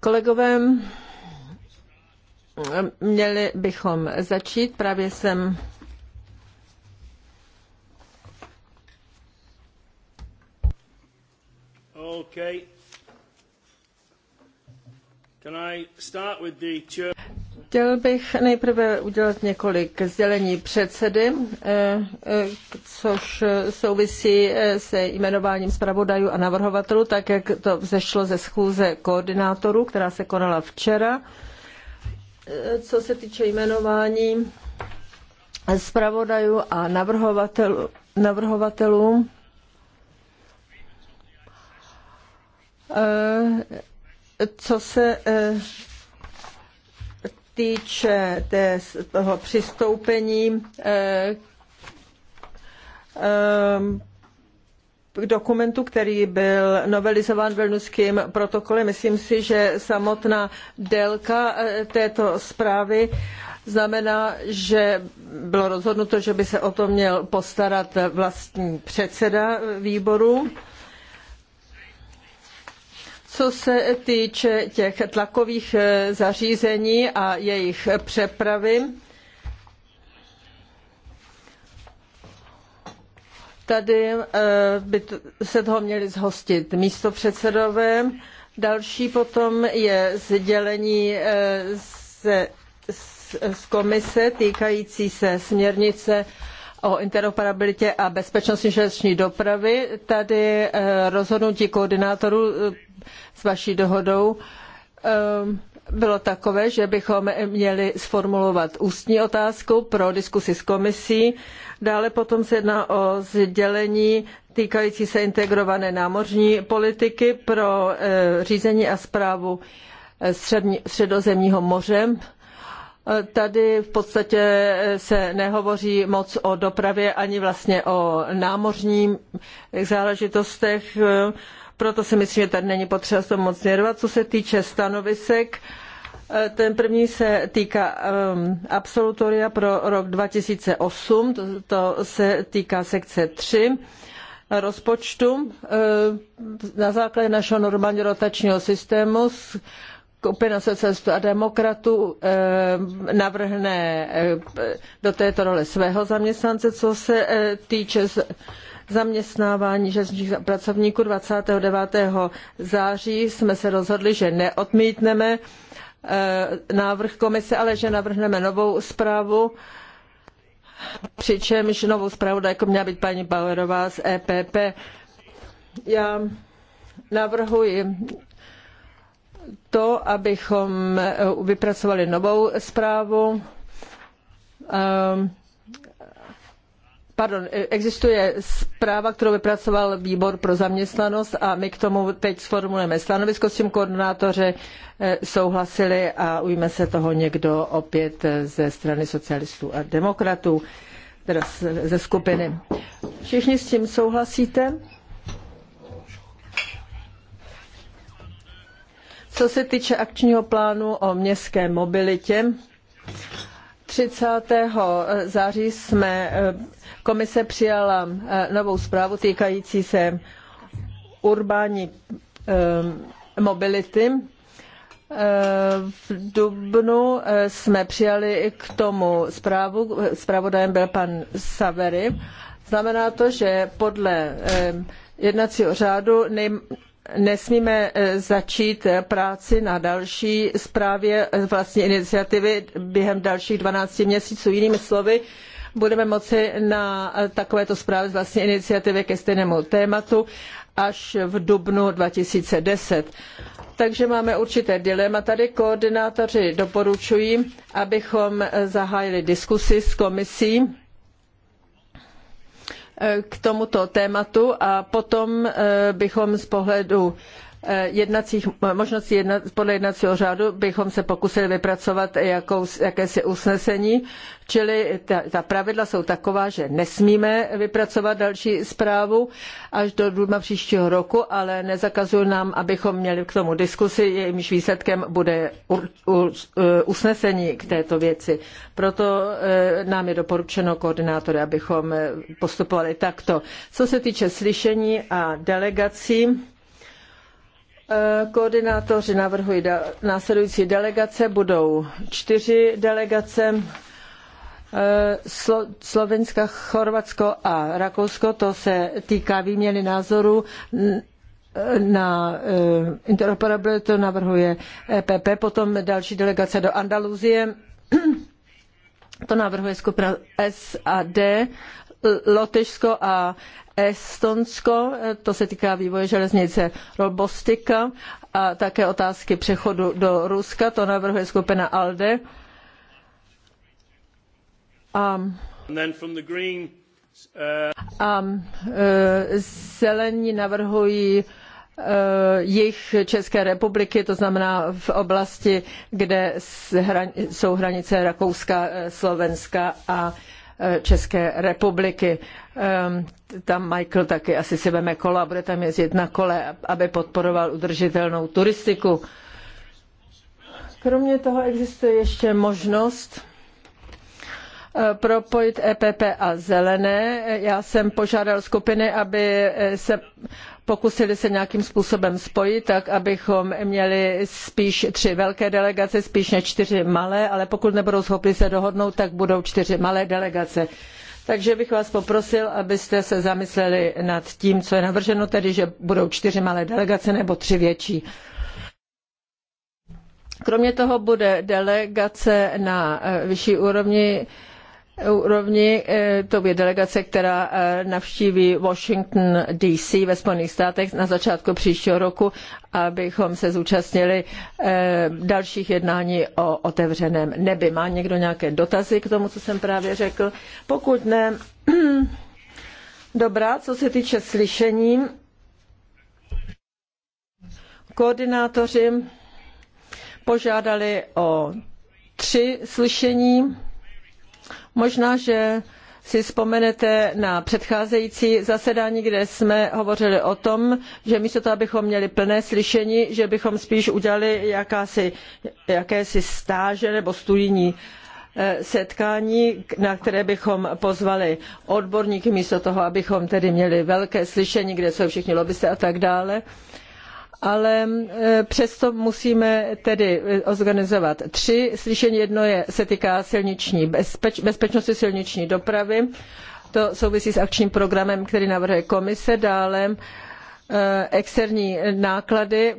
Kolegové, měli bychom začít. Právě jsem Okay. Can I start with the chair? Chtěl bych nejprve udělat několik sdělení předsedy eh, eh, což souvisí eh, se jmenováním zpravodajů a navrhovatelů, tak jak to vzešlo ze schůze koordinátorů, která se konala včera. Eh, co se týče jmenování zpravodajů a navrhovatelů, navrhovatelů eh, co se týče toho přistoupení Ehm, dokumentu, který byl novelizován Vilnuským protokolem. Myslím si, že samotná délka e, této zprávy znamená, že bylo rozhodnuto, že by se o to měl postarat vlastní předseda výboru. Co se týče těch tlakových e, zařízení a jejich přepravy, Tady eh, by se toho měli zhostit místo předsedové. Další potom je sdělení eh, ze, z, z komise týkající se směrnice o interoperabilitě a bezpečnosti železniční dopravy. Tady eh, rozhodnutí koordinátorů s vaší dohodou um, bylo takové, že bychom měli sformulovat ústní otázku pro diskusi s komisí. Dále potom se jedná o sdělení týkající se integrované námořní politiky pro e, řízení a správu e, středozemního moře. E, tady v podstatě se nehovoří moc o dopravě ani vlastně o námořních záležitostech. E, proto si myslím, že tady není potřeba se moc nervat. Co se týče stanovisek, eh, ten první se týká um, absolutoria pro rok 2008, to, to se týká sekce 3 rozpočtu. Eh, na základě našeho normálního rotačního systému skupina socialistů a demokratů eh, navrhne do této role svého zaměstnance, co se týče zaměstnávání železničních pracovníků 29. září jsme se rozhodli, že neodmítneme eh, návrh komise, ale že navrhneme novou zprávu, přičemž novou zpravodajkou měla být paní Bauerová z EPP. Já navrhuji to, abychom eh, vypracovali novou zprávu. Um, pardon, e, existuje zpráva, kterou vypracoval výbor pro zaměstnanost a my k tomu teď sformulujeme stanovisko s tím koordinátoři e, souhlasili a ujme se toho někdo opět ze strany socialistů a demokratů, teda ze skupiny. Všichni s tím souhlasíte? Co se týče akčního plánu o městské mobilitě, 30. září jsme e, Komise přijala eh, novou zprávu týkající se urbání eh, mobility. Eh, v dubnu jsme přijali k tomu zprávu, zpravodajem byl pan Savery. Znamená to, že podle jednacího řádu nesmíme začít práci na další zprávě vlastní iniciativy během dalších 12 měsíců. Jinými slovy, budeme moci na takovéto zprávě z vlastní iniciativy ke stejnému tématu až v dubnu 2010. Takže máme určité dilema. Tady koordinátoři doporučují, abychom zahájili diskusi s komisí eh, k tomuto tématu a potom eh, bychom z pohledu Eh, jednacích, možností podle jednacího řádu bychom se pokusili vypracovat jakou, jakési usnesení, čili ta, ta pravidla jsou taková, že nesmíme vypracovat další zprávu až do dubna příštího roku, ale nezakazují nám, abychom měli k tomu diskusi, jejímž výsledkem bude eh, usnesení k této věci. Proto eh, nám je doporučeno koordinátory, abychom postupovali takto. Co se týče slyšení a delegací, Eh, koordinátoři navrhují následující delegace, budou čtyři delegace. Eh, Slo, Chorvatsko a Rakousko, to se týká výměny názorů na eh, interoperabilitu, navrhuje EPP, potom další delegace do Andaluzie, to navrhuje skupina S a D, Lotyšsko a Estonsko, to se týká vývoje železnice Robostika a také otázky přechodu do Ruska, to navrhuje skupina ALDE. A, uh, a e, zelení navrhují e, jich České republiky, to znamená v oblasti, kde jsou hranice Rakouska, e, Slovenska a České republiky. Ehm, tam Michael taky asi si veme kola, bude tam jezdit na kole, aby podporoval udržitelnou turistiku. Kromě toho existuje ještě možnost eh, propojit EPP a zelené. Já jsem požádal skupiny, aby se pokusili se nějakým způsobem spojit, tak abychom měli spíš tři velké delegace, spíš než čtyři malé, ale pokud nebudou schopni se dohodnout, tak budou čtyři malé delegace. Takže bych vás poprosil, abyste se zamysleli nad tím, co je navrženo, tedy že budou čtyři malé delegace nebo tři větší. Kromě toho bude delegace na eh, vyšší úrovni úrovni. Eh, to je delegace, která eh, navštíví Washington DC ve Spojených státech na začátku příštího roku, abychom se zúčastnili eh, dalších jednání o otevřeném nebi. Má někdo nějaké dotazy k tomu, co jsem právě řekl? Pokud ne, dobrá, co se týče slyšení, koordinátoři požádali o tři slyšení Možná, že si vzpomenete na předcházející zasedání, kde jsme hovořili o tom, že místo toho, abychom měli plné slyšení, že bychom spíš udělali jakási, jakési stáže nebo studijní eh, setkání, na které bychom pozvali odborníky místo toho, abychom tedy měli velké slyšení, kde jsou všichni lobbysté a tak dále ale e, přesto musíme tedy e, organizovat tři slyšení. Jedno je, se týká silniční bezpeč, bezpečnosti silniční dopravy. To souvisí s akčním programem, který navrhuje komise. Dále e, externí náklady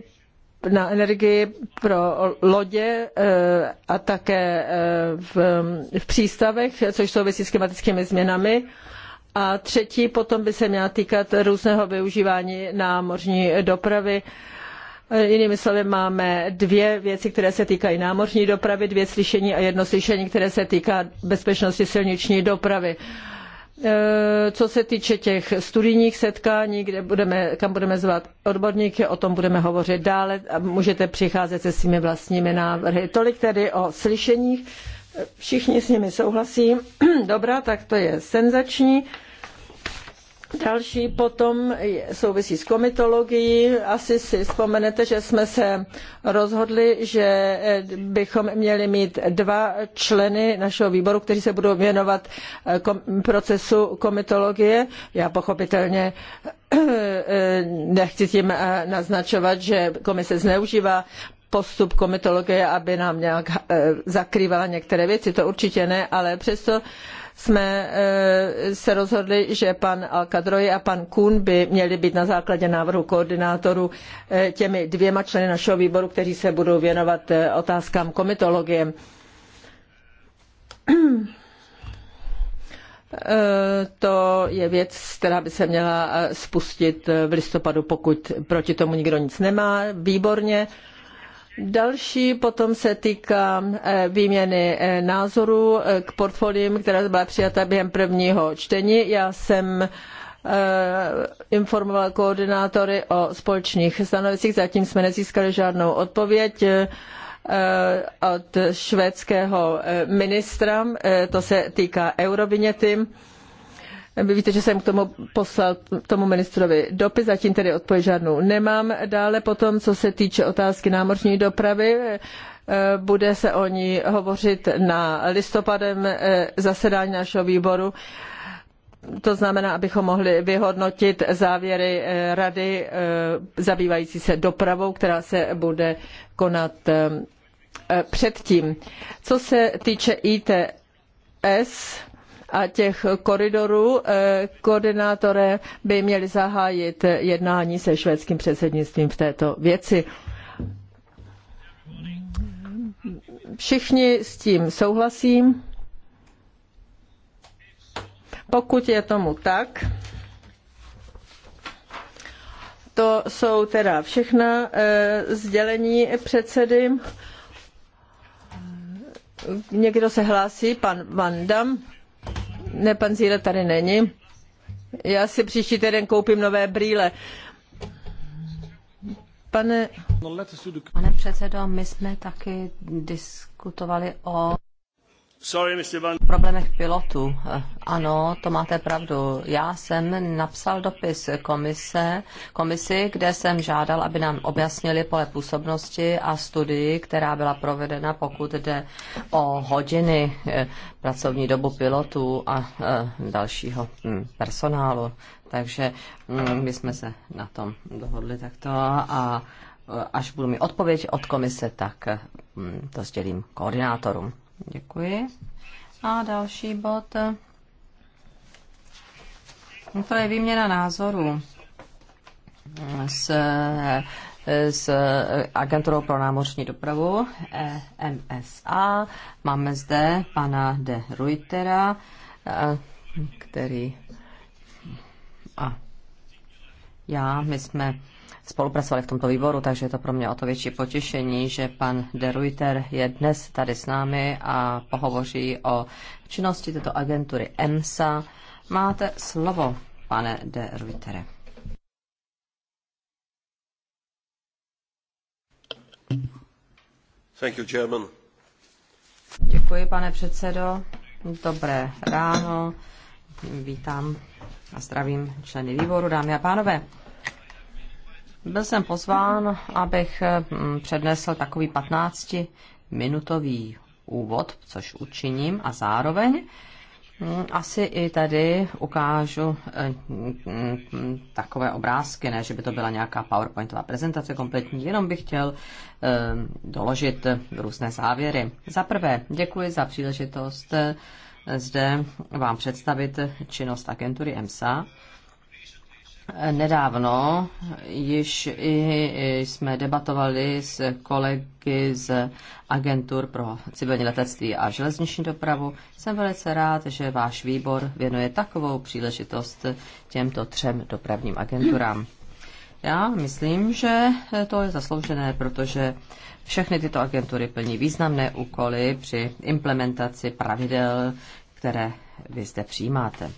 na energii pro lodě a také v, v přístavech, což souvisí s klimatickými změnami. A třetí potom by se měla týkat různého využívání námořní dopravy, Eh, jinými slovy, máme dvě věci, které se týkají námořní dopravy, dvě slyšení a jedno slyšení, které se týká bezpečnosti silniční dopravy. Eh, co se týče těch studijních setkání, kde budeme, kam budeme zvát odborníky, o tom budeme hovořit dále a můžete přicházet se svými vlastními návrhy. Tolik tedy o slyšeních. Eh, všichni s nimi souhlasí. Dobrá, tak to je senzační. Další potom souvisí s komitologií. Asi si vzpomenete, že jsme se rozhodli, že eh, bychom měli mít dva členy našeho výboru, kteří se budou věnovat eh, procesu komitologie. Já pochopitelně eh, nechci tím naznačovat, že komise zneužívá postup komitologie, aby nám nějak zakrývala některé věci, to určitě ne, ale přesto jsme eh, se rozhodli, že pan Alcadroy a pan Kuhn by měli být na základě návrhu koordinátorů eh, těmi dvěma členy našeho výboru, kteří se budou věnovat eh, otázkám komitologie. To je věc, která by se měla spustit v listopadu, pokud proti tomu nikdo nic nemá. Výborně. Další potom se týká eh, výměny eh, názorů eh, k portfoliím, která byla přijata během prvního čtení. Já jsem informoval koordinátory o společných stanoviscích, zatím jsme nezískali žádnou odpověď od švédského ministra, to se týká euroviněty. Vy víte, že jsem k tomu poslal tomu ministrovi dopis, zatím tedy odpověď žádnou nemám. Dále potom, co se týče otázky námořní dopravy, eh, bude se o ní hovořit na listopadem eh, zasedání našeho výboru. To znamená, abychom mohli vyhodnotit závěry eh, rady zabývající se dopravou, která se bude konat předtím. Co se týče ITS, a těch koridorů. Eh, koordinátoré by měli zahájit jednání se švédským předsednictvím v této věci. Všichni s tím souhlasím. Pokud je tomu tak, to jsou teda všechna e, sdělení předsedy. Někdo se hlásí, pan Vandam. Ne, pan Zíra tady není. Já si příští týden koupím nové brýle. Pane... Pane předsedo, my jsme taky diskutovali o problémech pilotů. Eh, ano, to máte pravdu. Já jsem napsal dopis komise, komisi, kde jsem žádal, aby nám objasnili pole působnosti a studii, která byla provedena, pokud jde o hodiny eh, pracovní dobu pilotů a eh, dalšího hm, personálu. Takže hm, my jsme se na tom dohodli takto a až budu mít odpověď od komise, tak hm, to sdělím koordinátorům. Děkuji. A další bod. To je výměna názorů s, s agenturou pro námořní dopravu e MSA. Máme zde pana de Ruitera, který a já, my jsme spolupracovali v tomto výboru, takže je to pro mě o to větší potěšení, že pan De Ruiter je dnes tady s námi a pohovoří o činnosti této agentury EMSA. Máte slovo, pane De Ruitere. Thank you, Chairman. Děkuji, pane předsedo. Dobré ráno. Vítám a zdravím členy výboru, dámy a pánové. Byl jsem pozván, abych mm, přednesl takový 15-minutový úvod, což učiním, a zároveň mm, asi i tady ukážu eh, mm, takové obrázky, ne, že by to byla nějaká PowerPointová prezentace kompletní, jenom bych chtěl eh, doložit různé závěry. Za prvé, děkuji za příležitost eh, zde vám představit činnost agentury EMSA Nedávno již i jsme debatovali s kolegy z agentur pro civilní letectví a železniční dopravu. Jsem velice rád, že váš výbor věnuje takovou příležitost těmto třem dopravním agenturám. Já myslím, že to je zasloužené, protože všechny tyto agentury plní významné úkoly při implementaci pravidel, které vy zde přijímáte.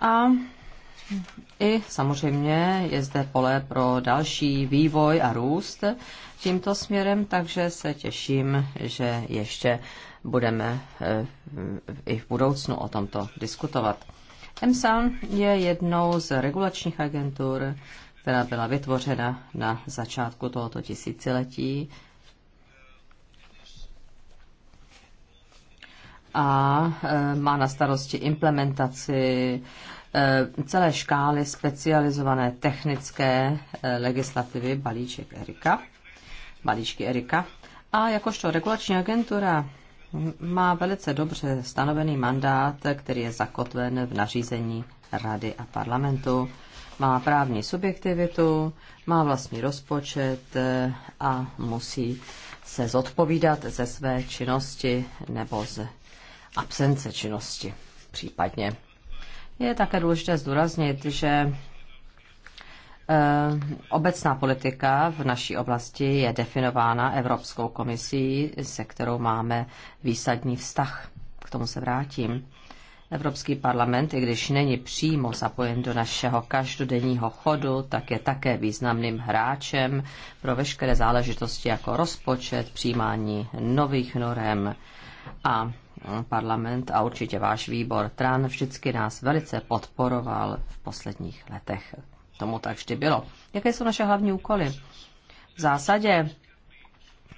A i samozřejmě je zde pole pro další vývoj a růst tímto směrem, takže se těším, že ještě budeme eh, i v budoucnu o tomto diskutovat. EMSA je jednou z regulačních agentur, která byla vytvořena na začátku tohoto tisíciletí a e, má na starosti implementaci e, celé škály specializované technické e, legislativy balíček Erika, balíčky Erika. A jakožto regulační agentura má velice dobře stanovený mandát, který je zakotven v nařízení Rady a parlamentu. Má právní subjektivitu, má vlastní rozpočet a musí se zodpovídat ze své činnosti nebo z absence činnosti případně. Je také důležité zdůraznit, že eh, Obecná politika v naší oblasti je definována Evropskou komisí, se kterou máme výsadní vztah. K tomu se vrátím. Evropský parlament, i když není přímo zapojen do našeho každodenního chodu, tak je také významným hráčem pro veškeré záležitosti jako rozpočet, přijímání nových norem a parlament a určitě váš výbor TRAN vždycky nás velice podporoval v posledních letech. Tomu tak vždy bylo. Jaké jsou naše hlavní úkoly? V zásadě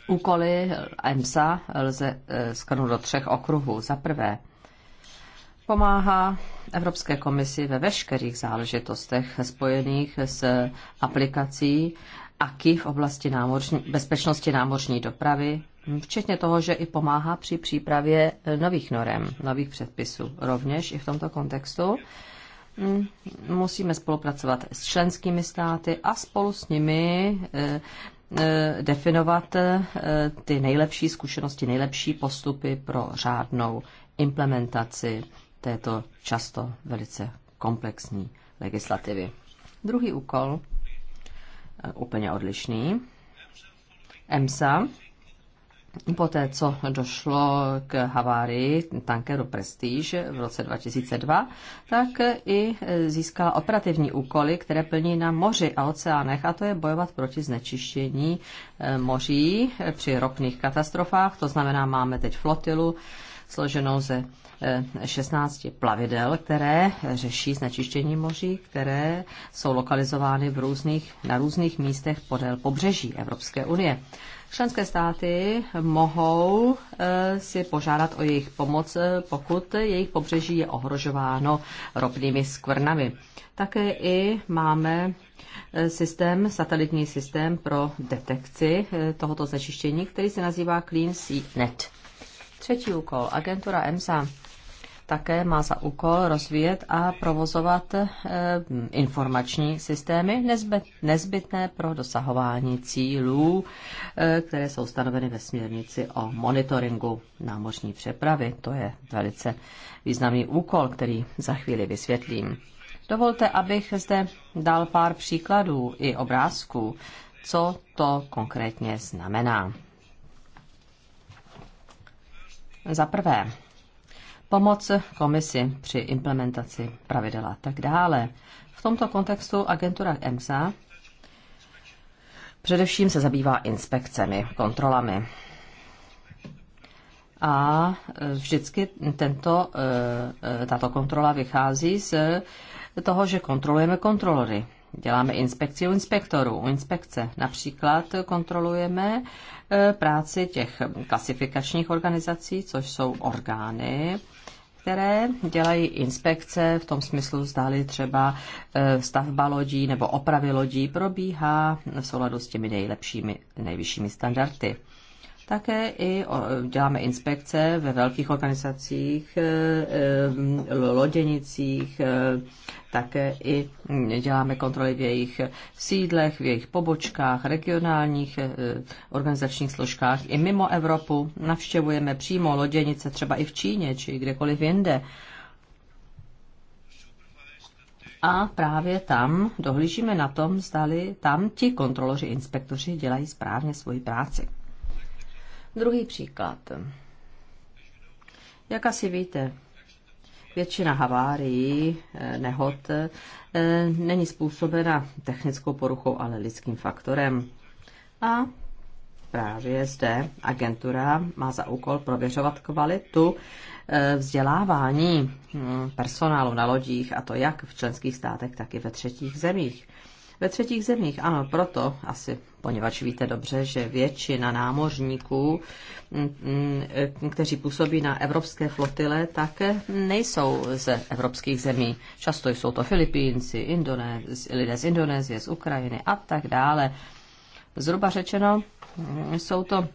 úkoly EMSA lze eh, skrnout do třech okruhů. Za prvé, pomáhá Evropské komisi ve veškerých záležitostech spojených s aplikací AKI v oblasti námořní, bezpečnosti námořní dopravy Včetně toho, že i pomáhá při přípravě eh, nových norem, nových předpisů. Rovněž i v tomto kontextu mm, musíme spolupracovat s členskými státy a spolu s nimi eh, eh, definovat ty nejlepší zkušenosti, nejlepší postupy pro řádnou implementaci této často velice komplexní legislativy. Druhý úkol, úplně odlišný, EMSA poté, co došlo k havárii tankeru Prestige v roce 2002, tak i získala operativní úkoly, které plní na moři a oceánech, a to je bojovat proti znečištění eh, moří při ropných katastrofách. To znamená, máme teď flotilu složenou ze 16 eh, plavidel, které řeší znečištění moří, které jsou lokalizovány v různých, na různých místech podél pobřeží Evropské unie. Členské státy mohou eh, si požádat o jejich pomoc, eh, pokud jejich pobřeží je ohrožováno ropnými skvrnami. Také i máme eh, systém, satelitní systém pro detekci tohoto znečištění, který se nazývá Clean Sea Net. Třetí úkol. Agentura EMSA také má za úkol rozvíjet a provozovat eh, informační systémy nezbytné pro dosahování cílů, eh, které jsou stanoveny ve směrnici o monitoringu námořní přepravy. To je velice významný úkol, který za chvíli vysvětlím. Dovolte, abych zde dal pár příkladů i obrázků, co to konkrétně znamená. Za prvé, pomoc komisi při implementaci pravidel a tak dále. V tomto kontextu agentura EMSA především se zabývá inspekcemi, kontrolami. A vždycky tento, eh, tato kontrola vychází z toho, že kontrolujeme kontrolory. Děláme inspekci u inspektorů, u inspekce. Například kontrolujeme eh, práci těch klasifikačních organizací, což jsou orgány, které dělají inspekce v tom smyslu, zdáli třeba e, stavba lodí nebo opravy lodí probíhá v souladu s těmi nejlepšími, nejvyššími standardy. Také i děláme inspekce ve velkých organizacích, e, e, loděnicích, e, také i děláme kontroly v jejich sídlech, v jejich pobočkách, regionálních organizačních složkách i mimo Evropu. Navštěvujeme přímo loděnice třeba i v Číně či kdekoliv jinde. A právě tam dohlížíme na tom, zdali tam ti kontroloři, inspektoři dělají správně svoji práci. Druhý příklad. Jak asi víte, většina havárií, eh, nehod, eh, není způsobena technickou poruchou, ale lidským faktorem. A právě zde agentura má za úkol prověřovat kvalitu eh, vzdělávání hm, personálu na lodích, a to jak v členských státech, tak i ve třetích zemích. Ve třetích zemích, ano, proto asi, poněvadž víte dobře, že většina námořníků, mm, mm, kteří působí na evropské flotile, tak nejsou ze evropských zemí. Často jsou to Filipínci, Indonéz, lidé z Indonésie, z Ukrajiny a tak dále. Zhruba řečeno, mm, jsou to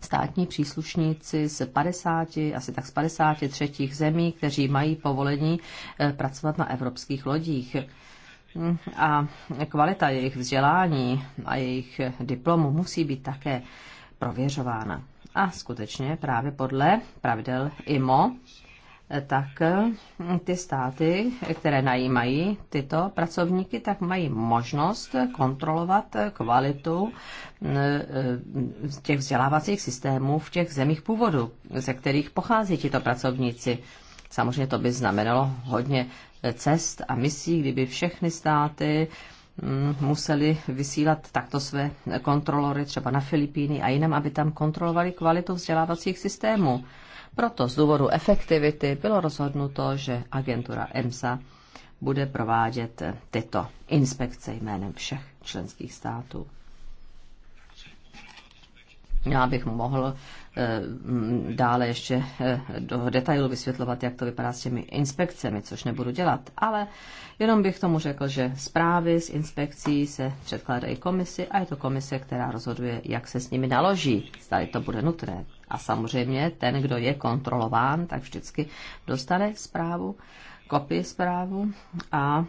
státní příslušníci z 50, asi tak z 53 zemí, kteří mají povolení eh, pracovat na evropských lodích a kvalita jejich vzdělání a jejich diplomu musí být také prověřována. A skutečně právě podle pravidel IMO, tak ty státy, které najímají tyto pracovníky, tak mají možnost kontrolovat kvalitu mm, e, těch vzdělávacích systémů v těch zemích původu, ze kterých pochází tito pracovníci. Samozřejmě to by znamenalo hodně cest a misí, kdyby všechny státy mm, museli vysílat takto své kontrolory třeba na Filipíny a jinam, aby tam kontrolovali kvalitu vzdělávacích systémů. Proto z důvodu efektivity bylo rozhodnuto, že agentura EMSA bude provádět tyto inspekce jménem všech členských států. Já bych mohl eh, dále ještě eh, do detailu vysvětlovat, jak to vypadá s těmi inspekcemi, což nebudu dělat. Ale jenom bych tomu řekl, že zprávy z inspekcí se předkládají komisi a je to komise, která rozhoduje, jak se s nimi naloží, zda to bude nutné. A samozřejmě ten, kdo je kontrolován, tak vždycky dostane zprávu, kopii zprávu a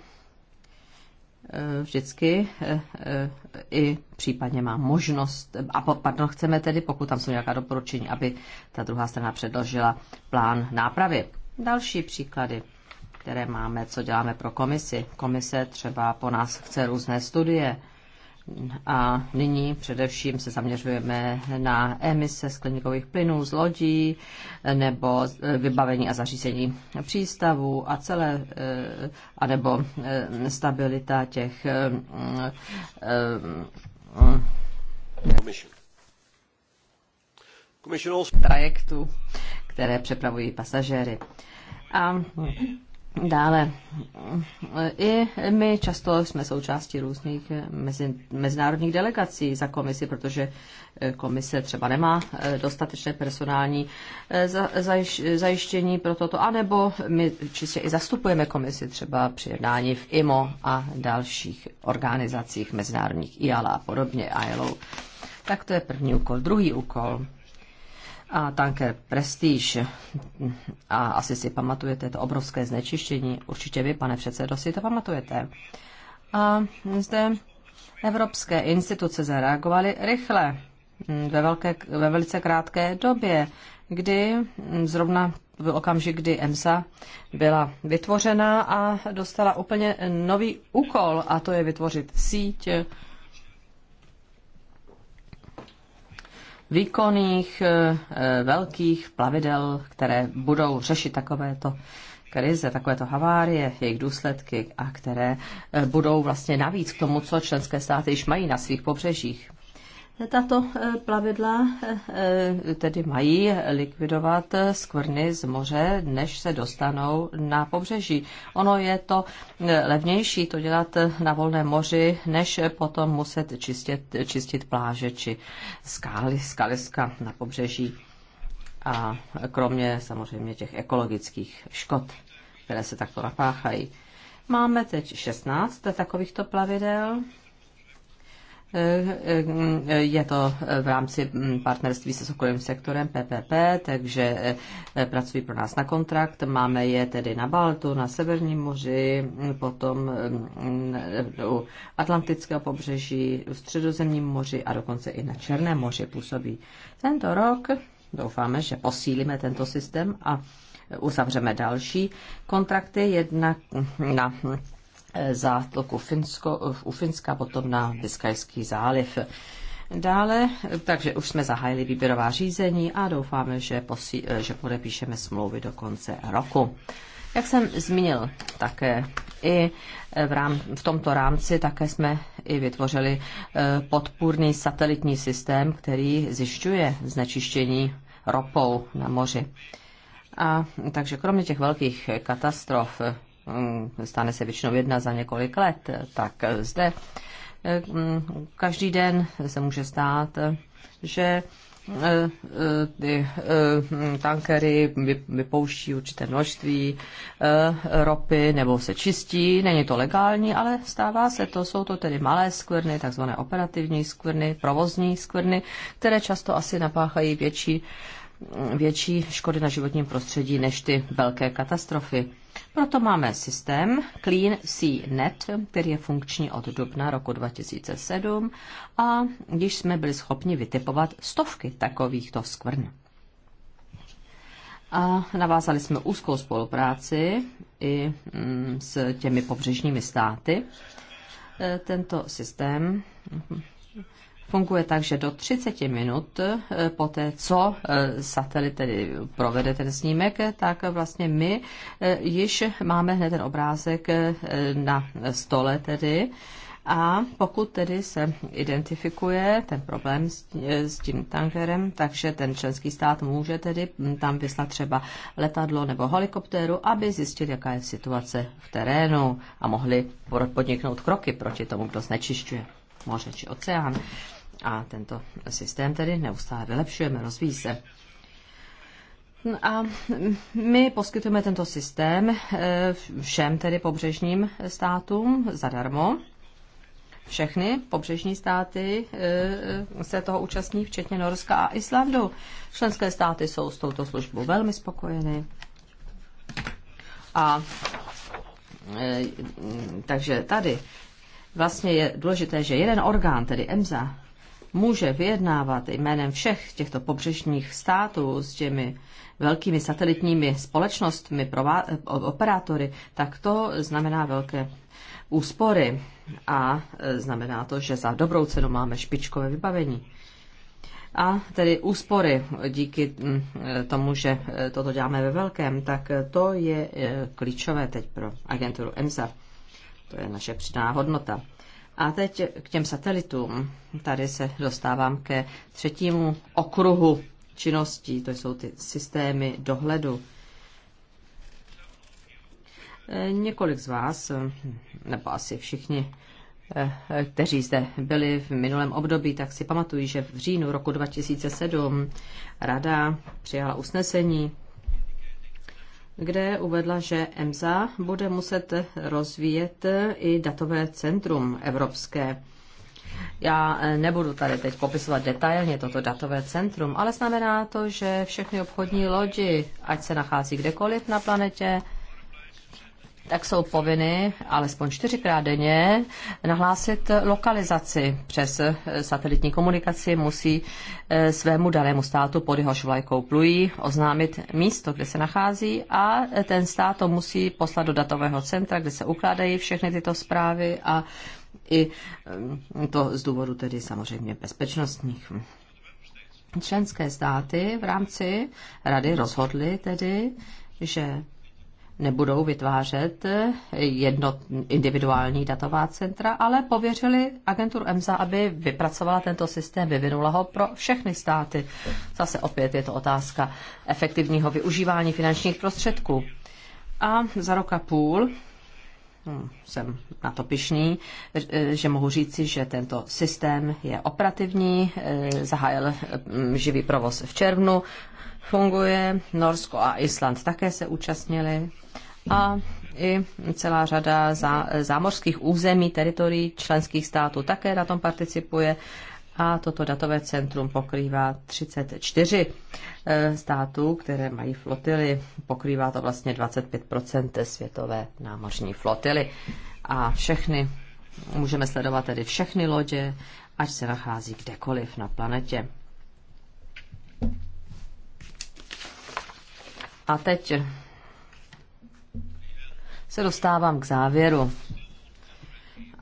Eh, vždycky eh, eh, i případně má možnost, a pardon, chceme tedy, pokud tam jsou nějaká doporučení, aby ta druhá strana předložila plán nápravy. Další příklady, které máme, co děláme pro komisi. Komise třeba po nás chce různé studie, a nyní především se zaměřujeme na emise skleníkových plynů z lodí nebo e, vybavení a zařízení přístavů a celé, e, anebo nebo stabilita těch e, trajektů, které přepravují pasažéry. A dále i my často jsme součástí různých mezi, mezinárodních delegací za komisi, protože eh, komise třeba nemá eh, dostatečné personální eh, zajištění pro toto, anebo my čistě i zastupujeme komisi třeba při jednání v IMO a dalších organizacích mezinárodních IALA a podobně, ILO. Tak to je první úkol. Druhý úkol – a také prestiž. A asi si pamatujete to obrovské znečištění. Určitě vy, pane předsedo, si to pamatujete. A zde evropské instituce zareagovaly rychle, hm, ve, velké, ve velice krátké době, kdy hm, zrovna byl okamžik, kdy EMSA byla vytvořena a dostala úplně nový úkol, a to je vytvořit síť výkonných eh, eh, velkých plavidel, které budou řešit takovéto krize, takovéto havárie, jejich důsledky a které eh, budou vlastně navíc k tomu, co členské státy již mají na svých pobřežích. Tato eh, plavidla eh, eh, tedy mají likvidovat skvrny z moře, než se dostanou na pobřeží. Ono je to levnější to dělat na volném moři, než potom muset čistit, čistit pláže či skály, skaliska na pobřeží. A kromě samozřejmě těch ekologických škod, které se takto napáchají. Máme teď 16 takovýchto plavidel je to v rámci mm, partnerství se soukromým sektorem PPP, takže eh, pracují pro nás na kontrakt. Máme je tedy na Baltu, na Severním moři, mm, potom u mm, Atlantického pobřeží, v Středozemním moři a dokonce i na Černém moři působí. Tento rok doufáme, že posílíme tento systém a uzavřeme další kontrakty, jednak na Eh, zátoku Finsko, u Finska, potom na Biskajský záliv. Dále, takže už jsme zahájili výběrová řízení a doufáme, že, posí, eh, že podepíšeme smlouvy do konce roku. Jak jsem zmínil také, i eh, v, rám, v tomto rámci také jsme i vytvořili podpůrný satelitní systém, který zjišťuje znečištění ropou na moři. A takže kromě těch velkých katastrof, Mm, stane se většinou jedna za několik let, tak zde mm, každý den se může stát, že eh, eh, ty eh, tankery vypouští určité množství ropy nebo se čistí. Není to legální, ale stává se to. Jsou to tedy malé skvrny, takzvané operativní skvrny, provozní skvrny, které často asi napáchají větší, větší škody na životním prostředí než ty velké katastrofy. Proto máme systém Clean Sea Net, který je funkční od dubna roku 2007 a když jsme byli schopni vytipovat stovky takovýchto skvrn. A navázali jsme úzkou spolupráci i mm, s těmi pobřežními státy. E, tento systém funguje tak, že do 30 minut eh, po té, co eh, satelit tedy provede ten snímek, tak vlastně my eh, již máme hned ten obrázek na stole tedy. A pokud tedy se identifikuje ten problém s, s tím tankerem, takže ten členský stát může tedy hm, tam vyslat třeba letadlo nebo helikoptéru, aby zjistil, jaká je situace v terénu a mohli podniknout kroky proti tomu, kdo znečišťuje moře či oceán. A tento systém tedy neustále vylepšujeme, rozvíjí se. No a my poskytujeme tento systém eh, všem tedy pobřežním státům zadarmo. Všechny pobřežní státy eh, se toho účastní, včetně Norska a Islandu. Členské státy jsou s touto službou velmi spokojeny. A eh, takže tady vlastně je důležité, že jeden orgán, tedy EMSA, může vyjednávat jménem všech těchto pobřežních států s těmi velkými satelitními společnostmi, operátory, tak to znamená velké úspory a znamená to, že za dobrou cenu máme špičkové vybavení. A tedy úspory díky mm, tomu, že toto děláme ve velkém, tak to je e, klíčové teď pro agenturu EMSA. To je naše přidaná hodnota. A teď k těm satelitům. Tady se dostávám ke třetímu okruhu činností, to jsou ty systémy dohledu. Eh, několik z vás, eh, nebo asi všichni, eh, kteří zde byli v minulém období, tak si pamatují, že v říjnu roku 2007 Rada přijala usnesení, kde uvedla, že EMSA bude muset rozvíjet i datové centrum evropské. Já eh, nebudu tady teď popisovat detailně toto datové centrum, ale znamená to, že všechny obchodní lodi, ať se nachází kdekoliv na planetě, tak jsou povinny alespoň čtyřikrát denně nahlásit lokalizaci přes eh, satelitní komunikaci, musí eh, svému danému státu, pod jeho vlajkou plují, oznámit místo, kde se nachází a ten stát to musí poslat do datového centra, kde se ukládají všechny tyto zprávy a i eh, to z důvodu tedy samozřejmě bezpečnostních. Členské státy v rámci rady rozhodly tedy, že nebudou vytvářet jedno individuální datová centra, ale pověřili agenturu EMSA, aby vypracovala tento systém, vyvinula ho pro všechny státy. Zase opět je to otázka efektivního využívání finančních prostředků. A za roka půl hm, jsem na to pišný, že mohu říci, že tento systém je operativní, eh, zahájil hm, živý provoz v červnu, funguje, Norsko a Island také se účastnili a i celá řada zá, zámořských území, teritorií členských států také na tom participuje a toto datové centrum pokrývá 34 eh, států, které mají flotily. Pokrývá to vlastně 25 světové námořní flotily. A všechny, můžeme sledovat tedy všechny lodě, ať se nachází kdekoliv na planetě. A teď se dostávám k závěru.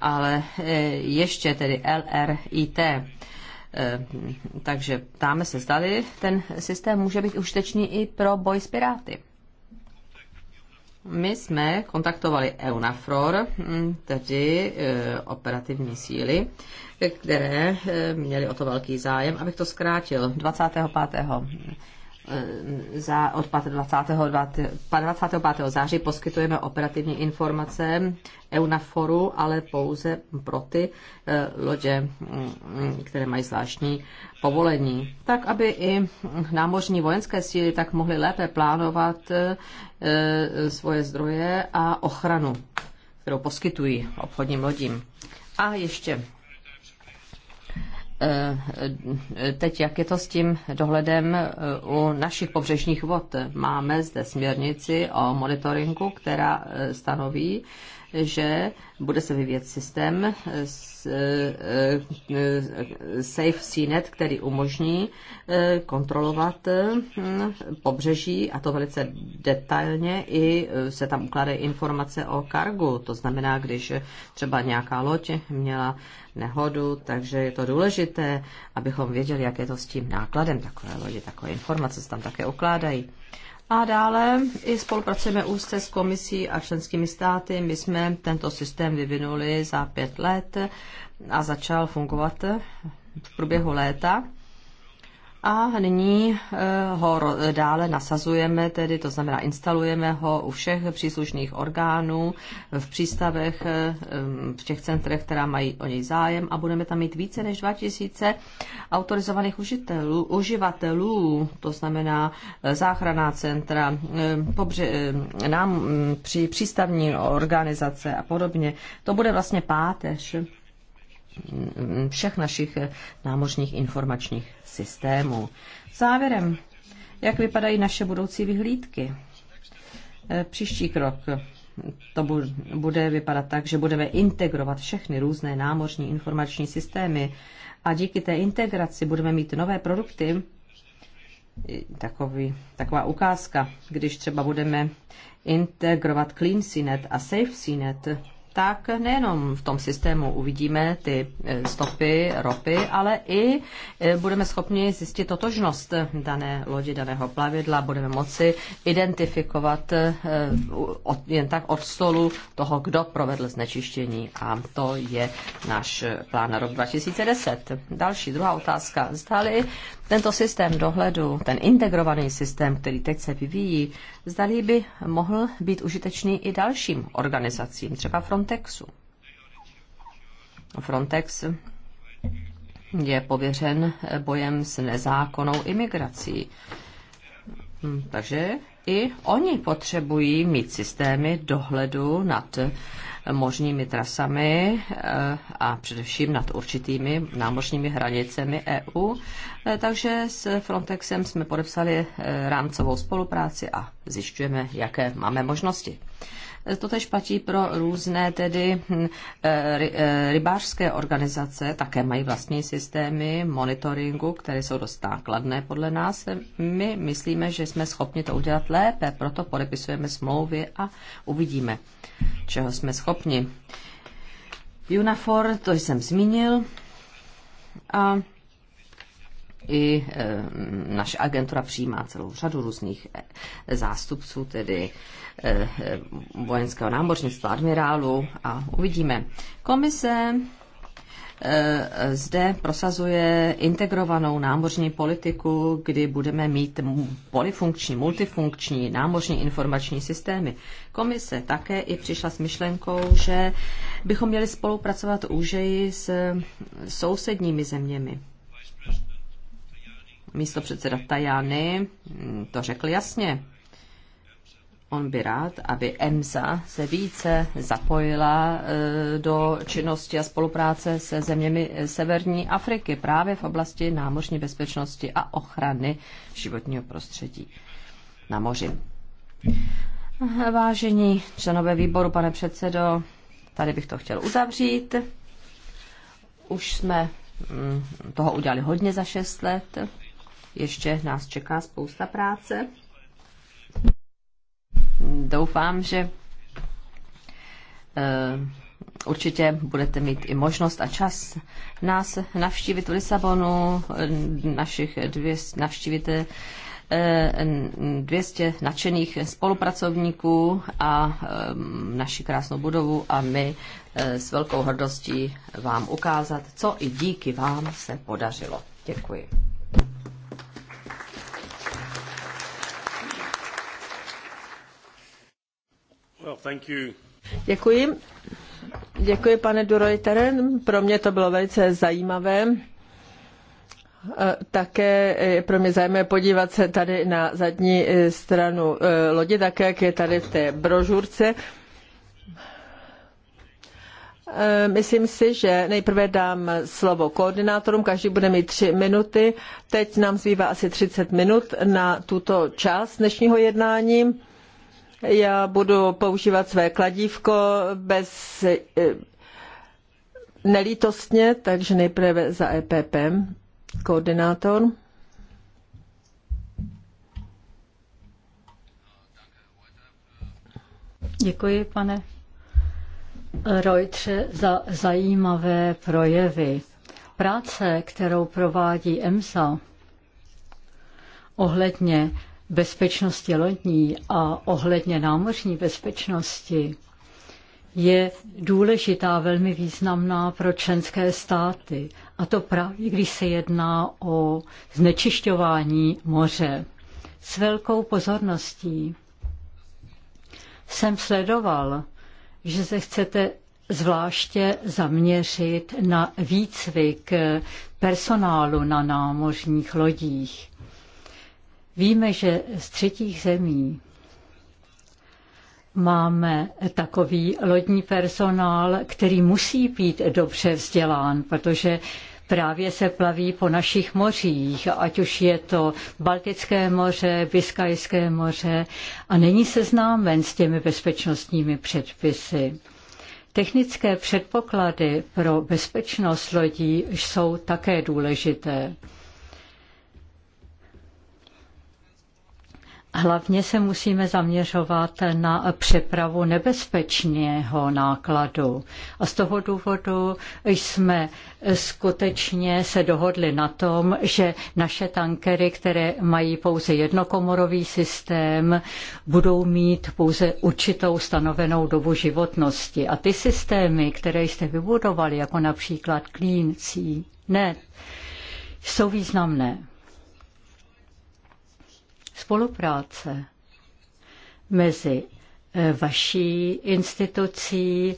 Ale e, ještě tedy LRIT. E, takže ptáme se, zdali ten systém může být užitečný i pro boj s piráty. My jsme kontaktovali EUNAFROR, tedy e, operativní síly, které měly o to velký zájem. Abych to zkrátil, 25. Eh, za, od 25. září poskytujeme operativní informace EUNAFORu, ale pouze pro ty eh, lodě, mm, které mají zvláštní povolení. Tak, aby i námořní vojenské síly tak mohly lépe plánovat eh, svoje zdroje a ochranu, kterou poskytují obchodním lodím. A ještě Eh, teď, jak je to s tím dohledem eh, u našich pobřežních vod? Máme zde směrnici o monitoringu, která eh, stanoví, že bude se vyvíjet systém eh, eh, eh, Safe SeaNet, který umožní kontrolovat pobřeží a to velice detailně i se tam ukládají informace o kargu. To znamená, když třeba nějaká loď měla nehodu, takže je to důležité, abychom věděli, jak je to s tím nákladem takové lodi, takové informace se tam také ukládají. A dále i spolupracujeme úzce s komisí a členskými státy. My jsme tento systém vyvinuli za pět let a začal fungovat v průběhu léta a nyní eh, ho dále nasazujeme, tedy to znamená instalujeme ho u všech příslušných orgánů v přístavech, eh, v těch centrech, která mají o něj zájem a budeme tam mít více než 2000 autorizovaných užitelů, uživatelů, to znamená eh, záchranná centra, pobře, nám, mm, při, přístavní organizace a podobně. To bude vlastně páteř všech našich námořních informačních systémů. Závěrem, jak vypadají naše budoucí vyhlídky? Eh, příští krok to bude vypadat tak, že budeme integrovat všechny různé námořní informační systémy a díky té integraci budeme mít nové produkty, eh, takový, taková ukázka, když třeba budeme integrovat CleanSeaNet a SafeSeaNet, tak nejenom v tom systému uvidíme ty e, stopy ropy, ale i e, budeme schopni zjistit totožnost dané lodi, daného plavidla, budeme moci identifikovat e, jen tak od stolu toho, kdo provedl znečištění a to je náš plán na rok 2010. Další, druhá otázka. Zdali tento systém dohledu, ten integrovaný systém, který teď se vyvíjí, zdali by mohl být užitečný i dalším organizacím, třeba Frontexu. Frontex je pověřen bojem s nezákonnou imigrací. Takže i oni potřebují mít systémy dohledu nad možnými trasami eh, a především nad určitými námořními hranicemi EU. Eh, takže s Frontexem jsme podepsali eh, rámcovou spolupráci a zjišťujeme, jaké máme možnosti. To tež platí pro různé tedy hm, e, e, rybářské organizace, také mají vlastní systémy monitoringu, které jsou dost nákladné podle nás. My myslíme, že jsme schopni to udělat lépe, proto podepisujeme smlouvy a uvidíme, čeho jsme schopni. Unafor, to jsem zmínil. A i eh, naše agentura přijímá celou řadu různých eh, zástupců, tedy eh, vojenského námořnictva, admirálu a uvidíme. Komise zde prosazuje integrovanou námořní politiku, kdy budeme mít polifunkční, multifunkční námořní informační systémy. Komise také i přišla s myšlenkou, že bychom měli spolupracovat úžeji s sousedními zeměmi místo předseda Tajany mm, to řekl jasně. On by rád, aby EMSA se více zapojila e, do činnosti a spolupráce se zeměmi Severní Afriky právě v oblasti námořní bezpečnosti a ochrany životního prostředí na moři. Vážení členové výboru, pane předsedo, tady bych to chtěl uzavřít. Už jsme mm, toho udělali hodně za šest let ještě nás čeká spousta práce. Doufám, že eh, určitě budete mít i možnost a čas nás navštívit v Lisabonu, našich dvě, navštívíte 200 eh, nadšených spolupracovníků a eh, naši krásnou budovu a my s velkou hrdostí vám ukázat, co i díky vám se podařilo. Děkuji. Děkuji. Děkuji, pane Durojtere. Pro mě to bylo velice zajímavé. E, také je pro mě zajímavé podívat se tady na zadní e, stranu e, lodi, tak jak je tady v té brožurce. Myslím si, že nejprve dám slovo koordinátorům, každý bude mít tři minuty. Teď nám zbývá asi 30 minut na tuto část dnešního jednání. Já budu používat své kladívko bez eh, nelítostně, takže nejprve za EPP koordinátor. Děkuji, pane Reutře, za zajímavé projevy. Práce, kterou provádí EMSA ohledně bezpečnosti lodní a ohledně námořní bezpečnosti je důležitá, velmi významná pro členské státy. A to právě, když se jedná o znečišťování moře. S velkou pozorností jsem sledoval, že se chcete zvláště zaměřit na výcvik personálu na námořních lodích. Víme, že z třetích zemí máme takový lodní personál, který musí být dobře vzdělán, protože právě se plaví po našich mořích, ať už je to Baltické moře, Biskajské moře a není seznámen s těmi bezpečnostními předpisy. Technické předpoklady pro bezpečnost lodí jsou také důležité. Hlavně se musíme zaměřovat na přepravu nebezpečného nákladu. A z toho důvodu jsme skutečně se dohodli na tom, že naše tankery, které mají pouze jednokomorový systém, budou mít pouze určitou stanovenou dobu životnosti. A ty systémy, které jste vybudovali, jako například Clean Sea, ne, jsou významné spolupráce mezi eh, vaší institucí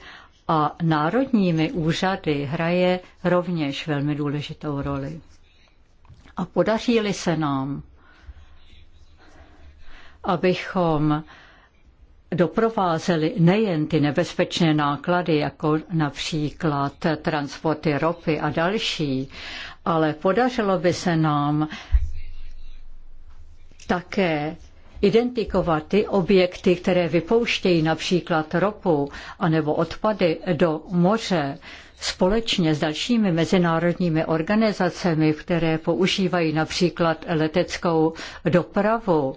a národními úřady hraje rovněž velmi důležitou roli. A podaří-li se nám, abychom doprovázeli nejen ty nebezpečné náklady, jako například transporty ropy a další, ale podařilo by se nám také identifikovat ty objekty, které vypouštějí například ropu anebo odpady do moře společně s dalšími mezinárodními organizacemi, které používají například leteckou dopravu,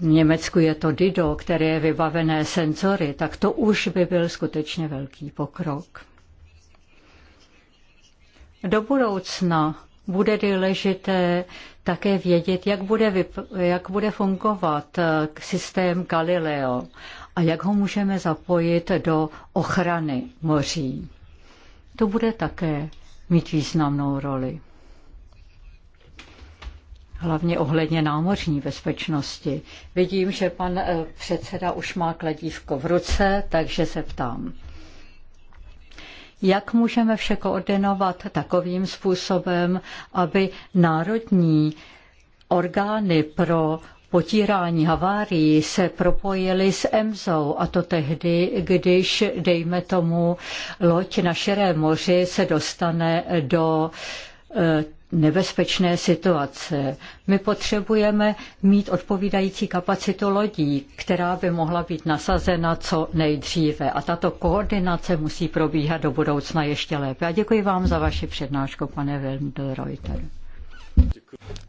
v Německu je to DIDO, které je vybavené senzory, tak to už by byl skutečně velký pokrok. Do budoucna bude důležité také vědět, jak bude, jak bude fungovat eh, systém Galileo a jak ho můžeme zapojit do ochrany moří. To bude také mít významnou roli. Hlavně ohledně námořní bezpečnosti. Vidím, že pan eh, předseda už má kladívko v ruce, takže se ptám. Jak můžeme vše koordinovat takovým způsobem, aby národní orgány pro potírání havárií se propojili s EMZou a to tehdy, když, dejme tomu, loď na širé moři se dostane do eh, nebezpečné situace. My potřebujeme mít odpovídající kapacitu lodí, která by mohla být nasazena co nejdříve. A tato koordinace musí probíhat do budoucna ještě lépe. A děkuji vám za vaši přednášku, pane Wilmdelreuter.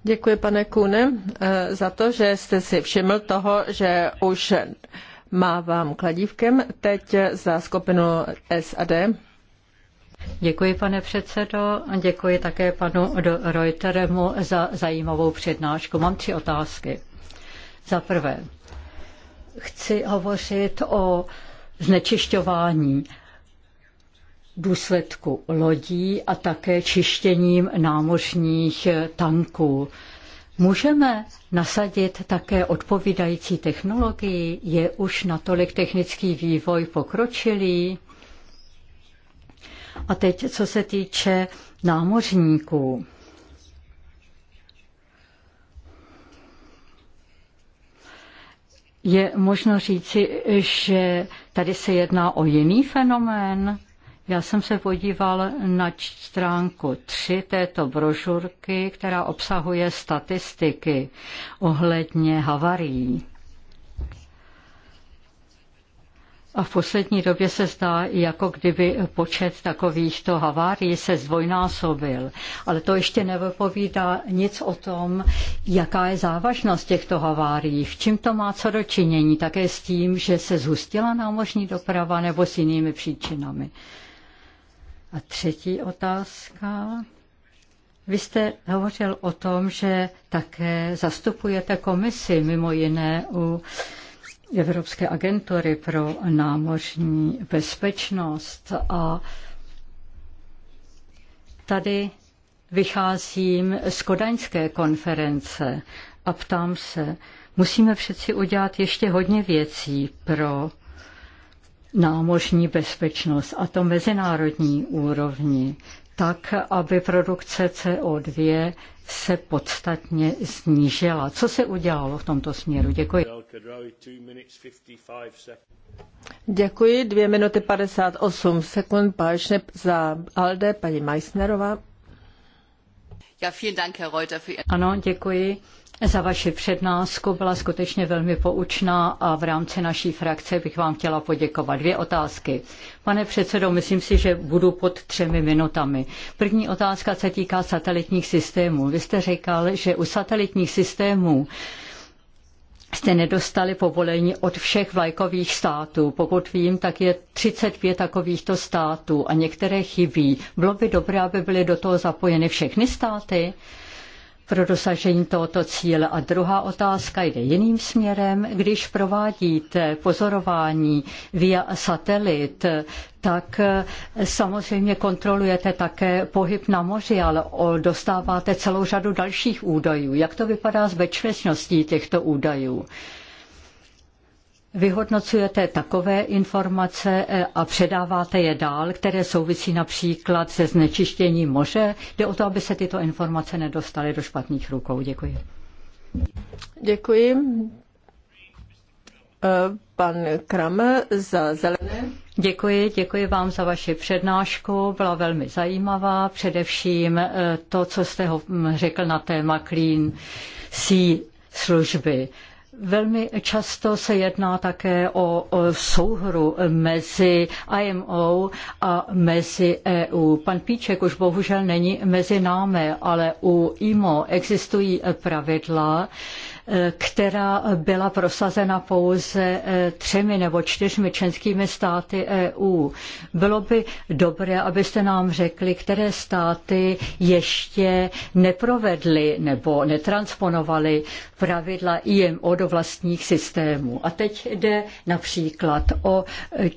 Děkuji, pane Kune, eh, za to, že jste si všiml toho, že už mávám kladívkem teď za skupinu SAD. Děkuji, pane předsedo. Děkuji také panu Reuteremu za zajímavou přednášku. Mám tři otázky. Za prvé, chci hovořit o znečišťování důsledku lodí a také čištěním námořních tanků. Můžeme nasadit také odpovídající technologii? Je už natolik technický vývoj pokročilý? A teď, co se týče námořníků. Je možno říci, že tady se jedná o jiný fenomén. Já jsem se podíval na stránku 3 této brožurky, která obsahuje statistiky ohledně havarií. A v poslední době se zdá, jako kdyby počet takovýchto havárií se zdvojnásobil. Ale to ještě nevypovídá nic o tom, jaká je závažnost těchto havárií, v čím to má co dočinění, také s tím, že se zhustila námořní doprava nebo s jinými příčinami. A třetí otázka. Vy jste hovořil o tom, že také zastupujete komisi, mimo jiné u uh, Evropské agentury pro námořní bezpečnost a tady vycházím z kodaňské konference a ptám se, musíme přeci udělat ještě hodně věcí pro námořní bezpečnost a to mezinárodní úrovni tak, aby produkce CO2 se podstatně snížila. Co se udělalo v tomto směru? Děkuji. Děkuji. Dvě minuty 58 sekund páčně za Alde, paní Meissnerová. Ano, děkuji za vaši přednášku, byla skutečně velmi poučná a v rámci naší frakce bych vám chtěla poděkovat. Dvě otázky. Pane předsedo, myslím si, že budu pod třemi minutami. První otázka se týká satelitních systémů. Vy jste říkal, že u satelitních systémů jste nedostali povolení od všech vlajkových států. Pokud vím, tak je 35 takovýchto států a některé chybí. Bylo by dobré, aby byly do toho zapojeny všechny státy? pro dosažení tohoto cíle. A druhá otázka jde jiným směrem. Když provádíte pozorování via satelit, tak eh, samozřejmě kontrolujete také pohyb na moři, ale dostáváte celou řadu dalších údajů. Jak to vypadá s bezpečností těchto údajů? vyhodnocujete takové informace eh, a předáváte je dál, které souvisí například se znečištěním moře? Jde o to, aby se tyto informace nedostaly do špatných rukou. Děkuji. Děkuji. Eh, pan Kram za zelené. Děkuji, děkuji vám za vaši přednášku, byla velmi zajímavá, především eh, to, co jste ho hm, řekl na téma Clean Sea služby. Velmi často se jedná také o, souhru mezi IMO a mezi EU. Pan Píček už bohužel není mezi námi, ale u IMO existují pravidla, která byla prosazena pouze eh, třemi nebo čtyřmi členskými státy EU. Bylo by dobré, abyste nám řekli, které státy ještě neprovedly nebo netransponovaly pravidla IMO do vlastních systémů. A teď jde například o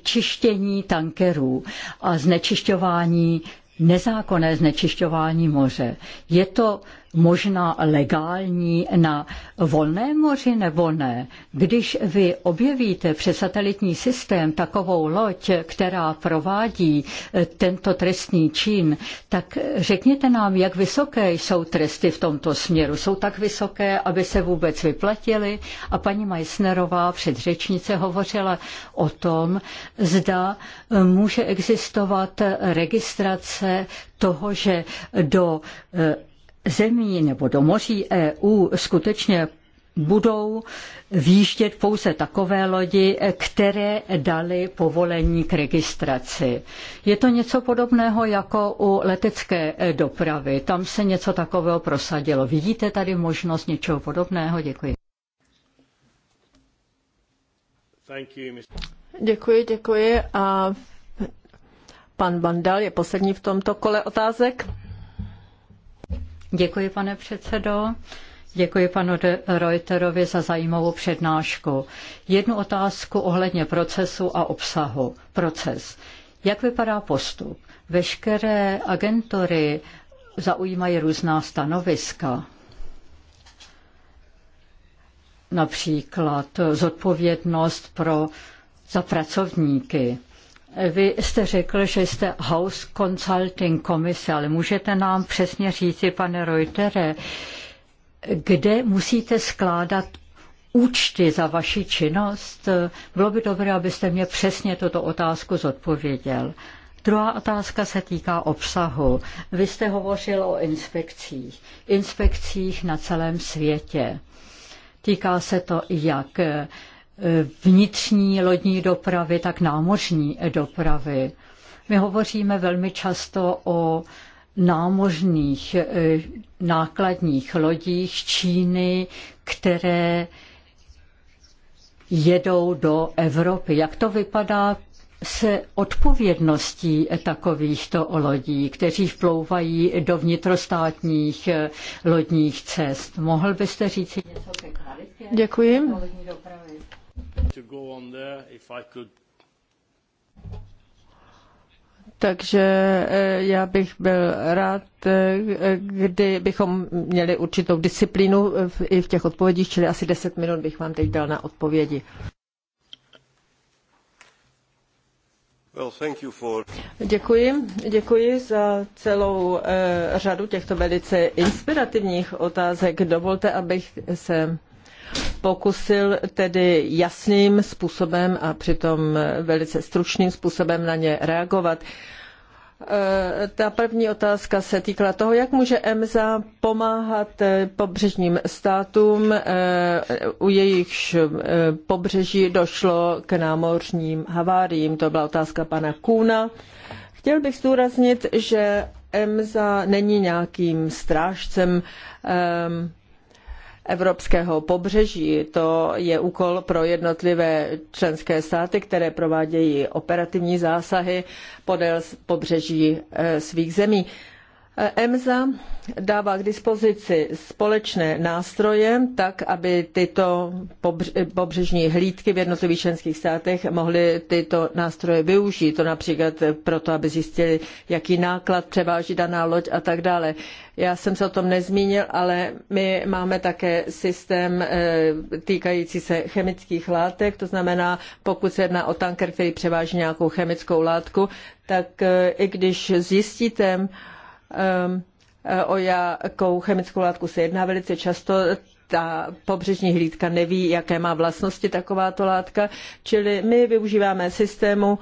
čištění tankerů a znečišťování nezákonné znečišťování moře. Je to možná legální na volné moři nebo ne? Když vy objevíte přes satelitní systém takovou loď, která provádí eh, tento trestný čin, tak řekněte nám, jak vysoké jsou tresty v tomto směru. Jsou tak vysoké, aby se vůbec vyplatily? A paní Meissnerová, předřečnice, hovořila o tom, zda eh, může existovat registrace toho, že do eh, zemí nebo do moří EU skutečně budou výjíždět pouze takové lodi, které dali povolení k registraci. Je to něco podobného jako u letecké dopravy. Tam se něco takového prosadilo. Vidíte tady možnost něčeho podobného? Děkuji. Děkuji, děkuji. A pan Bandal je poslední v tomto kole otázek. Děkuji, pane předsedo. Děkuji panu De Reuterovi za zajímavou přednášku. Jednu otázku ohledně procesu a obsahu. Proces. Jak vypadá postup? Veškeré agentury zaujímají různá stanoviska. Například zodpovědnost pro, za pracovníky. Vy jste řekl, že jste House Consulting Komise, ale můžete nám přesně říci, pane Reutere, kde musíte skládat účty za vaši činnost? Bylo by dobré, abyste mě přesně tuto otázku zodpověděl. Druhá otázka se týká obsahu. Vy jste hovořil o inspekcích. Inspekcích na celém světě. Týká se to jak vnitřní lodní dopravy, tak námořní dopravy. My hovoříme velmi často o námořních eh, nákladních lodích Číny, které jedou do Evropy. Jak to vypadá se odpovědností takovýchto lodí, kteří vplouvají do vnitrostátních eh, lodních cest. Mohl byste říct něco ke kvalitě? Děkuji. Lodní dopravy? Takže eh, já bych byl rád, eh, kdybychom měli určitou disciplínu eh, i v těch odpovědích, čili asi 10 minut bych vám teď dal na odpovědi. Děkuji, děkuji za celou řadu těchto velice inspirativních otázek. Dovolte, abych se pokusil tedy jasným způsobem a přitom velice stručným způsobem na ně reagovat. E, ta první otázka se týkala toho, jak může EMSA pomáhat pobřežním státům, e, u jejichž e, pobřeží došlo k námořním haváriím. To byla otázka pana Kůna. Chtěl bych zdůraznit, že EMSA není nějakým strážcem ehm, evropského pobřeží. To je úkol pro jednotlivé členské státy, které provádějí operativní zásahy podél pobřeží eh, svých zemí. Eh, EMSA dává k dispozici společné nástroje, tak aby tyto pobřežní hlídky v jednotlivých členských státech mohly tyto nástroje využít. To například proto, aby zjistili, jaký náklad převáží daná loď a tak dále. Já jsem se o tom nezmínil, ale my máme také systém eh, týkající se chemických látek, to znamená, pokud se jedná o tanker, který převáží nějakou chemickou látku, tak eh, i když zjistíte, Ehm, e, o jakou chemickou látku se jedná. Velice často ta pobřežní hlídka neví, jaké má vlastnosti takováto látka, čili my využíváme systému,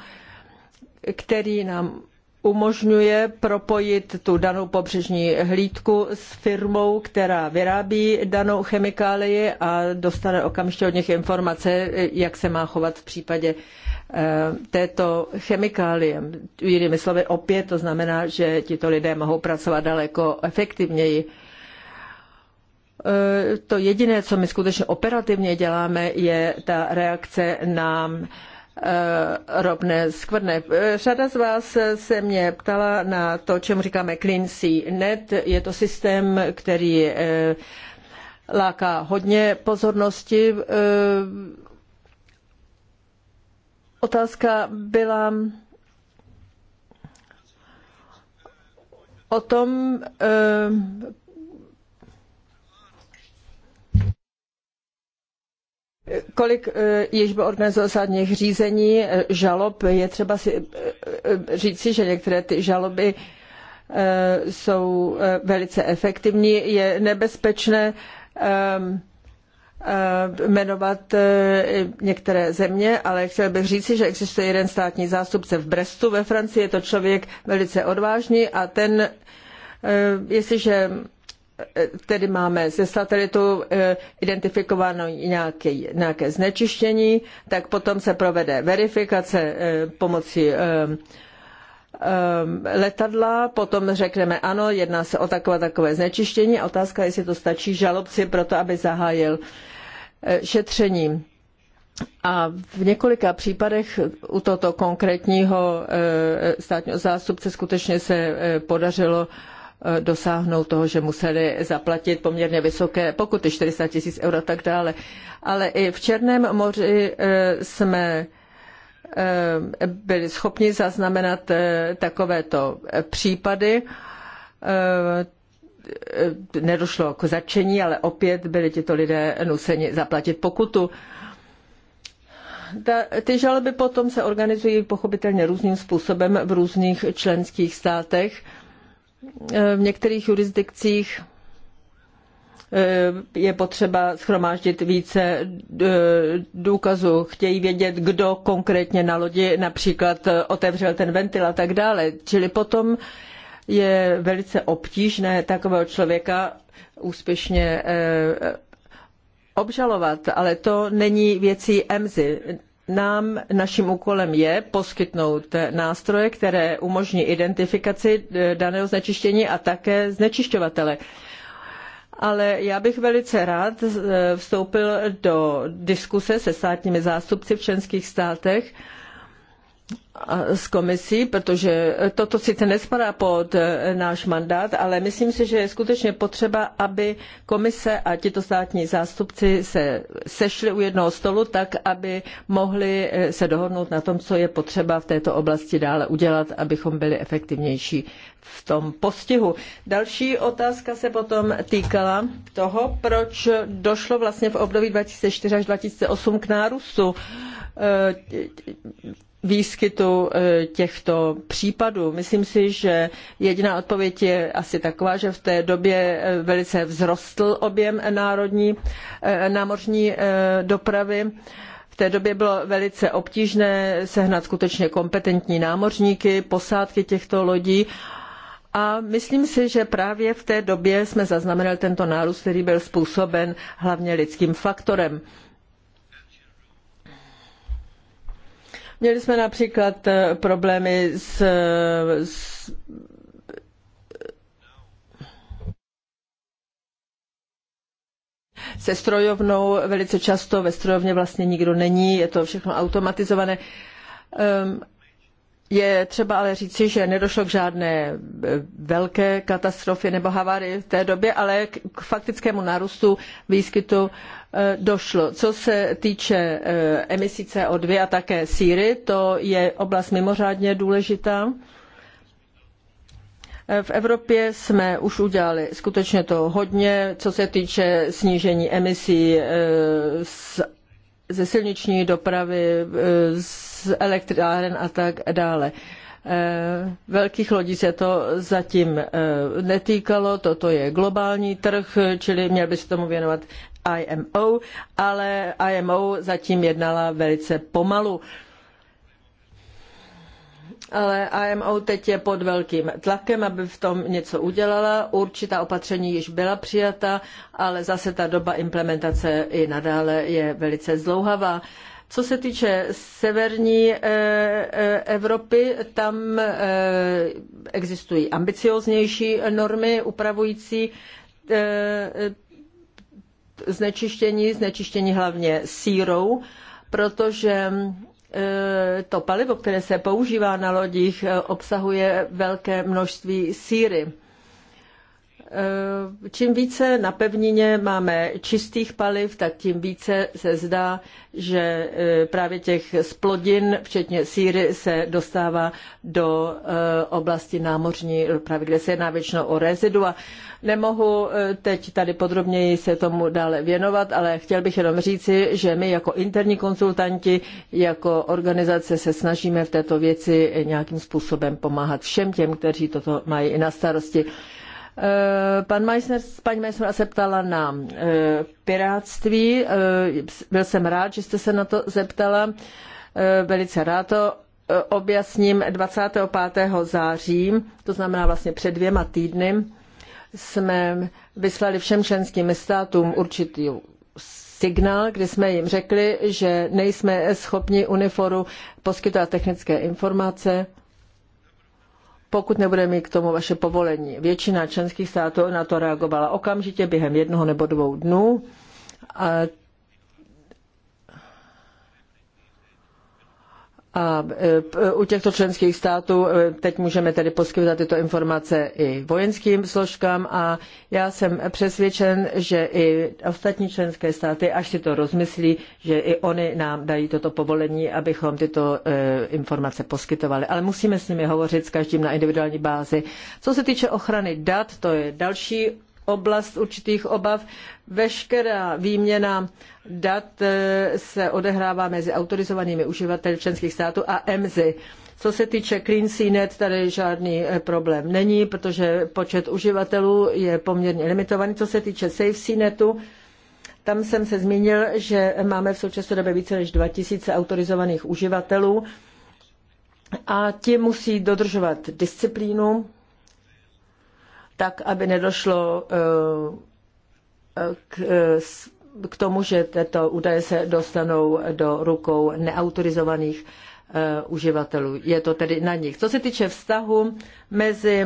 který nám umožňuje propojit tu danou pobřežní hlídku s firmou, která vyrábí danou chemikálii a dostane okamžitě od nich informace, jak se má chovat v případě Eh, této chemikálie. Jinými slovy, opět to znamená, že tito lidé mohou pracovat daleko efektivněji. Eh, to jediné, co my skutečně operativně děláme, je ta reakce na eh, ropné skvrny. Řada z vás se mě ptala na to, čemu říkáme Clean Sea Net. Je to systém, který láká hodně pozornosti otázka byla o tom, eh, Kolik eh, již bylo organizovaných řízení, eh, žalob, je třeba si říci, že některé ty žaloby jsou velice efektivní. Je nebezpečné Eh, jmenovat eh, některé země, ale chtěl bych říci, že existuje jeden státní zástupce v Brestu ve Francii, je to člověk velice odvážný a ten, eh, jestliže tedy máme ze satelitu identifikováno nějaké, nějaké znečištění, tak potom se provede verifikace pomocí letadla, potom řekneme ano, jedná se o takové takové znečištění. Otázka, jestli to stačí žalobci pro to, aby zahájil Eh, šetření. A v několika případech u tohoto konkrétního eh, státního zástupce skutečně se eh, podařilo dosáhnout toho, že museli zaplatit poměrně vysoké pokuty 400 tisíc eur a tak dále. Ale i v Černém moři jsme byli schopni zaznamenat takovéto případy. Eh, nedošlo k začení, ale opět byli tito lidé nuceni zaplatit pokutu. Ta, ty žaloby potom se organizují pochopitelně různým způsobem v různých členských státech. Eh, v některých jurisdikcích eh, je potřeba schromáždit více důkazů. Chtějí vědět, kdo konkrétně na lodi například otevřel ten ventil a tak dále. Čili potom je velice obtížné takového člověka úspěšně eh, obžalovat, ale to není věcí EMZY. Nám, naším úkolem je poskytnout nástroje, které umožní identifikaci eh, daného znečištění a také znečišťovatele. Ale já bych velice rád eh, vstoupil do diskuse se státními zástupci v členských státech, s komisí, protože toto sice nespadá pod eh, náš mandát, ale myslím si, že je skutečně potřeba, aby komise a tito státní zástupci se sešli u jednoho stolu tak, aby mohli eh, se dohodnout na tom, co je potřeba v této oblasti dále udělat, abychom byli efektivnější v tom postihu. Další otázka se potom týkala toho, proč došlo vlastně v období 2004 až 2008 k nárůstu eh, výskytu e, těchto případů. Myslím si, že jediná odpověď je asi taková, že v té době e, velice vzrostl objem národní e, námořní dopravy. V té době bylo velice obtížné sehnat skutečně kompetentní námořníky, posádky těchto lodí. A myslím si, že právě v té době jsme zaznamenali tento nárůst, který byl způsoben hlavně lidským faktorem. Měli jsme například eh, problémy s, eh, s se strojovnou, velice často ve strojovně vlastně nikdo není, je to všechno automatizované. Ehm, je třeba ale říci, že nedošlo k žádné eh, velké katastrofě nebo havárii v té době, ale k faktickému nárůstu výskytu Eh, došlo. Co se týče eh, emisí CO2 a také síry, to je oblast mimořádně důležitá. Eh, v Evropě jsme už udělali skutečně to hodně, co se týče snížení emisí ze silniční dopravy, z elektráren a tak dále. Velkých lodí se to zatím netýkalo, toto je globální trh, čili měl by se tomu věnovat IMO, ale IMO zatím jednala velice pomalu. Ale IMO teď je pod velkým tlakem, aby v tom něco udělala. Určitá opatření již byla přijata, ale zase ta doba implementace i nadále je velice zlouhavá. Co se týče severní eh, eh, Evropy, tam eh, existují ambicioznější normy upravující znečištění, znečištění hlavně sírou, protože e, to palivo, které se používá na lodích, e, obsahuje velké množství síry. Eh, čím více na pevnině máme čistých paliv, tak tím více se zdá, že eh, právě těch splodin, včetně síry, se dostává do eh, oblasti námořní, právě kde se jedná většinou o rezidua. Nemohu teď tady podrobněji se tomu dále věnovat, ale chtěl bych jenom říci, že my jako interní konzultanti, jako organizace se snažíme v této věci nějakým způsobem pomáhat všem těm, kteří toto mají na starosti. Eh, pan Meissner, paní Meissner se ptala na eh, piráctví. Eh, byl jsem rád, že jste se na to zeptala. Velice rád to objasním. 25. září, to znamená vlastně před dvěma týdny, jsme vyslali všem členským státům určitý signál, kdy jsme jim řekli, že nejsme schopni Uniforu poskytovat technické informace pokud nebude mít k tomu vaše povolení. Většina členských států na to reagovala okamžitě během jednoho nebo dvou dnů. A A e, u těchto členských států e, teď můžeme tedy poskytovat tyto informace i vojenským složkám a já jsem přesvědčen, že i ostatní členské státy, až si to rozmyslí, že i oni nám dají toto povolení, abychom tyto e, informace poskytovali. Ale musíme s nimi hovořit s každým na individuální bázi. Co se týče ochrany dat, to je další oblast určitých obav. Veškerá výměna dat eh, se odehrává mezi autorizovanými uživateli členských států a EMZY. Co se týče Clean tady žádný eh, problém není, protože počet uživatelů je poměrně limitovaný. Co se týče Safe tam jsem se zmínil, že máme v současné době více než 2000 autorizovaných uživatelů a ti musí dodržovat disciplínu, tak aby nedošlo eh, k, k tomu, že tyto údaje se dostanou do rukou neautorizovaných eh, uživatelů. Je to tedy na nich. Co se týče vztahu mezi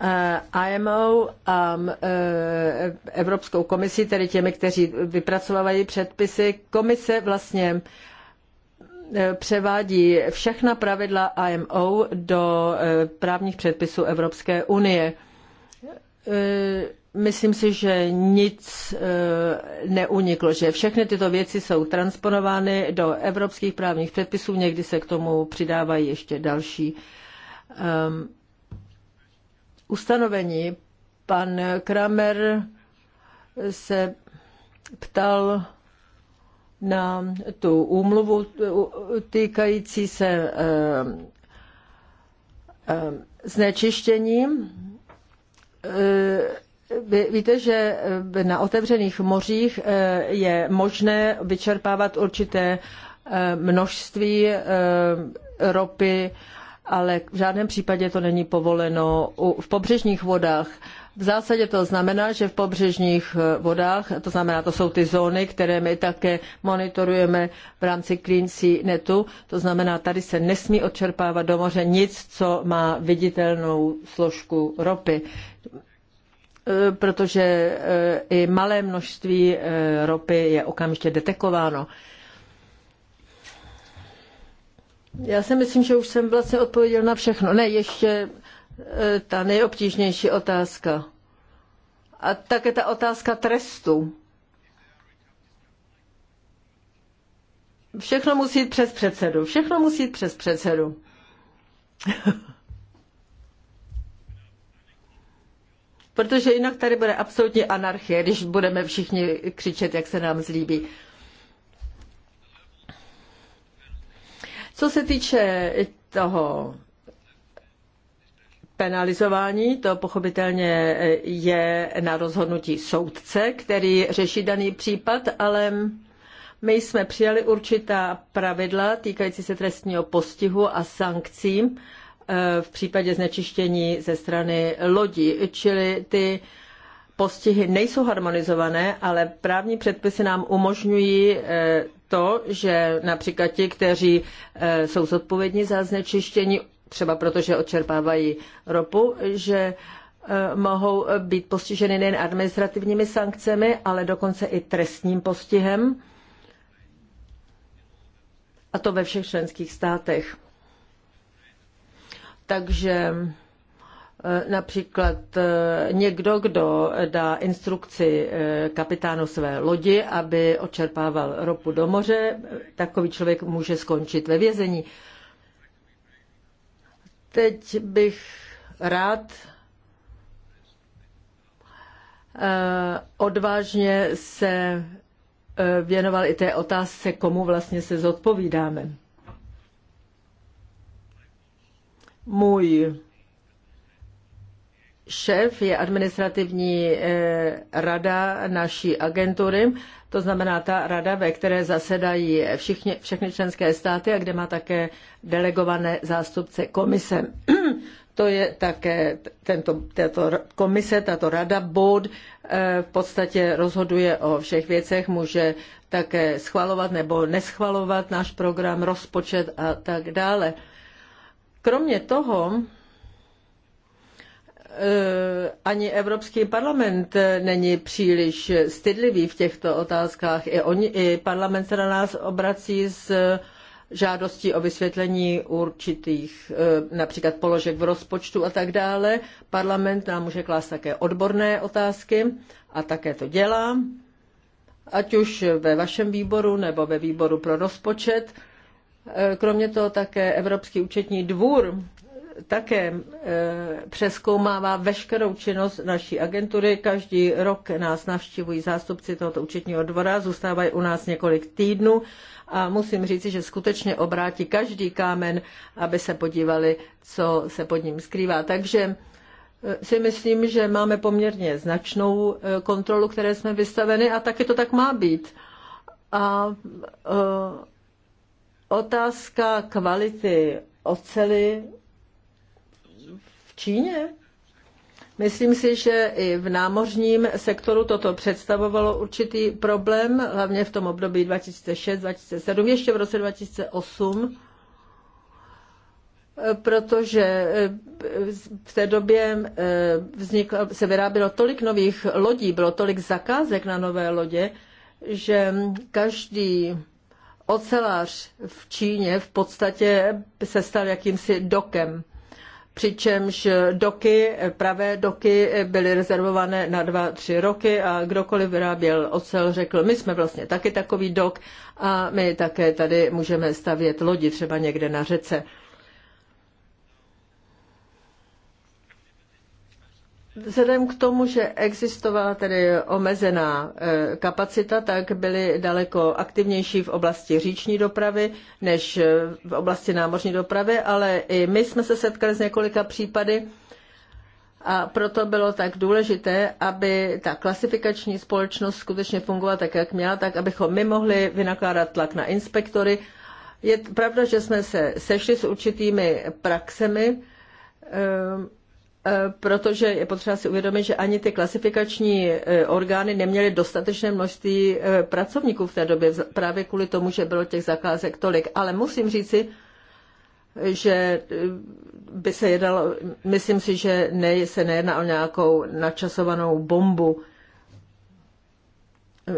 eh, IMO a eh, Evropskou komisí, tedy těmi, kteří vypracovávají předpisy, komise vlastně převádí všechna pravidla IMO do právních předpisů Evropské unie. Myslím si, že nic eh, neuniklo, že všechny tyto věci jsou transponovány do evropských právních předpisů, někdy se k tomu přidávají ještě další e, ustanovení. Pan Kramer se ptal na tu úmluvu týkající se e, e, znečištění. Eh, vy, víte, že eh, na otevřených mořích eh, je možné vyčerpávat určité eh, množství ropy, ale v žádném případě to není povoleno v pobřežních vodách. V zásadě to znamená, že v pobřežních vodách, to znamená, to jsou ty zóny, které my také monitorujeme v rámci Clean Sea Netu, to znamená, tady se nesmí odčerpávat do moře nic, co má viditelnou složku ropy. E, protože e, i malé množství e, ropy je okamžitě detekováno. Já si myslím, že už jsem vlastně odpověděl na všechno. Ne, ještě ta nejobtížnější otázka. A také ta otázka trestu. Všechno musí jít přes předsedu. Všechno musí jít přes předsedu. protože jinak tady bude absolutní anarchie, když budeme všichni křičet, jak se nám zlíbí. Co se týče toho penalizování, to pochopitelně je na rozhodnutí soudce, který řeší daný případ, ale my jsme přijali určitá pravidla týkající se trestního postihu a sankcí Eh, v případě znečištění ze strany lodí, čili ty postihy nejsou harmonizované, ale právní předpisy nám umožňují eh, to, že například ti, kteří eh, jsou zodpovědní za znečištění, třeba protože odčerpávají ropu, že mohou být postiženy nejen administrativními sankcemi, ale dokonce i trestním postihem. A to ve všech členských státech. Takže eh, například eh, někdo, kdo dá instrukci eh, kapitánu své lodi, aby očerpával ropu do moře, takový člověk může skončit ve vězení. Teď bych rád odvážně se věnoval i té otázce, komu vlastně se zodpovídáme. Můj šéf je administrativní eh, rada naší agentury, to znamená ta rada, ve které zasedají všichni, všechny členské státy a kde má také delegované zástupce komise. To je také tento, tato komise, tato rada, board, eh, v podstatě rozhoduje o všech věcech, může také schvalovat nebo neschvalovat náš program, rozpočet a tak dále. Kromě toho, eh, ani Evropský parlament eh, není příliš stydlivý v těchto otázkách. I, oni, i parlament se na nás obrací s eh, žádostí o vysvětlení určitých například položek v rozpočtu a tak dále. Parlament nám může klást také odborné otázky a také to dělá, ať už ve vašem výboru nebo ve výboru pro rozpočet. Eh, kromě toho také Evropský účetní dvůr také eh, přeskoumává veškerou činnost naší agentury. Každý rok nás navštívují zástupci tohoto účetního dvora, zůstávají u nás několik týdnů a musím říci, že skutečně obrátí každý kámen, aby se podívali, co se pod ním skrývá. Takže eh, si myslím, že máme poměrně značnou kontrolu, které jsme vystaveny a taky to tak má být. A, a Otázka kvality ocely v Číně? Myslím si, že i v námořním sektoru toto představovalo určitý problém, hlavně v tom období 2006-2007, ještě v roce 2008, protože eh, v té době eh, vzniklo, se vyrábělo tolik nových lodí, bylo tolik zakázek na nové lodě, že každý ocelář v Číně v podstatě se stal jakýmsi dokem. Přičemž doky, pravé doky byly rezervované na dva, tři roky a kdokoliv vyráběl ocel, řekl, my jsme vlastně taky takový dok a my také tady můžeme stavět lodi třeba někde na řece. Vzhledem k tomu, že existovala tedy omezená e, kapacita, tak byly daleko aktivnější v oblasti říční dopravy než e, v oblasti námořní dopravy, ale i my jsme se setkali s několika případy a proto bylo tak důležité, aby ta klasifikační společnost skutečně fungovala tak, jak měla, tak abychom my mohli vynakládat tlak na inspektory. Je pravda, že jsme se sešli s určitými praxemi, e, Eh, protože je potřeba si uvědomit, že ani ty klasifikační eh, orgány neměly dostatečné množství eh, pracovníků v té době, právě kvůli tomu, že bylo těch zakázek tolik. Ale musím říci, že by se jednalo, myslím si, že ne, se nejedná o nějakou načasovanou bombu.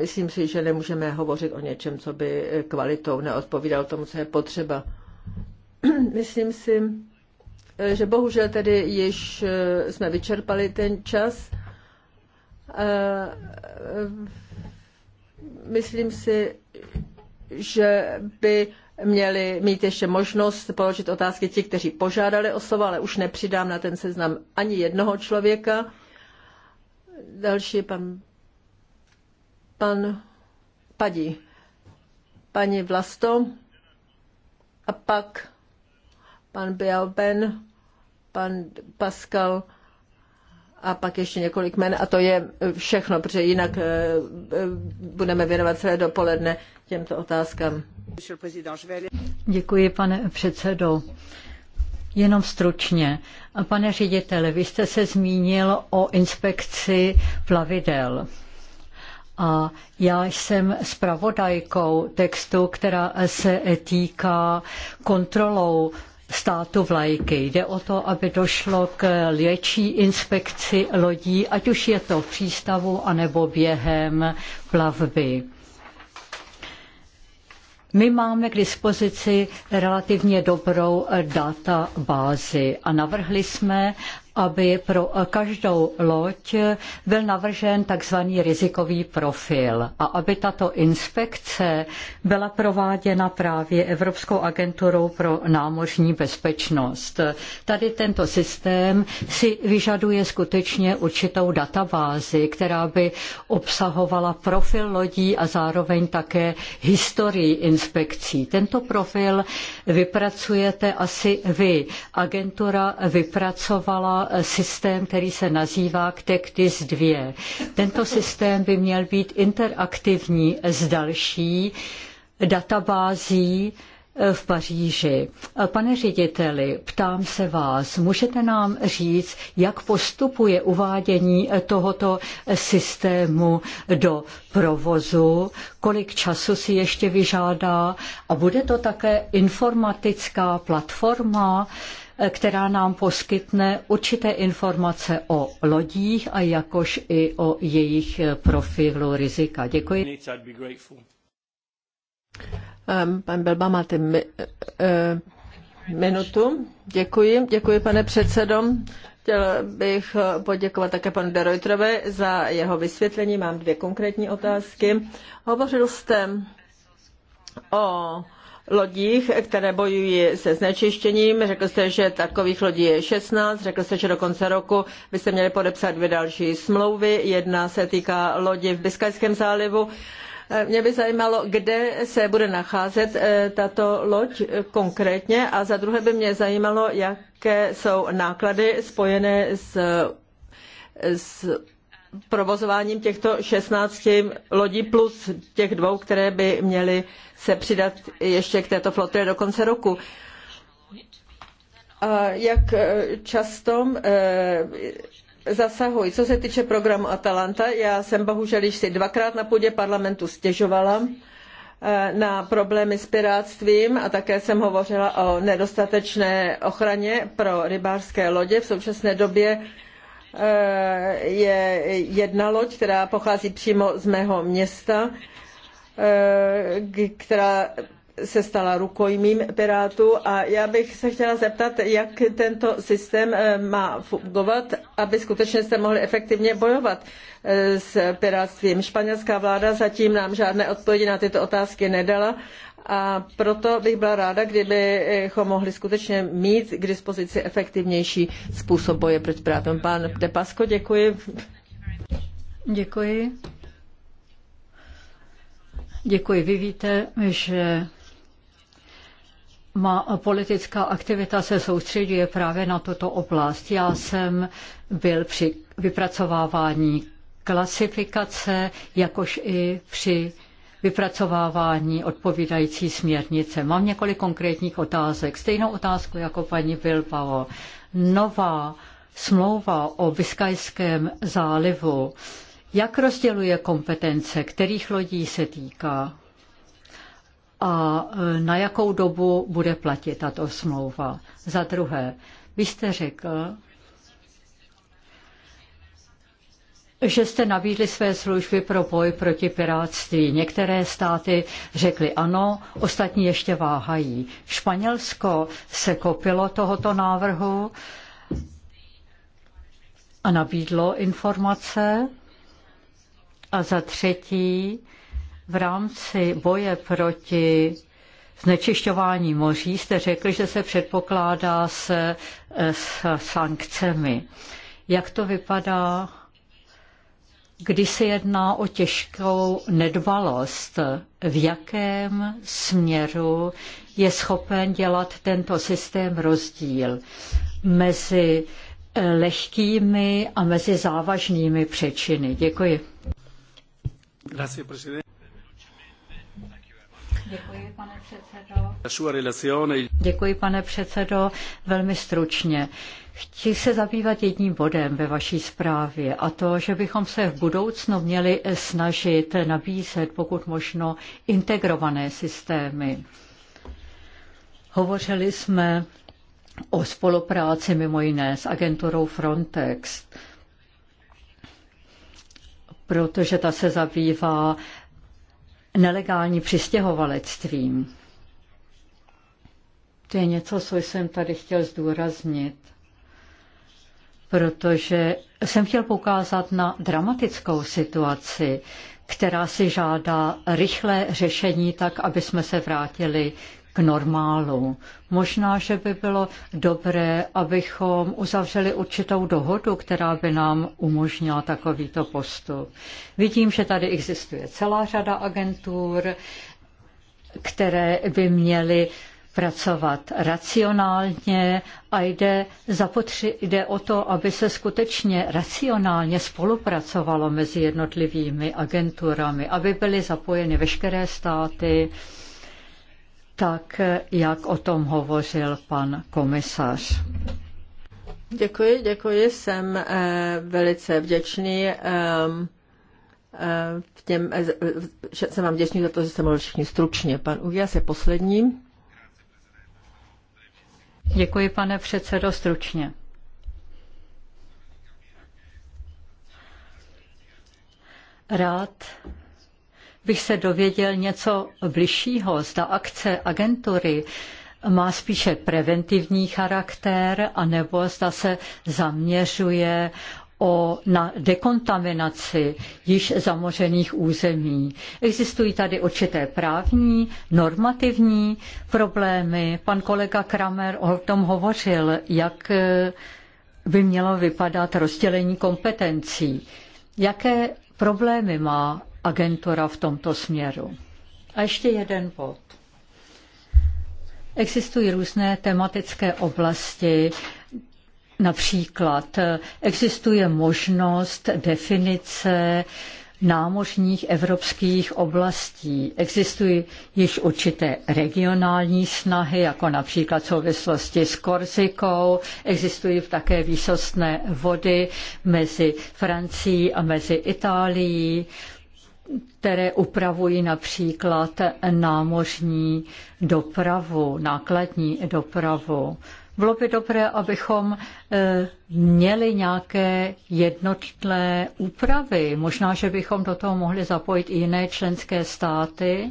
Myslím si, že nemůžeme hovořit o něčem, co by kvalitou neodpovídalo tomu, co je potřeba. myslím si, Eh, že bohužel tedy již eh, jsme vyčerpali ten čas. Eh, myslím si, že by měli mít ještě možnost položit otázky ti, kteří požádali o slovo, ale už nepřidám na ten seznam ani jednoho člověka. Další je pan, pan Padí, paní Vlasto a pak pan Bialben, pan Pascal a pak ještě několik men a to je všechno, protože jinak eh, eh, budeme věnovat celé dopoledne těmto otázkám. Děkuji, pane předsedo. Jenom stručně. Pane ředitele, vy jste se zmínil o inspekci plavidel. A já jsem zpravodajkou textu, která se týká kontrolou státu vlajky. Jde o to, aby došlo k větší inspekci lodí, ať už je to v přístavu anebo během plavby. My máme k dispozici relativně dobrou databázi a navrhli jsme, aby pro každou loď byl navržen takzvaný rizikový profil a aby tato inspekce byla prováděna právě Evropskou agenturou pro námořní bezpečnost. Tady tento systém si vyžaduje skutečně určitou databázi, která by obsahovala profil lodí a zároveň také historii inspekcí. Tento profil vypracujete asi vy. Agentura vypracovala systém, který se nazývá Ktektis 2. Tento systém by měl být interaktivní s další databází, eh, v Paříži. Eh, pane řediteli, ptám se vás, můžete nám říct, jak postupuje uvádění eh, tohoto systému do provozu, kolik času si ještě vyžádá a bude to také informatická platforma, která nám poskytne určité informace o lodích a jakož i o jejich profilu rizika. Děkuji. Um, pan Belba, máte mi, uh, minutu. Děkuji, děkuji pane předsedo. Chtěl bych uh, poděkovat také panu Derojtrovi za jeho vysvětlení. Mám dvě konkrétní otázky. Hovořil jste o lodích, které bojují se znečištěním. Řekl jste, že takových lodí je 16, řekl jste, že do konce roku byste měli podepsat dvě další smlouvy. Jedna se týká lodi v Biskajském zálivu. Eh, mě by zajímalo, kde se bude nacházet eh, tato loď eh, konkrétně a za druhé by mě zajímalo, jaké jsou náklady spojené s, s provozováním těchto 16 lodí plus těch dvou, které by měly se přidat ještě k této flotile do konce roku. A jak e, často e, zasahují. Co se týče programu Atalanta, já jsem bohužel již si dvakrát na půdě parlamentu stěžovala e, na problémy s piráctvím a také jsem hovořila o nedostatečné ochraně pro rybářské lodě. V současné době Eh, je jedna loď, která pochází přímo z mého města, eh, která se stala rukojmím Pirátů a já bych se chtěla zeptat, jak tento systém eh, má fungovat, aby skutečně jste mohli efektivně bojovat s pirátstvím. Španělská vláda zatím nám žádné odpovědi na tyto otázky nedala a proto bych byla ráda, kdybychom mohli skutečně mít k dispozici efektivnější způsob boje proti právům. Pan Depasko, děkuji. Děkuji. Děkuji. Vy víte, že má politická aktivita se soustředuje právě na tuto oblast. Já jsem byl při vypracovávání klasifikace, jakož i při vypracovávání odpovídající směrnice. Mám několik konkrétních otázek. Stejnou otázku jako paní Bilbao. Nová smlouva o Biskajském zálivu, jak rozděluje kompetence, kterých lodí se týká a e, na jakou dobu bude platit tato smlouva. Za druhé, vy jste řekl, že jste nabídli své služby pro boj proti pirátství. Některé státy řekly ano, ostatní ještě váhají. Španělsko se kopilo tohoto návrhu a nabídlo informace. A za třetí, v rámci boje proti znečišťování moří jste řekl, že se předpokládá se eh, s sankcemi. Jak to vypadá kdy se jedná o těžkou nedbalost, v jakém směru je schopen dělat tento systém rozdíl mezi eh, lehkými a mezi závažnými přečiny. Děkuji. Děkuji, pane předsedo. Děkuji, pane předsedo. Velmi stručně. Chci se zabývat jedním bodem ve vaší zprávě a to, že bychom se v budoucnu měli snažit nabízet pokud možno integrované systémy. Hovořili jsme o spolupráci mimo jiné s agenturou Frontex, protože ta se zabývá nelegální přistěhovalectvím. To je něco, co jsem tady chtěl zdůraznit protože jsem chtěl poukázat na dramatickou situaci, která si žádá rychlé řešení tak, aby jsme se vrátili k normálu. Možná, že by bylo dobré, abychom uzavřeli určitou dohodu, která by nám umožnila takovýto postup. Vidím, že tady existuje celá řada agentur, které by měly pracovat racionálně a jde, zapotři, jde o to, aby se skutečně racionálně spolupracovalo mezi jednotlivými agenturami, aby byly zapojeny veškeré státy, tak jak o tom hovořil pan komisař. Děkuji, děkuji, jsem eh, velice vděčný. Ehm, eh, v těm, eh, že jsem vám vděčný za to, že jste mluvil všichni stručně. Pan Uvias je poslední. Děkuji, pane předsedo, stručně. Rád bych se dověděl něco bližšího, zda akce agentury má spíše preventivní charakter, anebo zda se zaměřuje o, na dekontaminaci již zamořených území. Existují tady určité právní, normativní problémy. Pan kolega Kramer o tom hovořil, jak e, by mělo vypadat rozdělení kompetencí. Jaké problémy má agentura v tomto směru? A ještě jeden bod. Existují různé tematické oblasti, Například eh, existuje možnost definice námořních evropských oblastí. Existují již určité regionální snahy, jako například v souvislosti s Korzikou. Existují také výsostné vody mezi Francií a mezi Itálií, které upravují například námořní dopravu, nákladní dopravu. Bylo by dobré, abychom e, měli nějaké jednotné úpravy. Možná, že bychom do toho mohli zapojit i jiné členské státy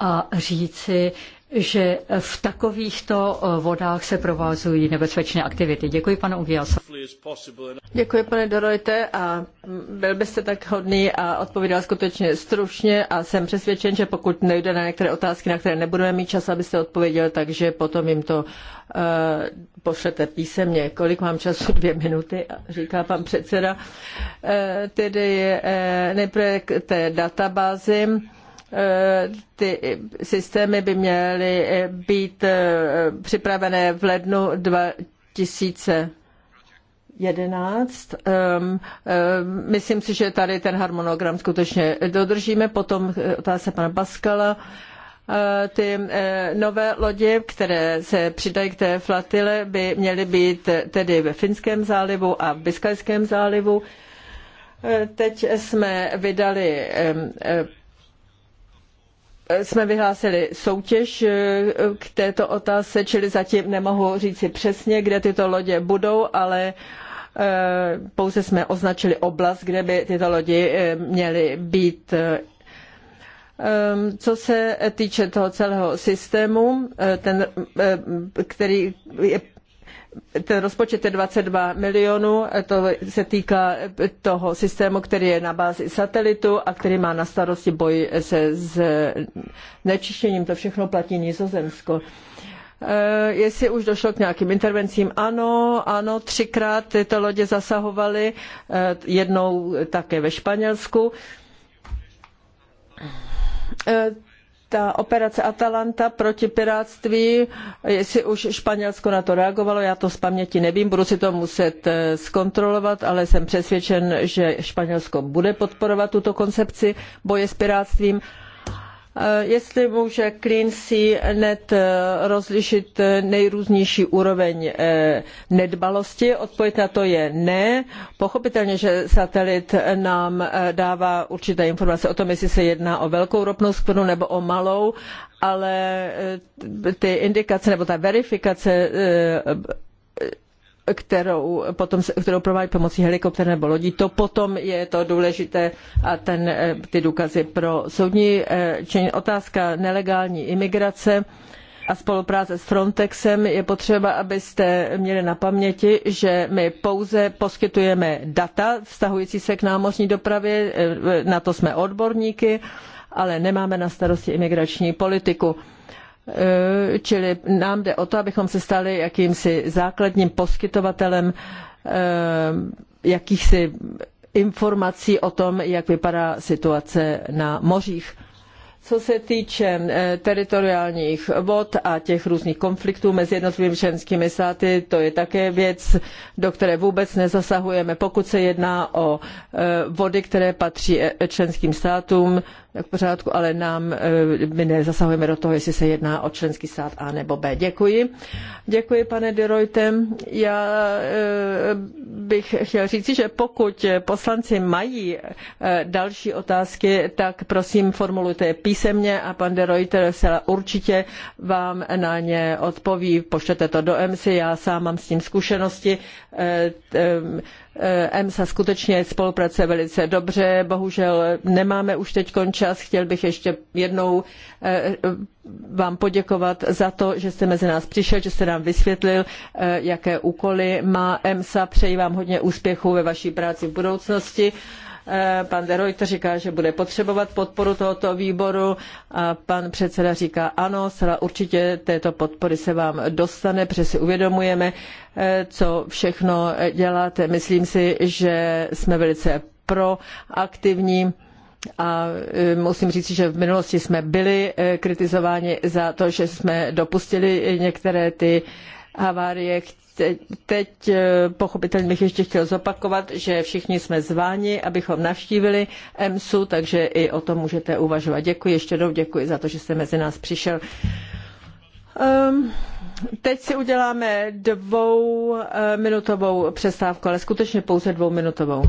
a říci, že v takovýchto eh, vodách se provázují nebezpečné aktivity. Děkuji pane Ugiasa. Děkuji pane Dorojte a byl byste tak hodný a odpovídal skutečně stručně a jsem přesvědčen, že pokud nejde na některé otázky, na které nebudeme mít čas, abyste odpověděl, takže potom jim to uh, pošlete písemně. Kolik mám času? Dvě minuty, říká pan předseda. Uh, tedy uh, nejprve k té databázi. Eh, ty systémy by měly eh, být eh, připravené v lednu 2011. Ehm, ehm, myslím si, že tady ten harmonogram skutečně dodržíme. Potom otázka pana Baskala. ty nové lodě, které se přidají k té flotile, by měly být tedy ve Finském zálivu a v Biskajském zálivu. teď jsme vydali ehm, jsme vyhlásili soutěž eh, k této otázce, čili zatím nemohu říci přesně, kde tyto lodě budou, ale eh, pouze jsme označili oblast, kde by tyto lodi eh, měly být. Ehm, co se týče toho celého systému, ten, který je ten rozpočet je 22 milionů, to se týká toho systému, který je na bázi satelitu a který má na starosti boj se s nečištěním. To všechno platí Nizozemsko. Eh, jestli už došlo k nějakým intervencím, ano, ano, třikrát tyto lodě zasahovaly, eh, jednou také ve Španělsku eh, ta operace Atalanta proti pirátství, jestli už Španělsko na to reagovalo, já to z paměti nevím, budu si to muset eh, zkontrolovat, ale jsem přesvědčen, že Španělsko bude podporovat tuto koncepci boje s pirátstvím Eh, jestli může Sea net eh, rozlišit eh, nejrůznější úroveň nedbalosti. Odpověď na to je ne. Pochopitelně, že satelit nám dává určité informace o tom, jestli se jedná o velkou ropnou skvrnu nebo o malou, ale ty indikace nebo ta verifikace kterou, potom, kterou provádí pomocí helikopter nebo lodí, to potom je to důležité a ten, eh, ty důkazy pro soudní eh, čin. Otázka nelegální imigrace a spolupráce s Frontexem je potřeba, abyste měli na paměti, že my pouze poskytujeme data vztahující se k námořní dopravě, eh, na to jsme odborníky, ale nemáme na starosti imigrační politiku Eh, čili nám jde o to, abychom se stali jakýmsi základním poskytovatelem eh, jakýchsi informací o tom, jak vypadá situace na mořích. Co se týče eh, teritoriálních vod a těch různých konfliktů mezi jednotlivými členskými státy, to je také věc, do které vůbec nezasahujeme. Pokud se jedná o eh, vody, které patří eh, členským státům, tak v pořádku, ale nám, my nezasahujeme do toho, jestli se jedná o členský stát A nebo B. Děkuji. Děkuji, pane de Derojtem. Já bych chtěl říci, že pokud poslanci mají další otázky, tak prosím formulujte je písemně písemně a pan de Reuter se určitě vám na ně odpoví. Pošlete to do EMSy, já sám mám s tím zkušenosti. EMSA eh, eh, skutečně spolupracuje velice dobře, bohužel nemáme už teď čas, chtěl bych ještě jednou eh, vám poděkovat za to, že jste mezi nás přišel, že jste nám vysvětlil, jaké úkoly má EMSA. Přeji vám hodně úspěchů ve vaší práci v budoucnosti. Eh, pan de Reuter říká, že bude potřebovat podporu tohoto výboru a pan předseda říká ano, zcela určitě této podpory se vám dostane, protože si uvědomujeme, eh, co všechno děláte. Myslím si, že jsme velice proaktivní a eh, musím říci, že v minulosti jsme byli kritizováni za to, že jsme dopustili některé ty havárie teď eh, pochopitelně bych ještě chtěl zopakovat, že všichni jsme zváni, abychom navštívili EMSu, takže i o tom můžete uvažovat. Děkuji ještě jednou, děkuji za to, že jste mezi nás přišel. Um, teď si uděláme dvouminutovou eh, přestávku, ale skutečně pouze dvouminutovou.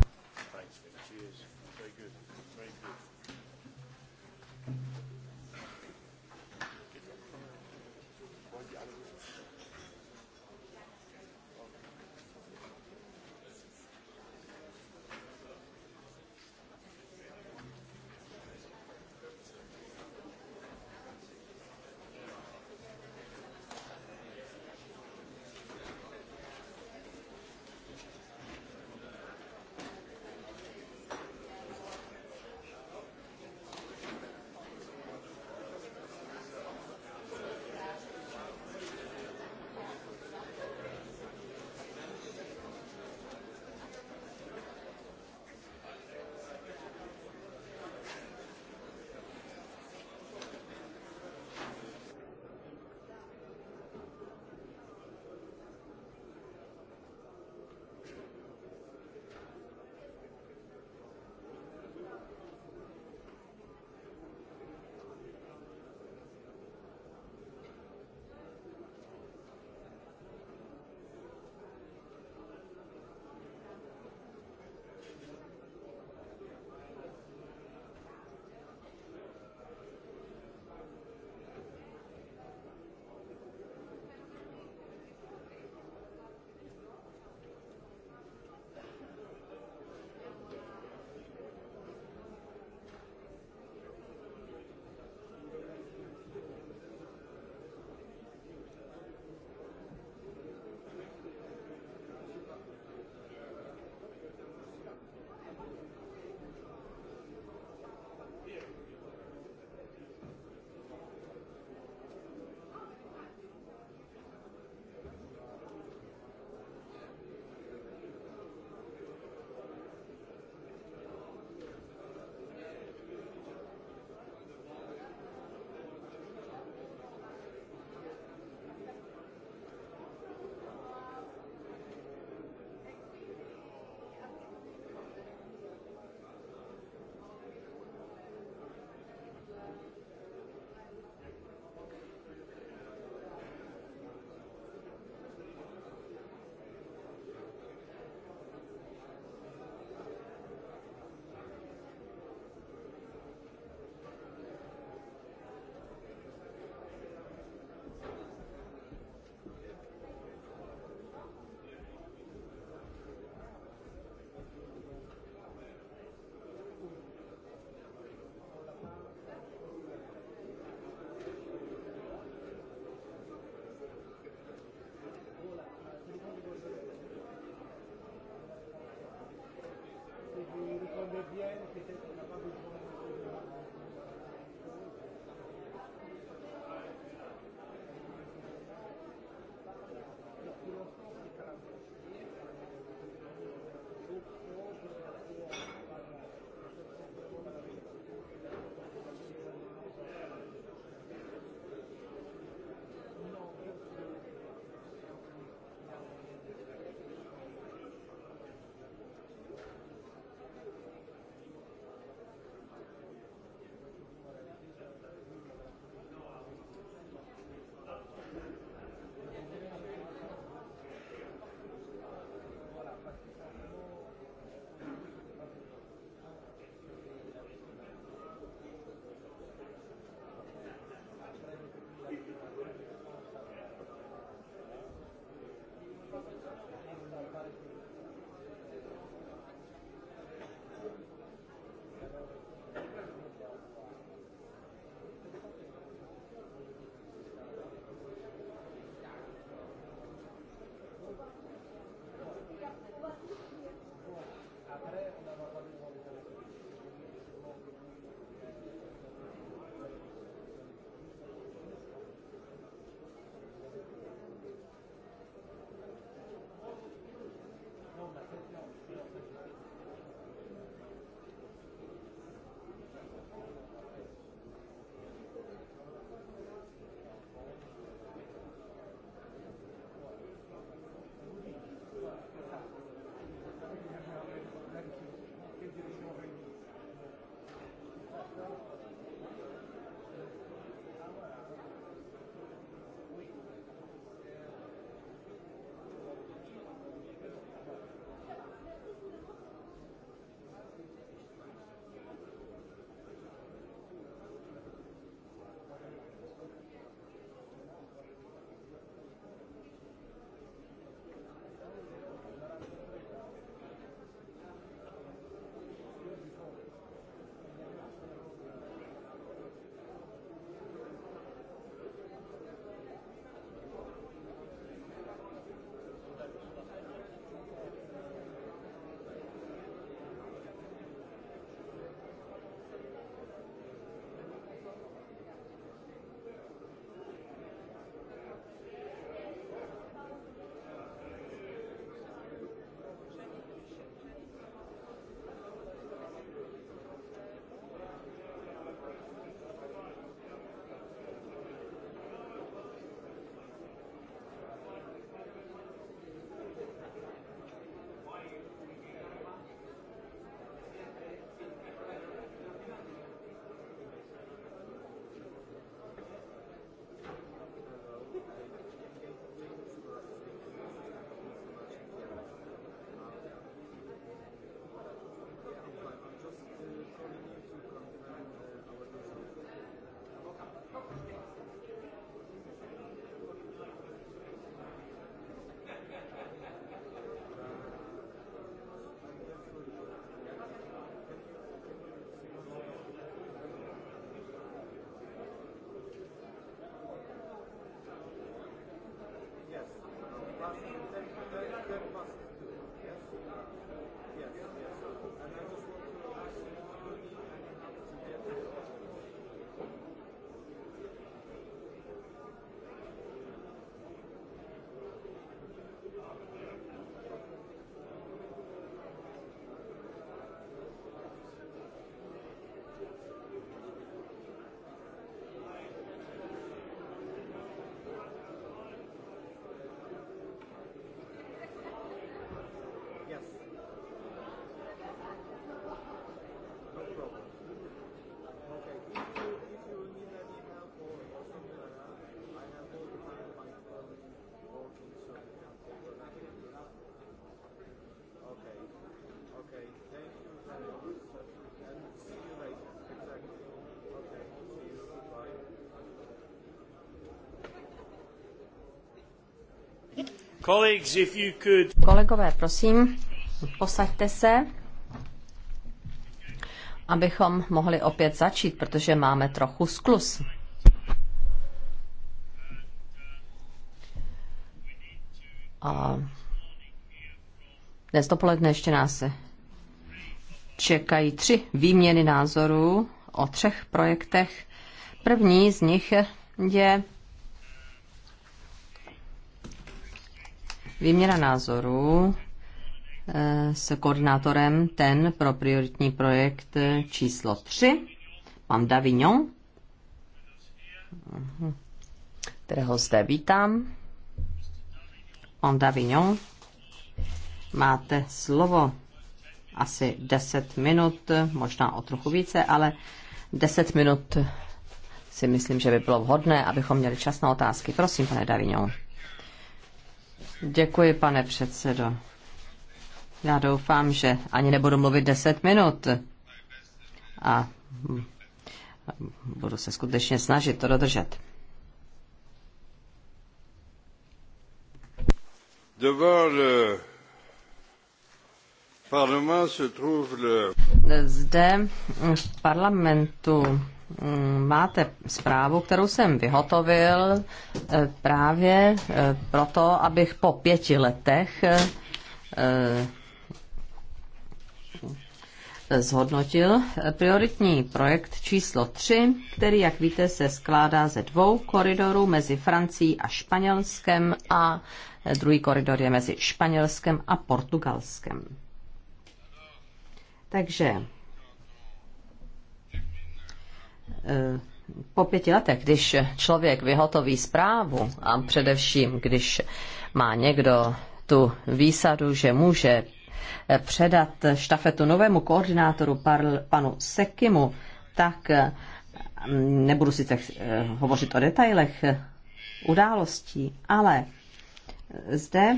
bien Kolegové, prosím, posaďte se, abychom mohli opět začít, protože máme trochu sklus. A dnes dopoledne ještě nás čekají tři výměny názorů o třech projektech. První z nich je Výměna názorů eh, s koordinátorem ten pro prioritní projekt eh, číslo 3, pan Davignon, mhm. kterého zde vítám. Pan Davignon, máte slovo asi 10 minut, možná o trochu více, ale 10 minut si myslím, že by bylo vhodné, abychom měli čas na otázky. Prosím, pane Davignon. Děkuji, pane předsedo. Já doufám, že ani nebudu mluvit 10 minut. A hm, budu se skutečně snažit to dodržet. Zde v parlamentu Mm, máte zprávu, kterou jsem vyhotovil eh, právě eh, proto, abych po pěti letech eh, zhodnotil prioritní projekt číslo 3, který, jak víte, se skládá ze dvou koridorů mezi Francií a Španělskem a druhý koridor je mezi Španělskem a Portugalskem. Takže Eh, po pěti letech, když člověk vyhotoví zprávu a především, když má někdo tu výsadu, že může eh, předat štafetu novému koordinátoru parl, panu Sekimu, tak eh, nebudu sice hovořit o detailech událostí, ale zde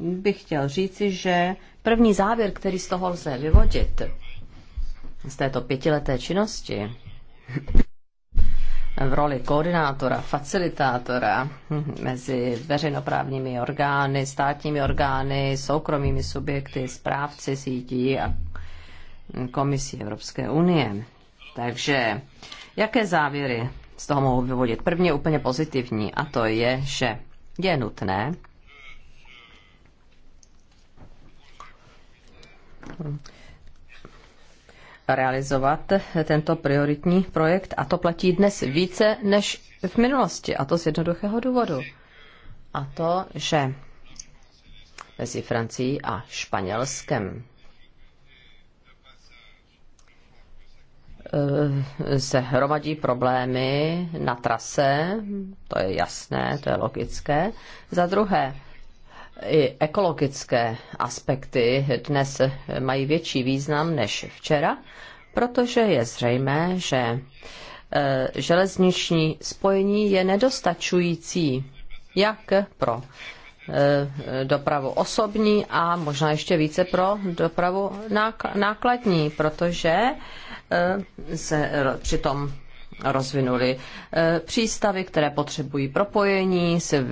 bych chtěl říci, že první závěr, který z toho lze vyvodit, z této pětileté činnosti, v roli koordinátora, facilitátora mezi veřejnoprávními orgány, státními orgány, soukromými subjekty, správci sítí a komisí Evropské unie. Takže jaké závěry z toho mohu vyvodit? První je úplně pozitivní a to je, že je nutné realizovat tento prioritní projekt a to platí dnes více než v minulosti a to z jednoduchého důvodu. A to, že mezi Francií a Španělskem eh, se hromadí problémy na trase, to je jasné, to je logické. Za druhé, i ekologické aspekty dnes mají větší význam než včera, protože je zřejmé, že e, železniční spojení je nedostačující jak pro e, dopravu osobní a možná ještě více pro dopravu nákladní, protože e, se tom rozvinuli eh, přístavy, které potřebují propojení s,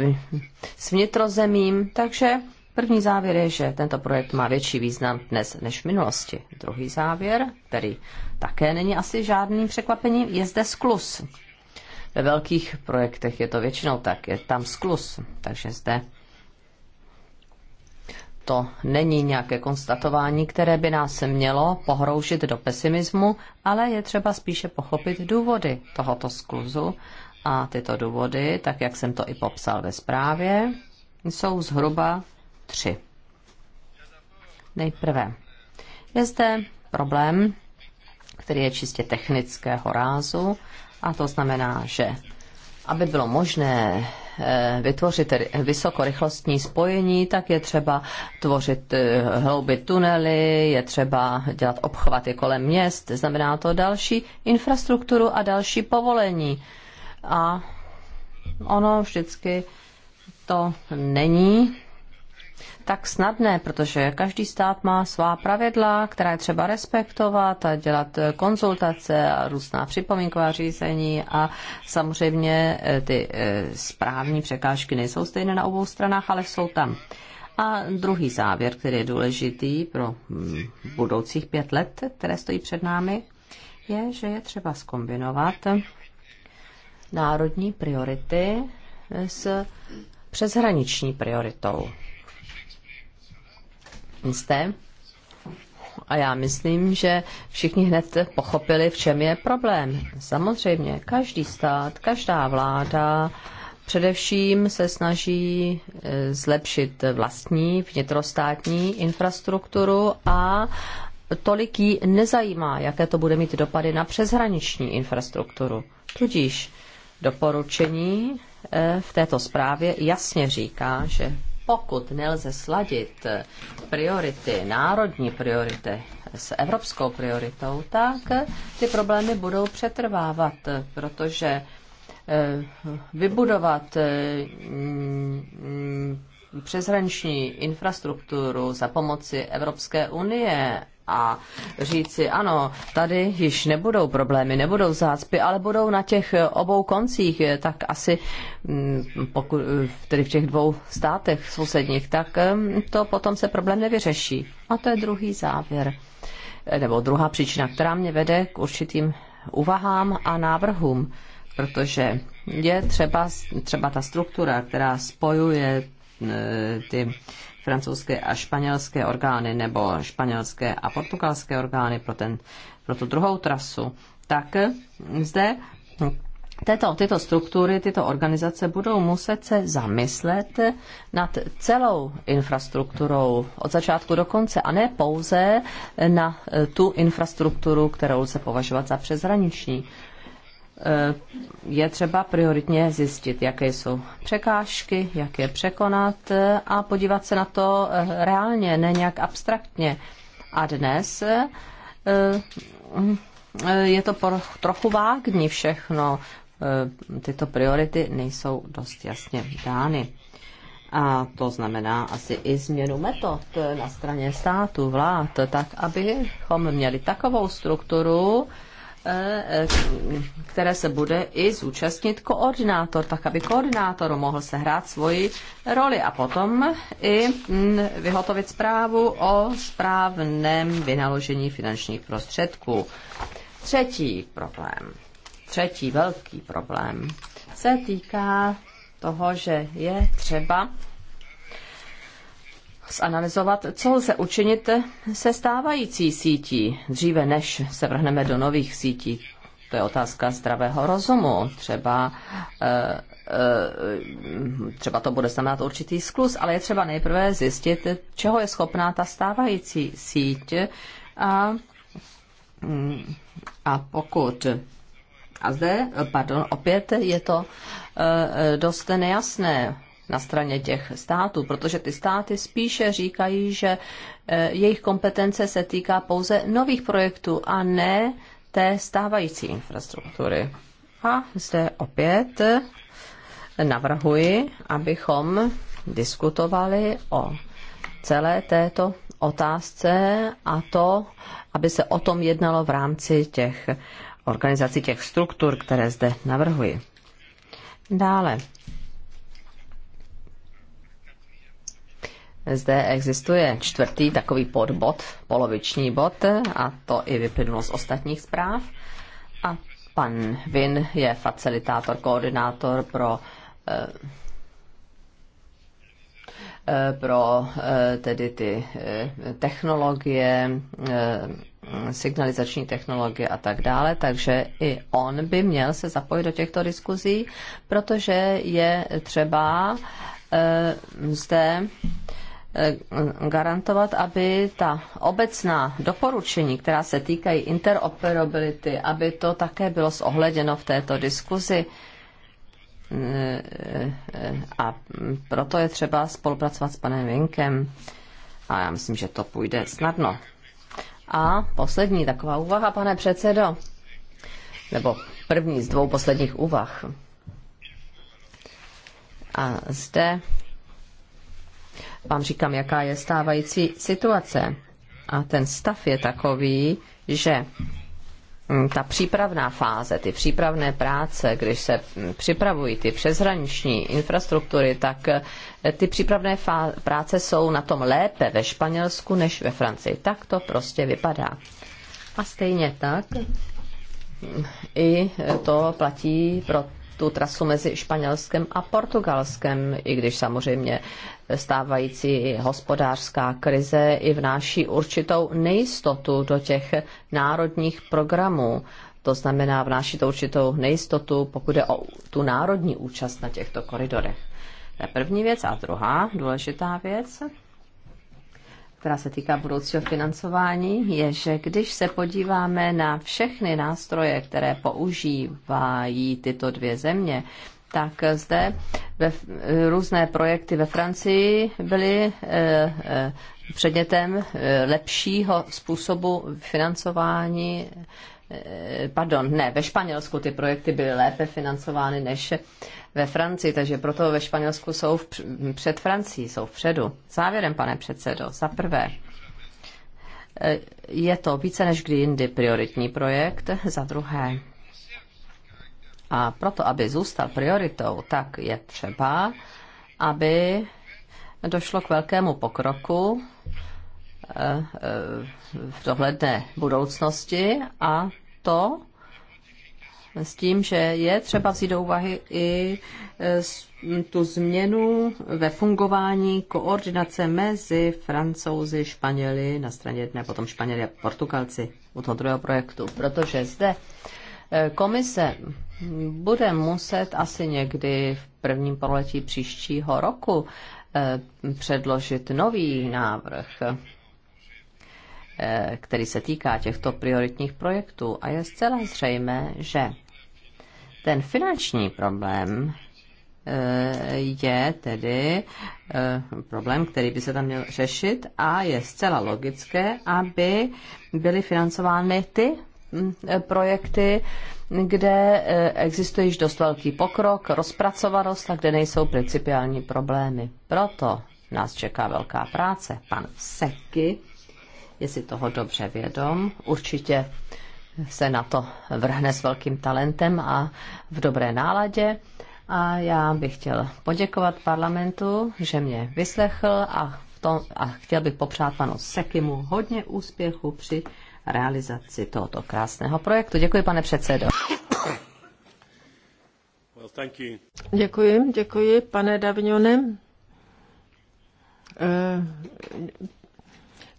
s vnitrozemím. Takže první závěr je, že tento projekt má větší význam dnes než v minulosti. Druhý závěr, který také není asi žádným překvapením, je zde sklus. Ve velkých projektech je to většinou tak, je tam sklus, takže zde to není nějaké konstatování, které by nás mělo pohroužit do pesimismu, ale je třeba spíše pochopit důvody tohoto skluzu. A tyto důvody, tak jak jsem to i popsal ve zprávě, jsou zhruba tři. Nejprve je zde problém, který je čistě technického rázu, a to znamená, že aby bylo možné Eh, vytvořit vysokorychlostní spojení, tak je třeba tvořit eh, hlouby tunely, je třeba dělat obchvaty kolem měst, znamená to další infrastrukturu a další povolení. A ono vždycky to není tak snadné, protože každý stát má svá pravidla, která je třeba respektovat a dělat eh, konzultace a různá připomínková řízení a samozřejmě eh, ty eh, správní překážky nejsou stejné na obou stranách, ale jsou tam. A druhý závěr, který je důležitý pro mm, budoucích pět let, které stojí před námi, je, že je třeba skombinovat národní priority s přeshraniční prioritou jste? A já myslím, že všichni hned pochopili, v čem je problém. Samozřejmě, každý stát, každá vláda především se snaží eh, zlepšit vlastní vnitrostátní infrastrukturu a tolik jí nezajímá, jaké to bude mít dopady na přeshraniční infrastrukturu. Tudíž doporučení eh, v této zprávě jasně říká, že pokud nelze sladit eh, priority, národní priority eh, s evropskou prioritou, tak eh, ty problémy budou přetrvávat, protože vybudovat mm, mm, přeshraniční infrastrukturu za pomoci Evropské unie a říci, ano, tady již nebudou problémy, nebudou zácpy, ale budou na těch obou koncích, tak asi mm, pokud, tedy v těch dvou státech sousedních, tak mm, to potom se problém nevyřeší. A to je druhý závěr, nebo druhá příčina, která mě vede k určitým úvahám a návrhům, protože je třeba, třeba ta struktura, která spojuje e, ty francouzské a španělské orgány nebo španělské a portugalské orgány pro, ten, pro tu druhou trasu, tak zde této, tyto struktury, tyto organizace budou muset se zamyslet nad celou infrastrukturou od začátku do konce a ne pouze na tu infrastrukturu, kterou se považovat za přeshraniční je třeba prioritně zjistit, jaké jsou překážky, jak je překonat a podívat se na to eh, reálně, ne nějak abstraktně. A dnes eh, eh, je to trochu vágní všechno. Tyto priority nejsou dost jasně dány. A to znamená asi i změnu metod na straně státu, vlád, tak abychom měli takovou strukturu, E, e, které se bude i zúčastnit koordinátor, tak aby koordinátor mohl sehrát svoji roli a potom i vyhotovit zprávu o správném vynaložení finančních prostředků. Třetí problém, třetí velký problém se týká toho, že je třeba zanalizovat, co lze učinit se stávající sítí, dříve než se vrhneme do nových sítí. To je otázka zdravého rozumu. Třeba, eh, eh, třeba to bude znamenat určitý sklus, ale je třeba nejprve zjistit, čeho je schopná ta stávající síť. A, mm, a pokud a zde, pardon, opět je to eh, dost nejasné na straně těch států, protože ty státy spíše říkají, že eh, jejich kompetence se týká pouze nových projektů a ne té stávající infrastruktury. A zde opět eh, navrhuji, abychom diskutovali o celé této otázce a to, aby se o tom jednalo v rámci těch organizací, těch struktur, které zde navrhuji. Dále Zde existuje čtvrtý takový podbod, poloviční bod, a to i vyplynulo z ostatních zpráv. A pan Vin je facilitátor, koordinátor pro eh, eh, pro eh, tedy ty technologie, signalizační technologie a tak dále, takže i on by měl se zapojit do těchto diskuzí, protože je třeba zde Eh, garantovat, aby ta obecná doporučení, která se týkají interoperability, aby to také bylo zohleděno v této diskuzi. Eh, eh, a proto je třeba spolupracovat s panem Vinkem. A já myslím, že to půjde snadno. A poslední taková úvaha, pane předsedo, nebo první z dvou posledních úvah. A zde vám říkám, jaká je stávající situace. A ten stav je takový, že mm, ta přípravná fáze, ty přípravné práce, když se mm, připravují ty přeshraniční infrastruktury, tak eh, ty přípravné práce jsou na tom lépe ve Španělsku než ve Francii. Tak to prostě vypadá. A stejně tak mm, i to platí pro tu trasu mezi Španělskem a Portugalskem, i když samozřejmě stávající hospodářská krize i vnáší určitou nejistotu do těch národních programů. To znamená, vnáší to určitou nejistotu, pokud je o tu národní účast na těchto koridorech. To je první věc. A druhá důležitá věc, která se týká budoucího financování, je, že když se podíváme na všechny nástroje, které používají tyto dvě země, tak zde ve, různé projekty ve Francii byly eh, eh, předmětem eh, lepšího způsobu financování Eh, pardon, ne, ve Španělsku ty projekty byly lépe financovány než ve Francii, takže proto ve Španělsku jsou v, před Francií, jsou vpředu. Závěrem, pane předsedo, za prvé, eh, je to více než kdy jindy prioritní projekt, za druhé. A proto, aby zůstal prioritou, tak je třeba, aby došlo k velkému pokroku v dohledné budoucnosti a to s tím, že je třeba vzít do úvahy i e, tu změnu ve fungování koordinace mezi Francouzi, Španěli na straně jedné, potom Španěli a Portugalci u toho druhého projektu, protože zde e, komise bude muset asi někdy v prvním pololetí příštího roku e, předložit nový návrh Eh, který se týká těchto prioritních projektů. A je zcela zřejmé, že ten finanční problém eh, je tedy eh, problém, který by se tam měl řešit a je zcela logické, aby byly financovány ty mm, projekty, kde existuje již dost velký pokrok, rozpracovanost a kde nejsou principiální problémy. Proto nás čeká velká práce. Pan Seky je si toho dobře vědom. Určitě se na to vrhne s velkým talentem a v dobré náladě. A já bych chtěl poděkovat parlamentu, že mě vyslechl a, v tom, a chtěl bych popřát panu Sekimu hodně úspěchu při realizaci tohoto krásného projektu. Děkuji, pane předsedo. Well, thank you. Děkuji, děkuji, pane Davňone. Eh,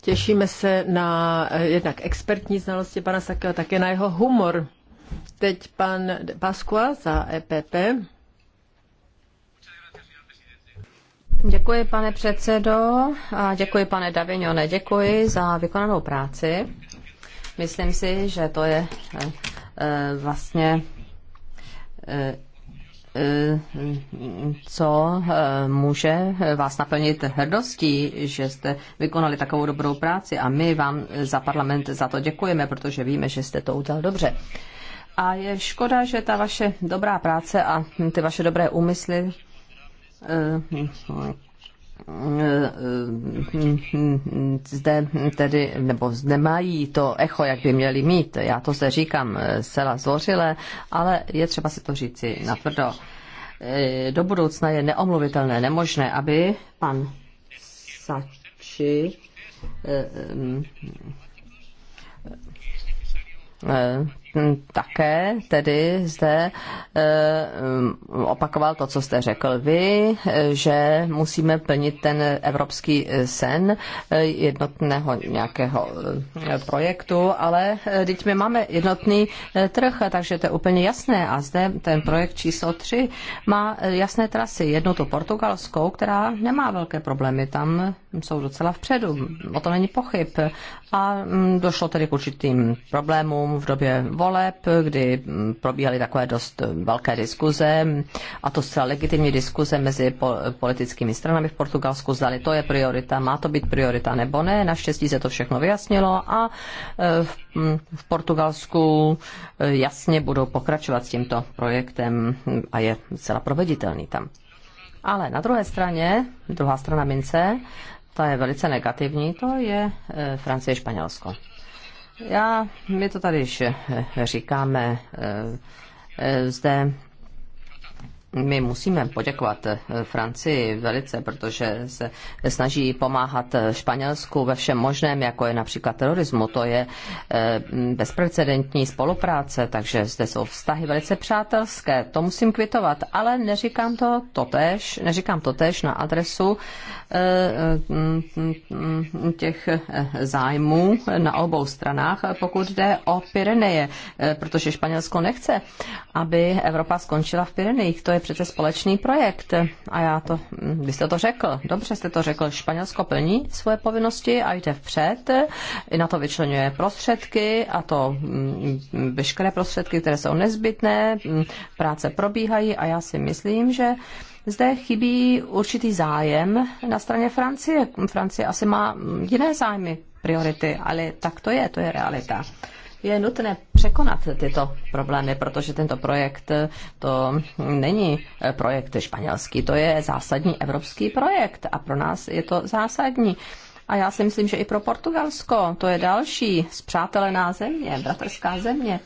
Těšíme se na eh, jednak expertní znalosti pana Sakela, také na jeho humor. Teď pan Pasqua za EPP. Děkuji, pane předsedo, a děkuji, pane Davignone, děkuji za vykonanou práci. Myslím si, že to je eh, vlastně eh, co eh, může vás naplnit hrdostí, že jste vykonali takovou dobrou práci a my vám za parlament za to děkujeme, protože víme, že jste to udělal dobře. A je škoda, že ta vaše dobrá práce a ty vaše dobré úmysly eh, zde tedy, nebo nemají to echo, jak by měli mít. Já to se říkám eh, zcela zvořile, ale je třeba si to říci natvrdo. Eh, do budoucna je neomluvitelné, nemožné, aby pan Sači eh, také tedy zde eh, um, opakoval to, co jste řekl vy, že musíme plnit ten evropský sen eh, jednotného nějakého eh, projektu, ale teď my máme jednotný trh, takže to je úplně jasné. A zde ten projekt číslo 3 má jasné trasy. jednotu portugalskou, která nemá velké problémy, tam jsou docela vpředu, o to není pochyb. A mm, došlo tedy k určitým problémům v době voleb, kdy mm, probíhaly takové dost velké diskuze, a to zcela legitimní diskuze mezi politickými stranami v Portugalsku, zdali to je priorita, má to být priorita nebo ne. Naštěstí se to všechno vyjasnilo a e, v, mm, v Portugalsku e, jasně budou pokračovat s tímto projektem a je zcela proveditelný tam. Ale na druhé straně, druhá strana mince, ta je velice negativní, to je e, Francie Španělsko. Já, my to tady e, říkáme, e, zde my musíme poděkovat eh, Francii velice, protože se snaží pomáhat eh, Španělsku ve všem možném, jako je například terorismu. To je eh, bezprecedentní spolupráce, takže zde jsou vztahy velice přátelské. To musím kvitovat, ale neříkám to totéž, neříkám tež na adresu těch zájmů na obou stranách, pokud jde o Pyreneje, protože Španělsko nechce, aby Evropa skončila v Pyrenejích. To je přece společný projekt. A já to, hm, vy jste to řekl, dobře jste to řekl, Španělsko plní svoje povinnosti a jde vpřed, i na to vyčlenuje prostředky a to hm, veškeré prostředky, které jsou nezbytné, hm, práce probíhají a já si myslím, že zde chybí určitý zájem na straně Francie. Francie asi má jiné zájmy, priority, ale tak to je, to je realita je nutné překonat tyto problémy, protože tento projekt to není eh, projekt španělský, to je zásadní evropský projekt a pro nás je to zásadní. A já si myslím, že i pro Portugalsko to je další zpřátelená země, bratrská země.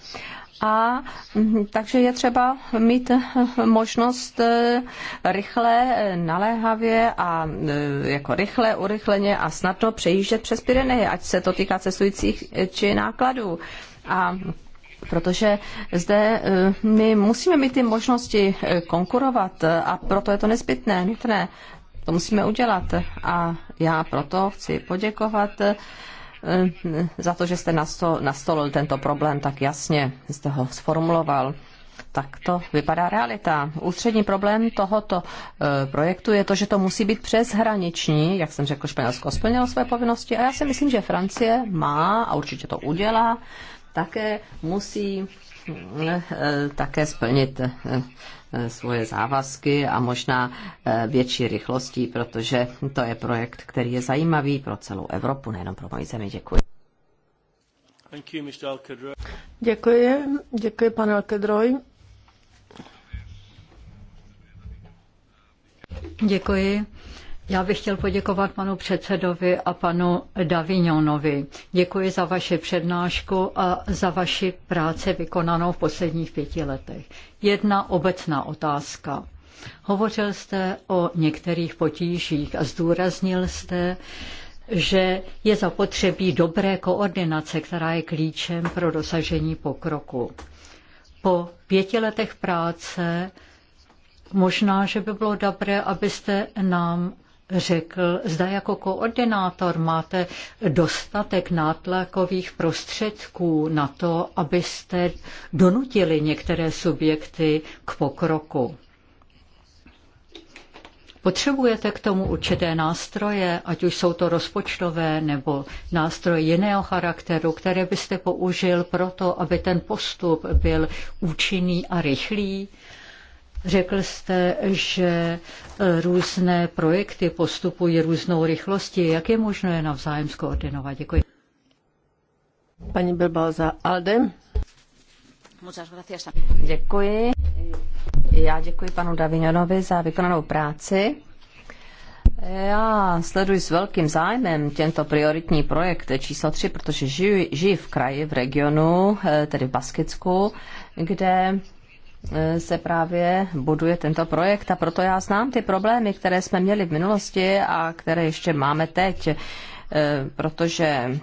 A mhm, takže je třeba mít eh, možnost eh, rychle, eh, naléhavě a jako rychle, urychleně a snadno přejíždět přes Pyreneje, ať se to týká cestujících či nákladů. A protože zde my musíme mít ty možnosti konkurovat a proto je to nezbytné, nutné. To musíme udělat. A já proto chci poděkovat Eh, za to, že jste nastolil tento problém tak jasně, jste ho sformuloval. Tak to vypadá realita. Ústřední problém tohoto eh, projektu je to, že to musí být přeshraniční. Jak jsem řekl, Španělsko splnilo své povinnosti a já si myslím, že Francie má a určitě to udělá, také musí eh, také splnit Eh, svoje závazky a možná eh, větší rychlostí, protože to je projekt, který je zajímavý pro celou Evropu, nejenom pro moji zemi. Děkuji. Děkuji, děkuji pane Alkedroj. Děkuji. Já bych chtěl poděkovat panu předsedovi a panu Davignonovi. Děkuji za vaši přednášku a za vaši práci vykonanou v posledních pěti letech. Jedna obecná otázka. Hovořil jste o některých potížích a zdůraznil jste, že je zapotřebí dobré koordinace, která je klíčem pro dosažení pokroku. Po pěti letech práce Možná, že by bylo dobré, abyste nám řekl, zda jako koordinátor máte dostatek nátlakových prostředků na to, abyste donutili některé subjekty k pokroku. Potřebujete k tomu určité nástroje, ať už jsou to rozpočtové nebo nástroje jiného charakteru, které byste použil proto, aby ten postup byl účinný a rychlý? Řekl jste, že e, různé projekty postupují různou rychlostí. Jak je možné je navzájem skoordinovat? Děkuji. Paní Bilbao za Alde. Děkuji. Já děkuji panu Davignonovi za vykonanou práci. Já sleduji s velkým zájmem tento prioritní projekt číslo 3, protože žiju, žiju v kraji, v regionu, e, tedy v Baskicku, kde se právě buduje tento projekt a proto já znám ty problémy, které jsme měli v minulosti a které ještě máme teď, eh, protože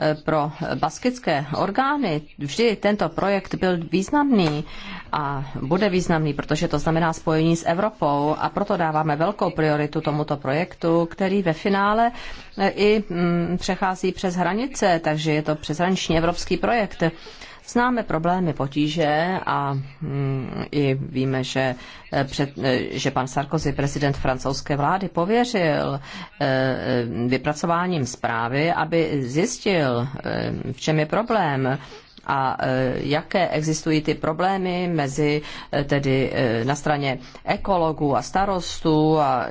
eh, pro baskické orgány vždy tento projekt byl významný a bude významný, protože to znamená spojení s Evropou a proto dáváme velkou prioritu tomuto projektu, který ve finále eh, i mm, přechází přes hranice, takže je to přeshraniční evropský projekt. Známe problémy, potíže a mm, i víme, že, eh, před, eh, že pan Sarkozy, prezident francouzské vlády, pověřil eh, vypracováním zprávy, aby zjistil, v čem je problém a jaké existují ty problémy mezi tedy na straně ekologů a starostů a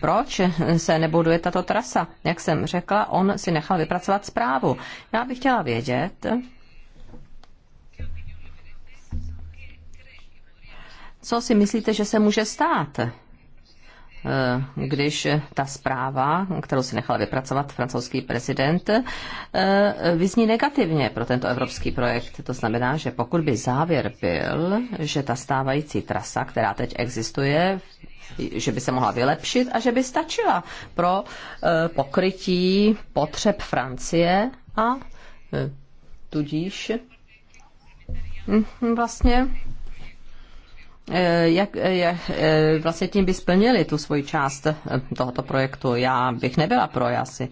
proč se nebuduje tato trasa. Jak jsem řekla, on si nechal vypracovat zprávu. Já bych chtěla vědět, Co si myslíte, že se může stát, eh, když ta zpráva, kterou si nechal vypracovat francouzský prezident, eh, vyzní negativně pro tento evropský projekt? To znamená, že pokud by závěr byl, že ta stávající trasa, která teď existuje, že by se mohla vylepšit a že by stačila pro eh, pokrytí potřeb Francie a tudíž hm, vlastně Eh, jak, eh, jak eh, vlastně tím by splnili tu svoji část tohoto projektu. Já bych nebyla pro, já si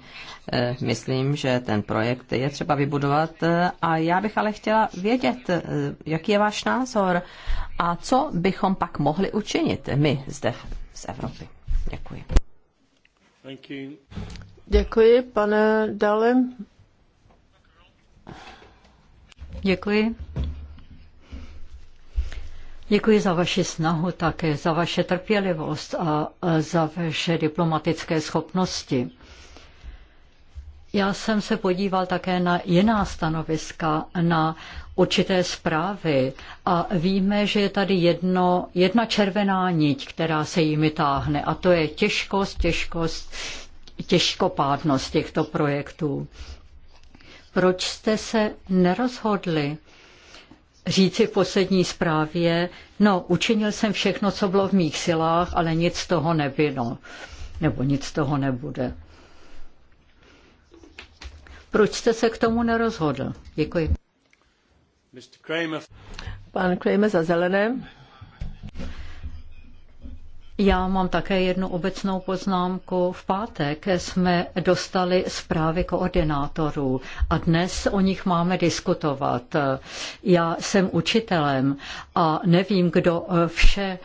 myslím, že ten projekt je třeba vybudovat a já bych ale chtěla vědět, jaký je váš názor a co bychom pak mohli učinit my zde z Evropy. Děkuji. Děkuji, pane Dalem. Děkuji. Děkuji za vaši snahu, také za vaše trpělivost a za vaše diplomatické schopnosti. Já jsem se podíval také na jiná stanoviska, na určité zprávy a víme, že je tady jedno, jedna červená niť, která se jimi táhne a to je těžkost, těžkost, těžkopádnost těchto projektů. Proč jste se nerozhodli říci v poslední zprávě, no, učinil jsem všechno, co bylo v mých silách, ale nic z toho nebylo. No, nebo nic z toho nebude. Proč jste se k tomu nerozhodl? Děkuji. Pan Kramer za zelené. Já mám také jednu obecnou poznámku. V pátek jsme dostali zprávy koordinátorů a dnes o nich máme diskutovat. Já jsem učitelem a nevím, kdo vše,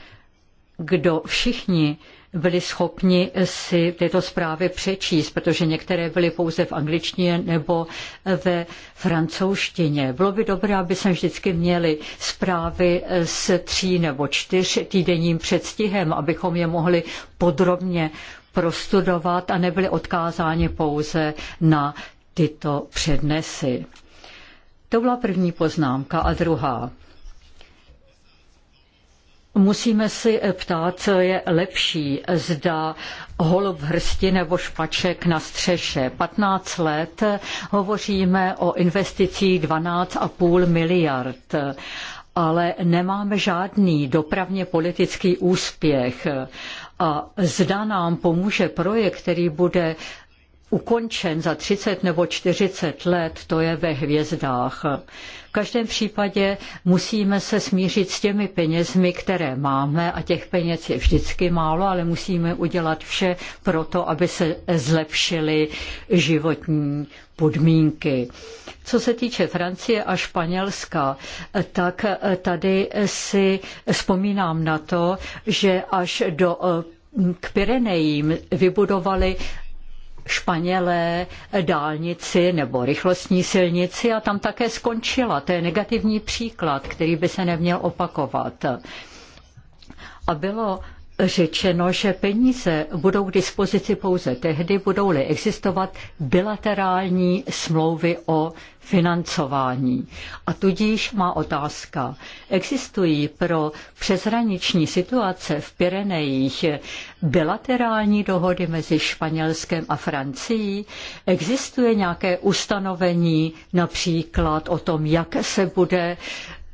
kdo všichni byli schopni si tyto zprávy přečíst, protože některé byly pouze v angličtině nebo ve francouzštině. Bylo by dobré, aby jsme vždycky měli zprávy s tří nebo čtyř týdenním předstihem, abychom je mohli podrobně prostudovat a nebyli odkázáni pouze na tyto přednesy. To byla první poznámka. A druhá, Musíme si ptát, co je lepší, zda holub v hrsti nebo špaček na střeše. 15 let hovoříme o investicích 12,5 miliard ale nemáme žádný dopravně politický úspěch. A zda nám pomůže projekt, který bude ukončen za 30 nebo 40 let, to je ve hvězdách. V každém případě musíme se smířit s těmi penězmi, které máme a těch peněz je vždycky málo, ale musíme udělat vše pro to, aby se zlepšily životní podmínky. Co se týče Francie a Španělska, tak tady si vzpomínám na to, že až do eh, k Pyrenejím vybudovali Španělé dálnici nebo rychlostní silnici a tam také skončila. To je negativní příklad, který by se neměl opakovat. A bylo řečeno, že peníze budou k dispozici pouze tehdy, budou-li existovat bilaterální smlouvy o financování. A tudíž má otázka. Existují pro přeshraniční situace v Pirenejích bilaterální dohody mezi Španělskem a Francií? Existuje nějaké ustanovení například o tom, jak se bude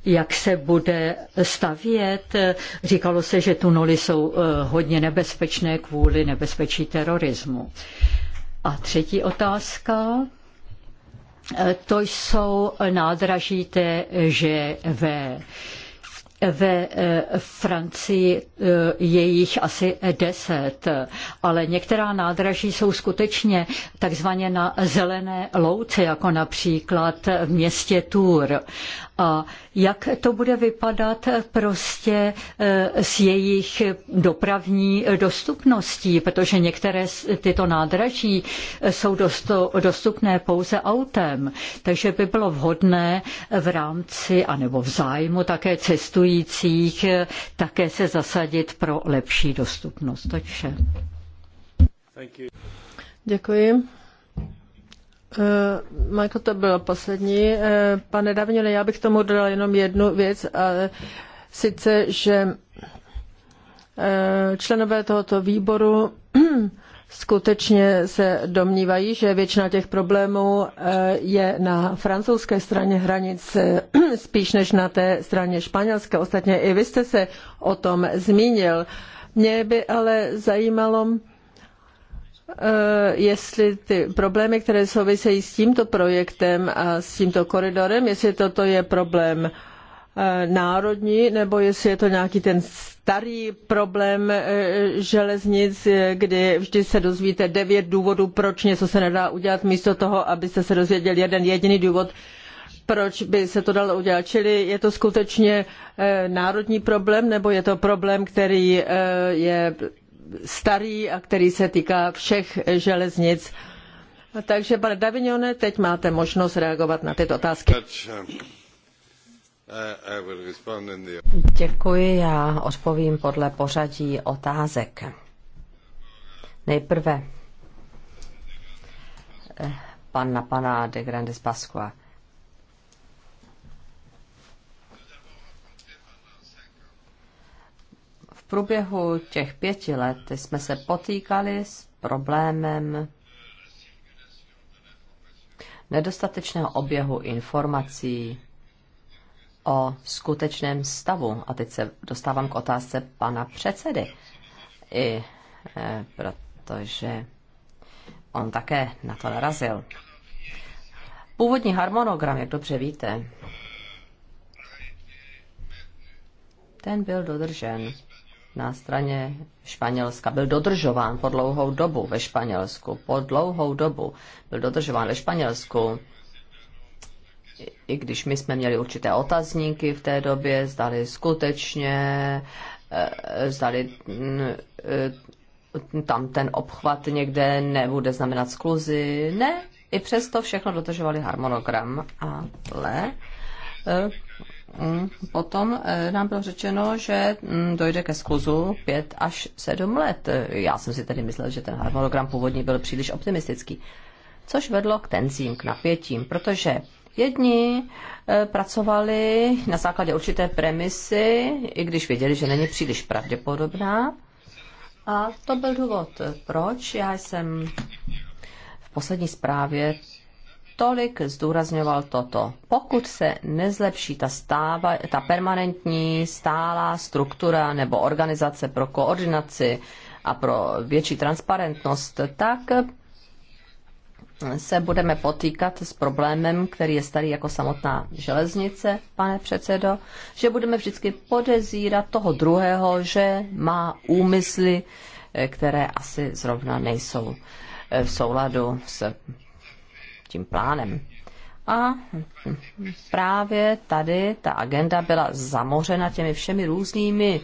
jak se bude stavět. Říkalo se, že tunely jsou eh, hodně nebezpečné kvůli nebezpečí terorismu. A třetí otázka. Eh, to jsou nádraží TGV. Ve eh, Francii je jich asi deset, ale některá nádraží jsou skutečně takzvaně na zelené louce, jako například v městě Tours a jak to bude vypadat prostě e, s jejich dopravní dostupností, protože některé tyto nádraží e, jsou dostupné pouze autem, takže by bylo vhodné v rámci anebo v zájmu také cestujících e, také se zasadit pro lepší dostupnost. To Děkuji. Eh, Michael, to bylo poslední. Eh, pane Davňole, já bych tomu dodal jenom jednu věc, a sice, že eh, členové tohoto výboru skutečně se domnívají, že většina těch problémů je na francouzské straně hranic spíš než na té straně španělské. Ostatně i vy jste se o tom zmínil. Mě by ale zajímalo, Eh, jestli ty problémy, které souvisejí s tímto projektem a s tímto koridorem, jestli toto je problém eh, národní, nebo jestli je to nějaký ten starý problém eh, železnic, kdy vždy se dozvíte devět důvodů, proč něco se nedá udělat, místo toho, abyste se dozvěděl jeden jediný důvod, proč by se to dalo udělat. Čili je to skutečně národní problém, nebo je to problém, který je starý a který se týká všech železnic. Takže, pane Davignone, teď máte možnost reagovat na tyto otázky. Děkuji, já odpovím podle pořadí otázek. Nejprve eh, pan na pana de Grandes Pasqua. průběhu těch pěti let jsme se potýkali s problémem nedostatečného oběhu informací o skutečném stavu. A teď se dostávám k otázce pana předsedy. I e, protože on také na to narazil. Původní harmonogram, jak dobře víte, ten byl dodržen na straně Španělska byl dodržován po dlouhou dobu ve Španělsku. Po dlouhou dobu byl dodržován ve Španělsku. I když my jsme měli určité otazníky v té době, zdali skutečně, eh, eh, zdali mm, eh, tam ten obchvat někde nebude znamenat skluzy. Ne, i přesto všechno dodržovali harmonogram, ale Mm, potom eh, nám bylo řečeno, že mm, dojde ke skluzu 5 až 7 let. Eh, já jsem si tedy myslel, že ten harmonogram původně byl příliš optimistický. Což vedlo k tenzím, k napětím, protože jedni eh, pracovali na základě určité premisy, i když věděli, že není příliš pravděpodobná. A to byl důvod, proč já jsem v poslední zprávě tolik zdůrazňoval toto. Pokud se nezlepší ta, stáva, ta permanentní stálá struktura nebo organizace pro koordinaci a pro větší transparentnost, tak se budeme potýkat s problémem, který je starý jako samotná železnice, pane předsedo, že budeme vždycky podezírat toho druhého, že má úmysly, které asi zrovna nejsou v souladu s tím plánem. A právě tady ta agenda byla zamořena těmi všemi různými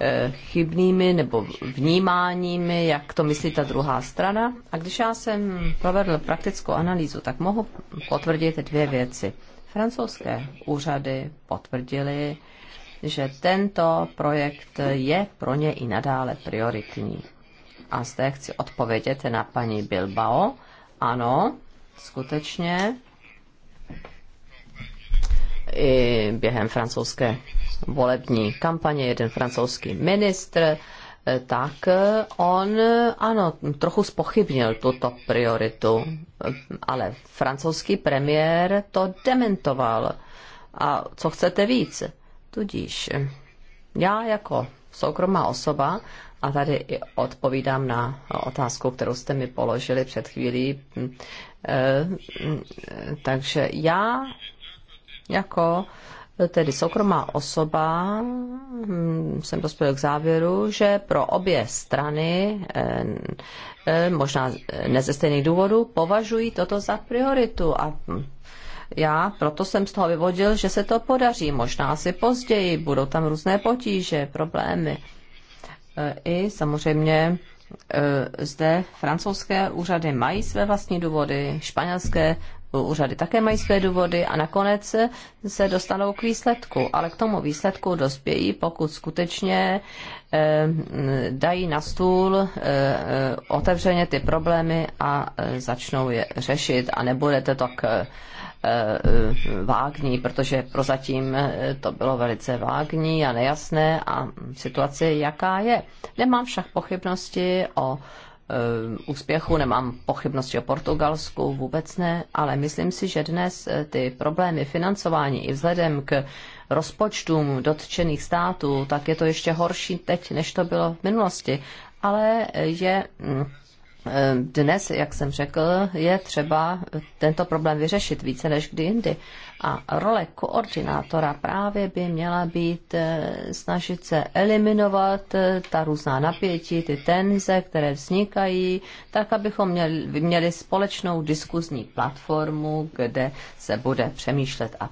eh, chybnými nebo vnímáními, jak to myslí ta druhá strana. A když já jsem provedl praktickou analýzu, tak mohu potvrdit dvě věci. Francouzské úřady potvrdili, že tento projekt je pro ně i nadále prioritní. A zde chci odpovědět na paní Bilbao. Ano, skutečně i během francouzské volební kampaně jeden francouzský ministr, eh, tak eh, on, ano, trochu spochybnil tuto prioritu, eh, ale francouzský premiér to dementoval. A co chcete víc? Tudíž já jako soukromá osoba, a tady i odpovídám na otázku, kterou jste mi položili před chvílí, hm, Eh, takže já jako eh, tedy soukromá osoba hm, jsem dospěl k závěru, že pro obě strany, eh, možná ne ze stejných důvodů, považují toto za prioritu a hm, já proto jsem z toho vyvodil, že se to podaří, možná asi později, budou tam různé potíže, problémy. I samozřejmě E, zde francouzské úřady mají své vlastní důvody, španělské úřady také mají své důvody a nakonec se dostanou k výsledku. Ale k tomu výsledku dospějí, pokud skutečně e, dají na stůl e, otevřeně ty problémy a začnou je řešit a nebudete tak Eh, vágní, protože prozatím eh, to bylo velice vágní a nejasné a situace jaká je. Nemám však pochybnosti o eh, úspěchu, nemám pochybnosti o Portugalsku, vůbec ne, ale myslím si, že dnes ty problémy financování i vzhledem k rozpočtům dotčených států, tak je to ještě horší teď, než to bylo v minulosti. Ale je mm, Eh, dnes, jak jsem řekl, je třeba tento problém vyřešit více než kdy jindy. A role koordinátora právě by měla být eh, snažit se eliminovat eh, ta různá napětí, ty tenze, které vznikají, tak abychom měli, měli společnou diskuzní platformu, kde se bude přemýšlet a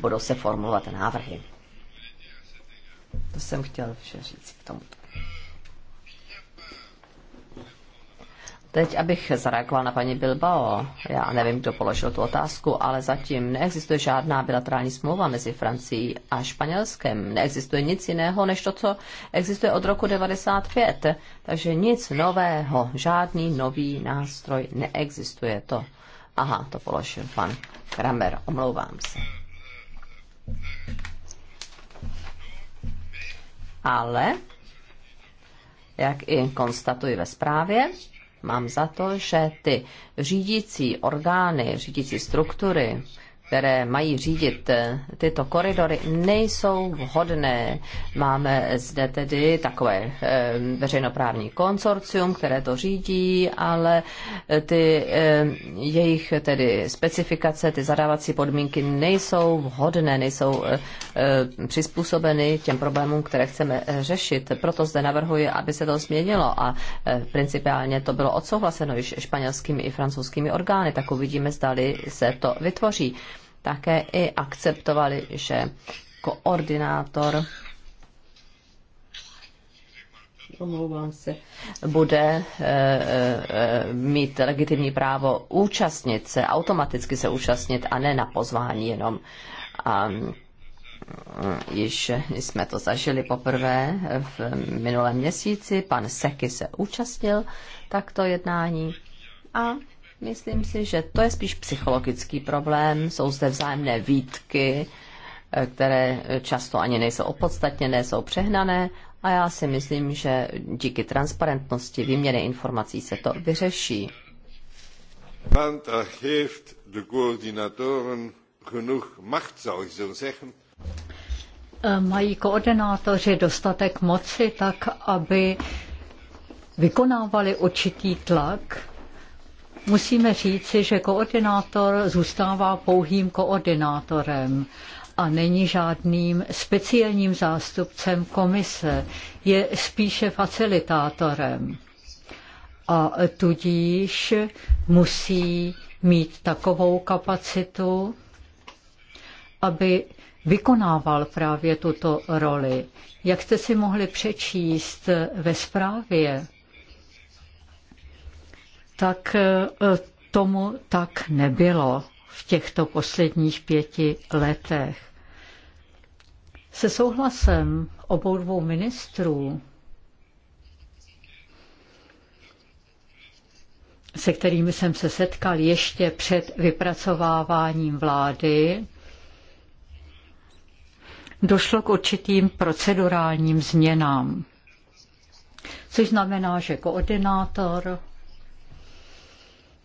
budou se formulovat návrhy. To jsem chtěl vše říct k tomuto. Teď, abych zareagoval na paní Bilbao, já nevím, kdo položil tu otázku, ale zatím neexistuje žádná bilaterální smlouva mezi Francií a Španělskem. Neexistuje nic jiného, než to, co existuje od roku 95. Takže nic nového, žádný nový nástroj neexistuje to. Aha, to položil pan Kramer, omlouvám se. Ale, jak i konstatuji ve zprávě, mám za to, že ty řídící orgány, řídící struktury, které mají řídit eh, tyto koridory, nejsou vhodné. Máme zde tedy takové eh, veřejnoprávní konsorcium, které to řídí, ale eh, ty jejich tedy specifikace, ty zadávací podmínky nejsou vhodné, nejsou přizpůsobeny těm problémům, které chceme řešit. Proto zde navrhuji, aby se to změnilo a principiálně to bylo odsouhlaseno již španělskými i francouzskými orgány, tak uvidíme, zdali se to vytvoří také i akceptovali, že koordinátor omlouvám se, bude e, e, mít legitimní právo účastnit se, automaticky se účastnit a ne na pozvání jenom. A, eh, již jsme to zažili poprvé v minulém měsíci, pan Seky se účastnil takto jednání a Myslím si, že to je spíš psychologický problém. Jsou zde vzájemné výtky, eh, které často ani nejsou opodstatněné, jsou přehnané a já si myslím, že díky transparentnosti výměny informací se to vyřeší. Eh, mají koordinátoři dostatek moci tak, aby vykonávali určitý tlak musíme říci, že koordinátor zůstává pouhým koordinátorem a není žádným speciálním zástupcem komise, je spíše facilitátorem. A tudíž musí mít takovou kapacitu, aby vykonával právě tuto roli. Jak jste si mohli přečíst ve zprávě, tak e, tomu tak nebylo v těchto posledních pěti letech. Se souhlasem obou dvou ministrů, se kterými jsem se setkal ještě před vypracováváním vlády, došlo k určitým procedurálním změnám. Což znamená, že koordinátor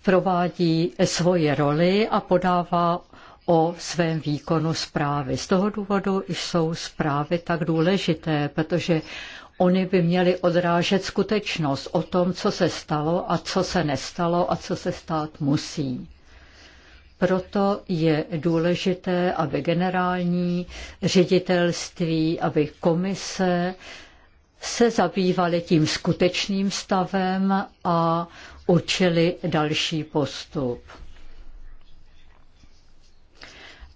provádí svoje roli a podává o svém výkonu zprávy. Z toho důvodu jsou zprávy tak důležité, protože Oni by měli odrážet skutečnost o tom, co se stalo a co se nestalo a co se stát musí. Proto je důležité, aby generální ředitelství, aby komise se zabývaly tím skutečným stavem a určili další postup.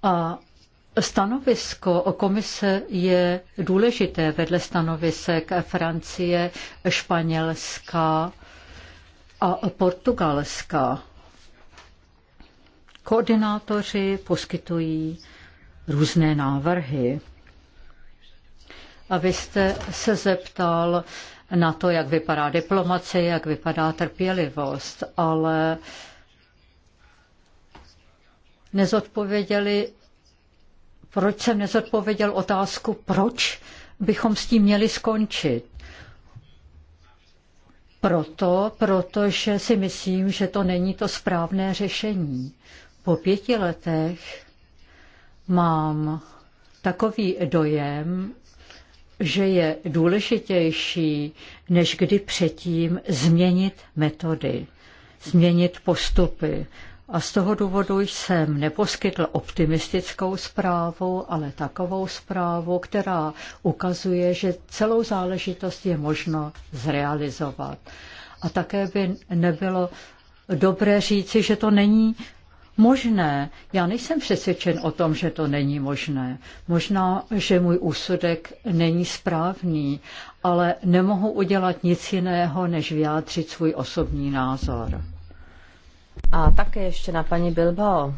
A Stanovisko komise je důležité vedle stanovisek Francie, Španělska a Portugalska. Koordinátoři poskytují různé návrhy. A vy jste se zeptal na to, jak vypadá diplomacie, jak vypadá trpělivost, ale nezodpověděli, proč jsem nezodpověděl otázku, proč bychom s tím měli skončit. Proto, protože si myslím, že to není to správné řešení. Po pěti letech mám takový dojem, že je důležitější než kdy předtím změnit metody, změnit postupy. A z toho důvodu jsem neposkytl optimistickou zprávu, ale takovou zprávu, která ukazuje, že celou záležitost je možno zrealizovat. A také by nebylo dobré říci, že to není možné. Já nejsem přesvědčen o tom, že to není možné. Možná, že můj úsudek není správný, ale nemohu udělat nic jiného, než vyjádřit svůj osobní názor. A také ještě na paní Bilbao.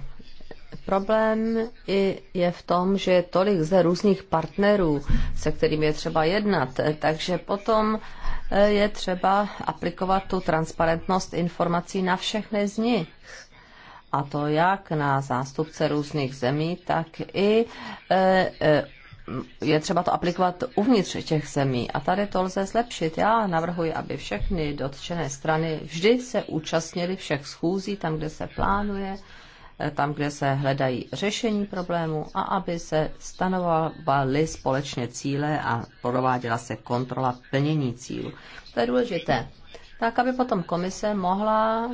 Problém je v tom, že je tolik ze různých partnerů, se kterými je třeba jednat, takže potom eh, je třeba aplikovat tu transparentnost informací na všechny z nich a to jak na zástupce různých zemí, tak i e, e, je třeba to aplikovat uvnitř těch zemí. A tady to lze zlepšit. Já navrhuji, aby všechny dotčené strany vždy se účastnily všech schůzí, tam, kde se plánuje, e, tam, kde se hledají řešení problému a aby se stanovovaly společně cíle a prováděla se kontrola plnění cílu. To je důležité. Tak, aby potom komise mohla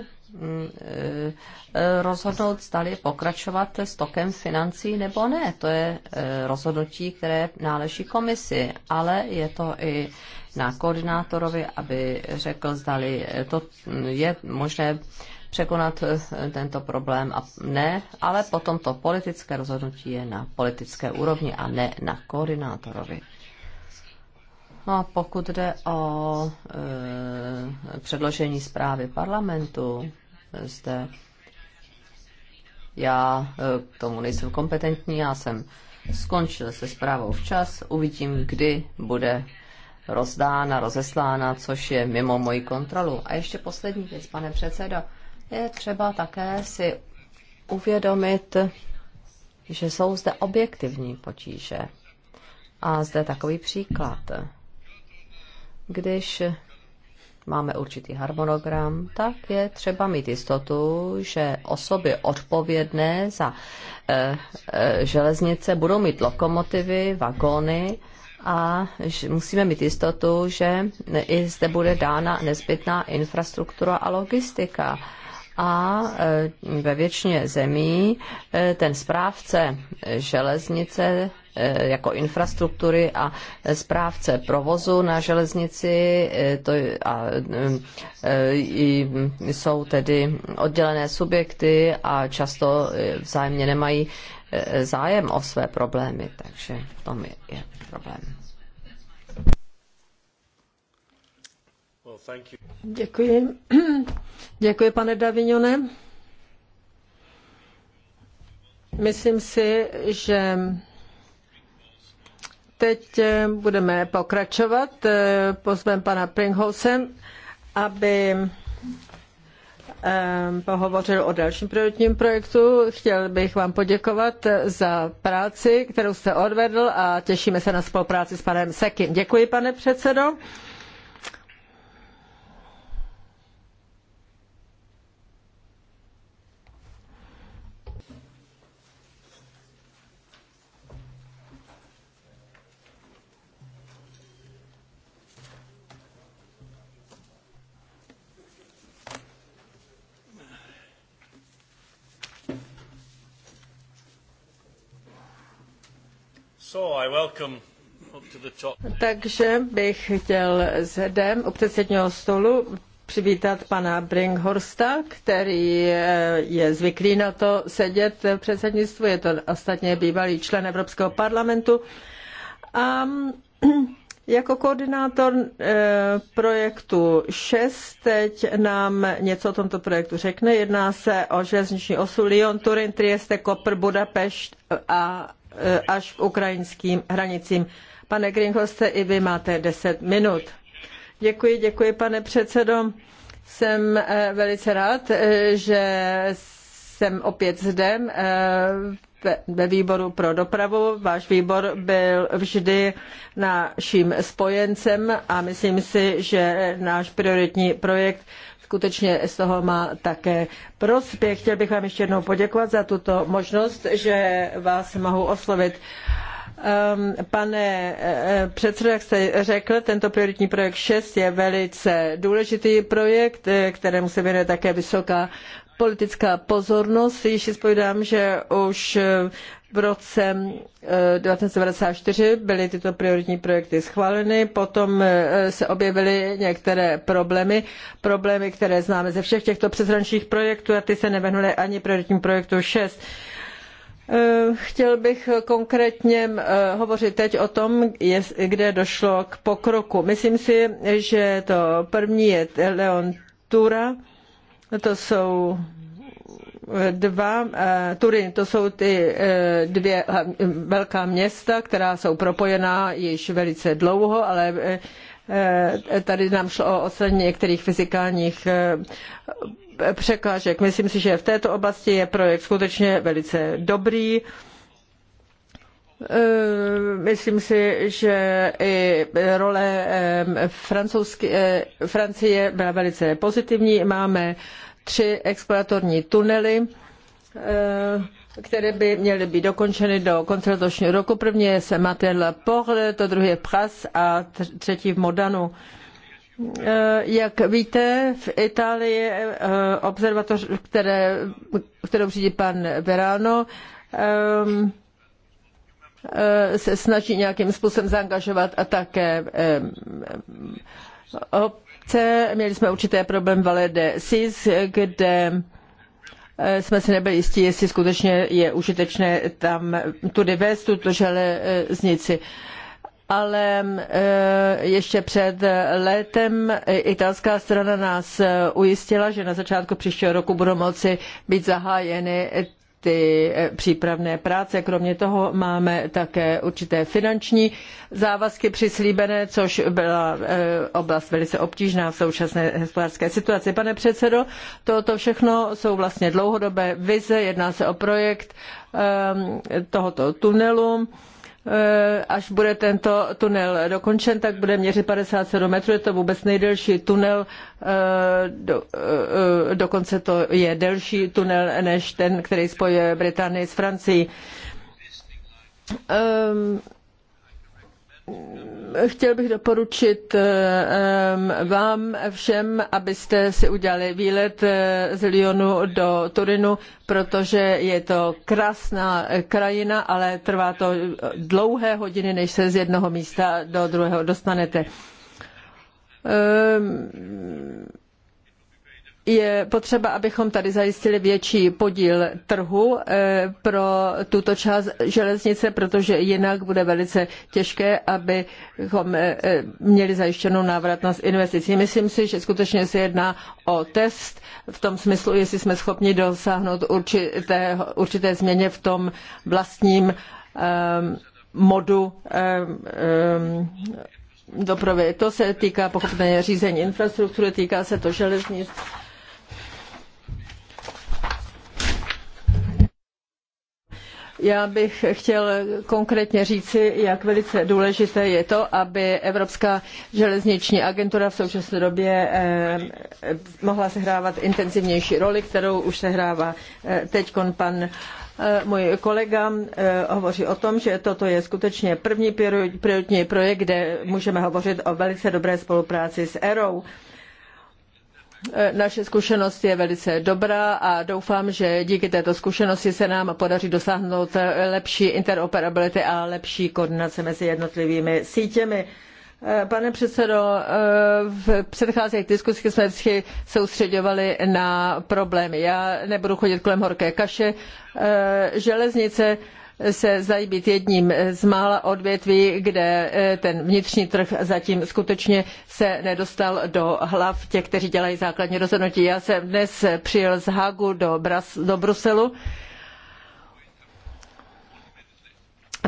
rozhodnout, zdali pokračovat s tokem financí nebo ne. To je eh, rozhodnutí, které náleží komisi, ale je to i na koordinátorovi, aby řekl, zdali to je možné překonat eh, tento problém a ne, ale potom to politické rozhodnutí je na politické úrovni a ne na koordinátorovi. No a pokud jde o e, předložení zprávy parlamentu, zde. Já e, k tomu nejsem kompetentní, já jsem skončil se zprávou včas, uvidím, kdy bude rozdána, rozeslána, což je mimo moji kontrolu. A ještě poslední věc, pane předsedo, je třeba také si uvědomit, že jsou zde objektivní potíže. A zde takový příklad. Když máme určitý harmonogram, tak je třeba mít jistotu, že osoby odpovědné za e, e, železnice budou mít lokomotivy, vagóny a musíme mít jistotu, že i zde bude dána nezbytná infrastruktura a logistika. A eh, ve většině zemí ten správce železnice E, jako infrastruktury a správce provozu na železnici e, to, a, e, jsou tedy oddělené subjekty a často vzájemně nemají zájem o své problémy, takže v tom je problém. Děkuji. Děkuji, pane Davignone. Myslím si, že teď eh, budeme pokračovat. Eh, pozvem pana Pringhausen, aby eh, pohovořil o dalším prioritním projektu. Chtěl bych vám poděkovat za práci, kterou jste odvedl a těšíme se na spolupráci s panem Sekin. Děkuji, pane předsedo. Takže bych chtěl zedem u předsedního stolu přivítat pana Brinkhorsta, který eh, je zvyklý na to sedět v předsednictvu, je to ostatně bývalý člen Evropského parlamentu. A jako koordinátor eh, projektu 6 teď nám něco o tomto projektu řekne. Jedná se o železniční osu Lyon, Turin, Trieste, Kopr, Budapešť a Eh, až k ukrajinským hranicím. Pane Gringhoste, i vy máte 10 minut. Děkuji, děkuji, pane předsedo. Jsem eh, velice rád, eh, že jsem opět zde ve výboru pro dopravu. Váš výbor byl vždy naším spojencem a myslím si, že náš prioritní projekt skutečně z toho má také prospěch. Chtěl bych vám ještě jednou poděkovat za tuto možnost, že vás mohu oslovit. Ehm, pane eh, předsedo, jak jste řekl, tento prioritní projekt 6 je velice důležitý projekt, eh, kterému se věnuje také vysoká politická pozornost. Již si spovídám, že už eh, v roce 1994 eh, byly tyto prioritní projekty schváleny, potom eh, se objevily některé problémy, problémy, které známe ze všech těchto přeshraničních projektů a ty se nevěnuly ani prioritním projektu 6. Eh, chtěl bych konkrétně hovořit teď o tom, kde došlo k pokroku. Myslím si, že to první je Leon Tura, to jsou dva eh, Turin, to jsou ty eh, dvě velká města, která jsou propojená již velice dlouho, ale eh, tady nám šlo o odstranění některých fyzikálních překážek. Myslím si, že v této oblasti je projekt skutečně velice dobrý. Myslím si, že i role Francouzské, Francie byla velice pozitivní. Máme tři exploratorní tunely, eh, které by měly být dokončeny do konce letošního roku. První je Sematel Porle, to druhé je Pras a třetí v Modanu. Eh, jak víte, v Itálii eh, observatoř, které, kterou řídí pan Verano, ehm, se snaží nějakým způsobem zaangažovat a také ehm, reakce. Měli jsme určité problém v de SIS, kde eh, jsme si nebyli jistí, jestli skutečně je užitečné tam tudy vést tuto železnici ale eh, ještě před létem italská strana nás eh, ujistila, že na začátku příštího roku budou moci být zahájeny ty eh, přípravné práce. Kromě toho máme také určité finanční závazky přislíbené, což byla eh, oblast velice obtížná v současné hospodářské situaci. Pane předsedo, toto všechno jsou vlastně dlouhodobé vize, jedná se o projekt ehm, tohoto tunelu Eh, až bude tento tunel dokončen, tak bude měřit 57 metrů. Je to vůbec nejdelší tunel, eh, do, eh, dokonce to je delší tunel než ten, který spojuje Británii s Francií. Um, Chtěl bych doporučit eh, vám všem, abyste si udělali výlet eh, z Lyonu do Turinu, protože je to krásná eh, krajina, ale trvá to dlouhé hodiny, než se z jednoho místa do druhého dostanete. Um, je potřeba, abychom tady zajistili větší podíl trhu eh, pro tuto část železnice, protože jinak bude velice těžké, abychom eh, měli zajištěnou návratnost investicí. Myslím si, že skutečně se jedná o test v tom smyslu, jestli jsme schopni dosáhnout určité, určité změně v tom vlastním ehm, modu ehm, ehm, dopravy. To se týká pochopitelně řízení infrastruktury, týká se to železnic Já bych chtěl konkrétně říci, jak velice důležité je to, aby Evropská železniční agentura v současné době eh, mohla sehrávat intenzivnější roli, kterou už sehrává eh, teď pan eh, můj kolega hovoří o tom, že toto je skutečně první prioritní projekt, kde můžeme hovořit o velice dobré spolupráci s EROU. Eh, naše zkušenost je velice dobrá a doufám, že díky této zkušenosti se nám podaří dosáhnout eh, lepší interoperability a lepší koordinace mezi jednotlivými sítěmi. Eh, pane předsedo, v předcházejících diskusích jsme vždycky soustředovali na problémy. Já nebudu chodit kolem horké kaše. Železnice se zajíbit jedním z mála odvětví, kde eh, ten vnitřní trh zatím skutečně se nedostal do hlav těch, kteří dělají základní rozhodnutí. Já jsem dnes přijel z Hagu do, Bras- do Bruselu.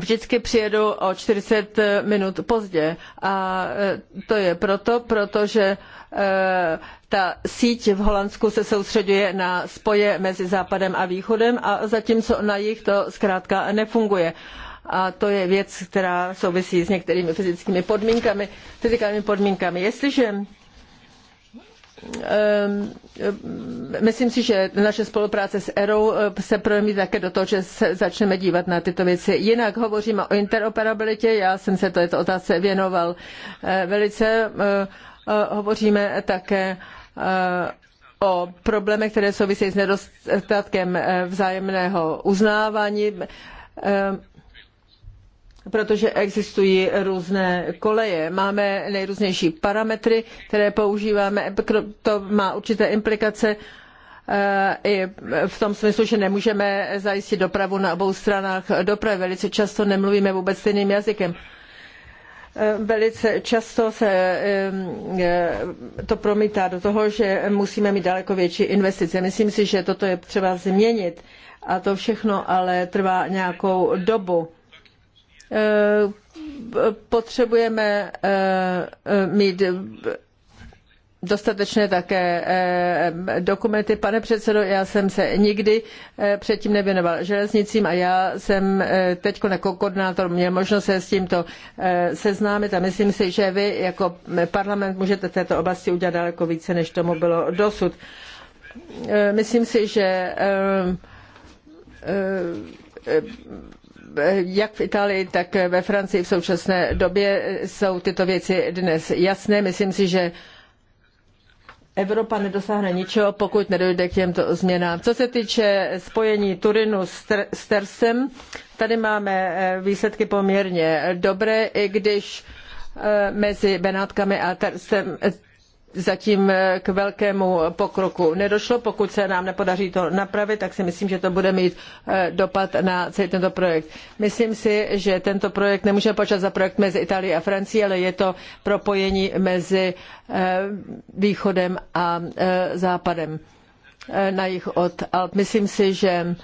vždycky přijedu o 40 minut pozdě. A e, to je proto, protože e, ta síť v Holandsku se soustředuje na spoje mezi západem a východem a zatímco na jich to zkrátka nefunguje a to je věc, která souvisí s některými fyzickými podmínkami, fyzikálními podmínkami. Jestliže Ehm, myslím si, že naše spolupráce s ERou eh, se projeví také do toho, že se začneme dívat na tyto věci. Jinak hovoříme o interoperabilitě, já jsem se této otázce věnoval eh, velice. Eh, hovoříme také o problémech, které souvisejí s nedostatkem vzájemného uznávání ehm, protože existují různé koleje. Máme nejrůznější parametry, které používáme, to má určité implikace eh, i v tom smyslu, že nemůžeme zajistit dopravu na obou stranách dopravy. Velice často nemluvíme vůbec stejným jazykem. Eh, velice často se eh, to promítá do toho, že musíme mít daleko větší investice. Myslím si, že toto je třeba změnit a to všechno ale trvá nějakou dobu potřebujeme eh, mít dostatečné také eh, dokumenty. Pane předsedo, já jsem se nikdy eh, předtím nevěnoval železnicím a já jsem teď jako koordinátor měl možnost se s tímto seznámit a myslím si, že vy jako parlament můžete v této oblasti udělat daleko více, než tomu bylo dosud. Myslím si, že Eh, jak v Itálii, tak ve Francii v současné době jsou tyto věci dnes jasné. Myslím si, že Evropa nedosáhne ničeho, pokud nedojde k těmto změnám. Co se týče spojení Turinu s, Tersem, tady máme eh, výsledky poměrně dobré, i když eh, mezi Benátkami a Tersem zatím eh, k velkému pokroku nedošlo. Pokud se nám nepodaří to napravit, tak si myslím, že to bude mít eh, dopad na celý tento projekt. Myslím si, že tento projekt nemůžeme počítat za projekt mezi Itálií a Francií, ale je to propojení mezi eh, východem a západem na jih od Alp. Myslím si, že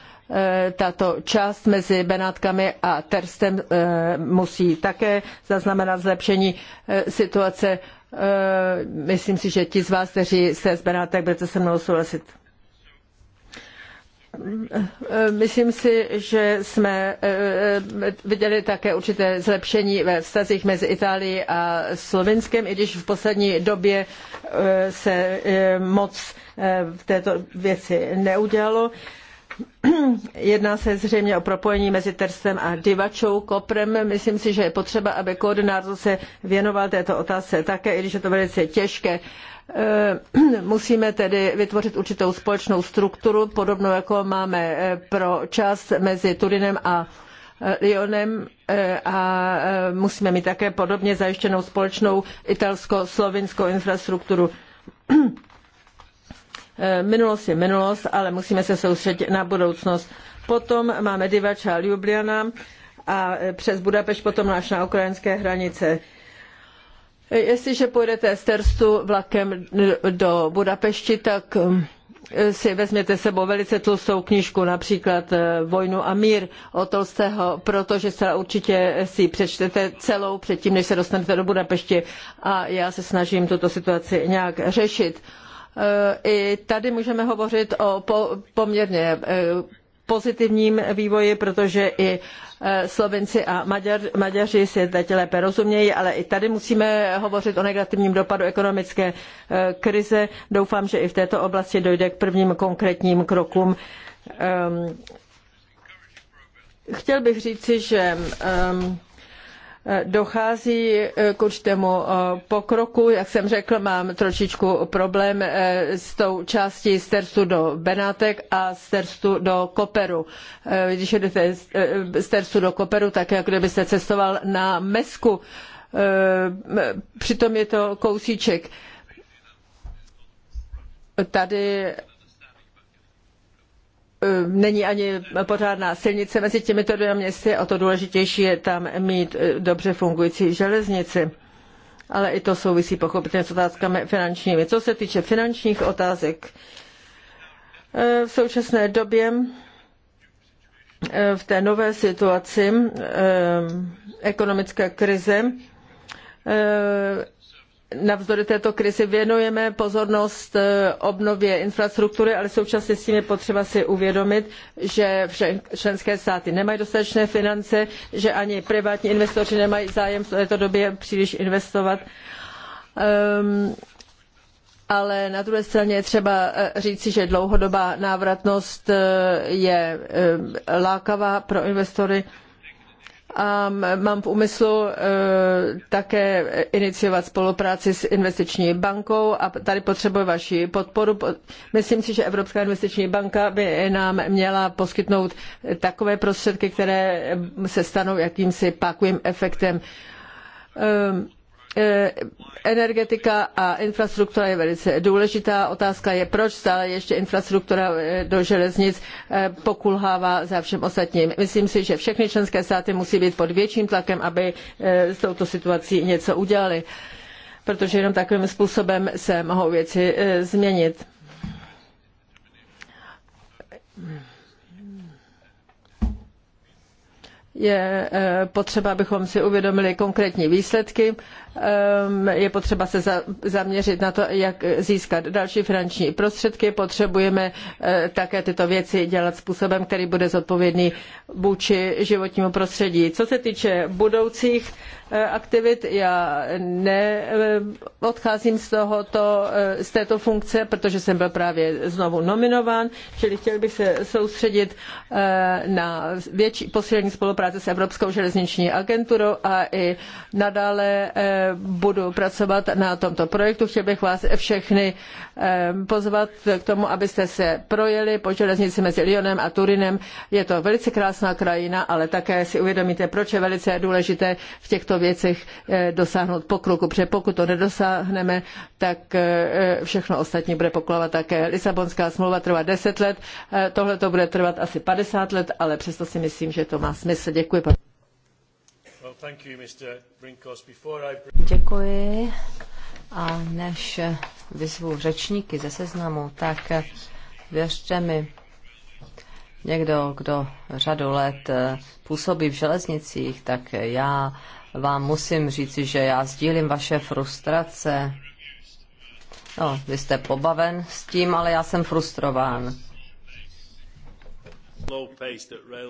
tato část mezi Benátkami a Terstem musí také zaznamenat zlepšení situace Eh, myslím si, že ti z vás, kteří se z Benátek, budete se mnou souhlasit. Eh, myslím si, že jsme eh, viděli také určité zlepšení ve vztazích mezi Itálií a Slovinskem, i když v poslední době se moc v této věci neudělalo. Jedná se zřejmě o propojení mezi Terstem a Divačou Koprem. Myslím si, že je potřeba, aby koordinátor se věnoval této otázce také, i když je to velice těžké. Eh, musíme tedy vytvořit určitou společnou strukturu, podobnou jako máme eh, pro čas mezi Turinem a eh, Lyonem a musíme mít také podobně zajištěnou společnou italsko-slovinskou infrastrukturu Eh, minulost je minulost, ale musíme se soustředit na budoucnost. Potom máme Divača Ljubljana a eh, přes Budapešť potom náš na ukrajinské hranice. Eh, jestliže půjdete z Terstu vlakem do Budapešti, tak si vezměte sebou velice tlustou knížku, například Vojnu a mír od Tolstého, protože se určitě si přečtete celou předtím, než se dostanete do Budapešti. A já se snažím tuto situaci nějak řešit. I tady můžeme hovořit o poměrně eh, pozitivním vývoji, protože i eh, Slovenci a Maďar, Maďaři si teď lépe rozumějí, ale i tady musíme hovořit o negativním dopadu ekonomické eh, krize. Doufám, že i v této oblasti dojde k prvním konkrétním krokům. Ehm, chtěl bych říci, že um, dochází eh, k určitému eh, pokroku. Jak jsem řekl, mám trošičku problém eh, s tou částí z Terstu do Benátek a z Terstu do Koperu. Když jdete z Terstu do Koperu, tak jak kdybyste cestoval na Mesku. Přitom je to kousíček. Tady Ehm, není ani pořádná silnice mezi těmito dvěma městy a to důležitější je tam mít eh, dobře fungující železnici. Ale i to souvisí pochopitelně s otázkami finančními. Co se týče finančních otázek, eh, v současné době eh, v té nové situaci ehm, ekonomické krize navzdory této krizi věnujeme pozornost eh, obnově infrastruktury, ale současně s tím je potřeba si uvědomit, že členské státy nemají dostatečné finance, že ani privátní investoři nemají zájem v této době příliš investovat. Ehm, ale na druhé straně je třeba eh, říci, že dlouhodobá návratnost eh, je lákavá pro investory a mám v úmyslu eh, také iniciovat spolupráci s investiční bankou a tady potřebuji vaši podporu. Myslím si, že Evropská investiční banka by nám měla poskytnout takové prostředky, které se stanou jakýmsi pákovým efektem. Um, Eh, energetika a infrastruktura je velice důležitá. Otázka je, proč stále ještě infrastruktura eh, do železnic eh, pokulhává za všem ostatním. Myslím si, že všechny členské státy musí být pod větším tlakem, aby s touto situací něco udělali, protože jenom takovým způsobem se mohou věci změnit. je potřeba, abychom si uvědomili konkrétní výsledky Ehm, je potřeba se zaměřit na to, jak získat další finanční prostředky. Potřebujeme eh, také tyto věci dělat způsobem, který bude zodpovědný vůči životnímu prostředí. Co se týče budoucích eh, aktivit, já neodcházím eh, z, tohoto, z této funkce, protože jsem byl právě znovu nominován, čili chtěl bych se soustředit na větší posílení spolupráce s Evropskou železniční agenturou a i nadále budu pracovat na tomto projektu. Chtěl bych vás všechny eh, pozvat k tomu, abyste se projeli po železnici mezi Lyonem a Turinem. Je to velice krásná krajina, ale také si uvědomíte, proč je velice důležité v těchto věcech eh, dosáhnout pokroku, protože pokud to nedosáhneme, tak eh, všechno ostatní bude poklovat také. Lisabonská smlouva trvá 10 let, tohle to bude trvat asi 50 let, ale přesto si myslím, že to má smysl. Děkuji. Pan... Děkuji. A než vyzvu řečníky ze seznamu, tak věřte mi, někdo, kdo řadu let působí v železnicích, tak já vám musím říci, že já sdílím vaše frustrace. No, vy jste pobaven s tím, ale já jsem frustrován.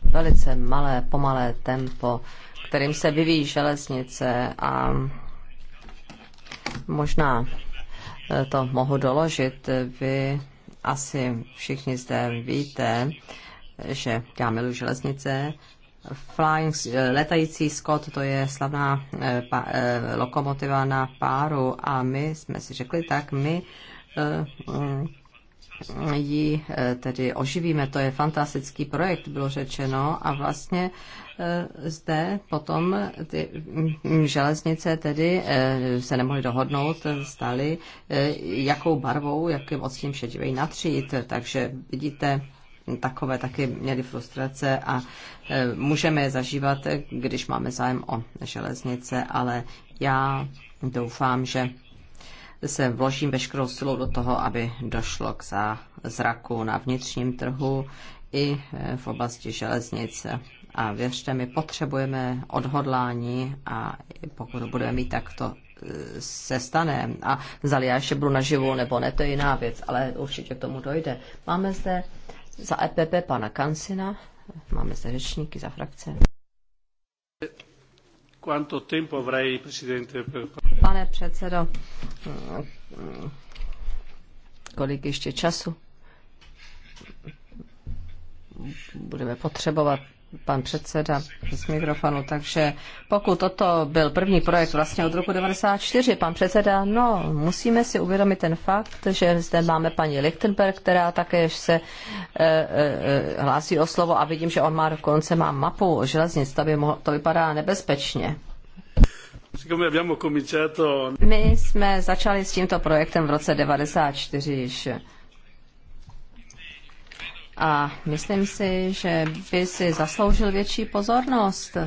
Velice malé, pomalé tempo kterým se vyvíjí železnice a možná eh, to mohu doložit. Vy asi všichni zde víte, že já miluji železnice. Flying, eh, letající Scott, to je slavná eh, pa, lokomotiva na páru a my jsme si řekli, tak my mm, ji eh, tedy oživíme. To je fantastický projekt, bylo řečeno, a vlastně eh, zde potom ty mm, železnice tedy eh, se nemohly dohodnout, staly jakou barvou, jakým odstím šedivej natřít, takže vidíte, takové taky měly frustrace a můžeme je zažívat, když máme zájem o železnice, ale já doufám, že se vložím veškerou silou do toho, aby došlo k zraku na vnitřním trhu i eh, v oblasti železnice. A věřte mi, potřebujeme odhodlání a pokud budeme mít takto eh, se stane. A zali já ještě budu naživu nebo ne, to je jiná věc, ale určitě k tomu dojde. Máme zde za EPP pana Kansina, máme zde řečníky za frakce. Pane předsedo, kolik ještě času budeme potřebovat pan předseda z mikrofonu. Takže pokud toto byl první projekt vlastně od roku 94, pan předseda, no, musíme si uvědomit ten fakt, že zde máme paní Lichtenberg, která také se e, e, hlásí o slovo a vidím, že on má dokonce má mapu železnic, to, by mohlo, to vypadá nebezpečně. My jsme začali s tímto projektem v roce 94 již a myslím si, že by si zasloužil větší pozornost.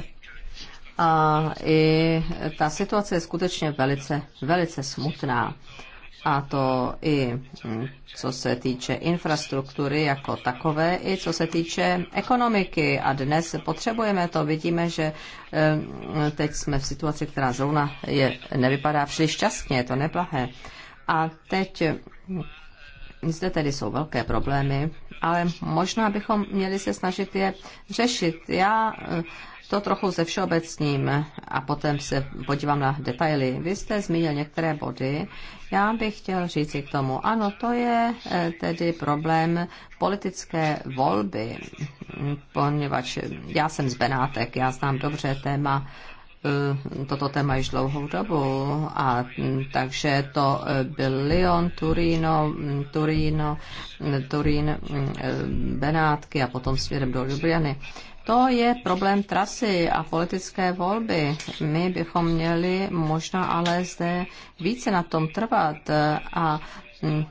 A i ta situace je skutečně velice, velice smutná. A to i mm, co se týče infrastruktury jako takové, i co se týče ekonomiky. A dnes potřebujeme to. Vidíme, že mm, teď jsme v situaci, která zrovna je, nevypadá příliš šťastně, je to neplahé. A teď mm, zde tedy jsou velké problémy, ale možná bychom měli se snažit je řešit. Já eh, to trochu ze všeobecním a potom se podívám na detaily. Vy jste zmínil některé body. Já bych chtěl říct k tomu, ano, to je eh, tedy problém politické volby, poněvadž já jsem z Benátek, já znám dobře téma Eh, toto téma již dlouhou dobu a mm, takže to eh, byl Lyon, Turino, mm, Turino, mm, Turín, eh, Benátky a potom směrem do Ljubljany. To je problém trasy a politické volby. My bychom měli možná ale zde více na tom trvat a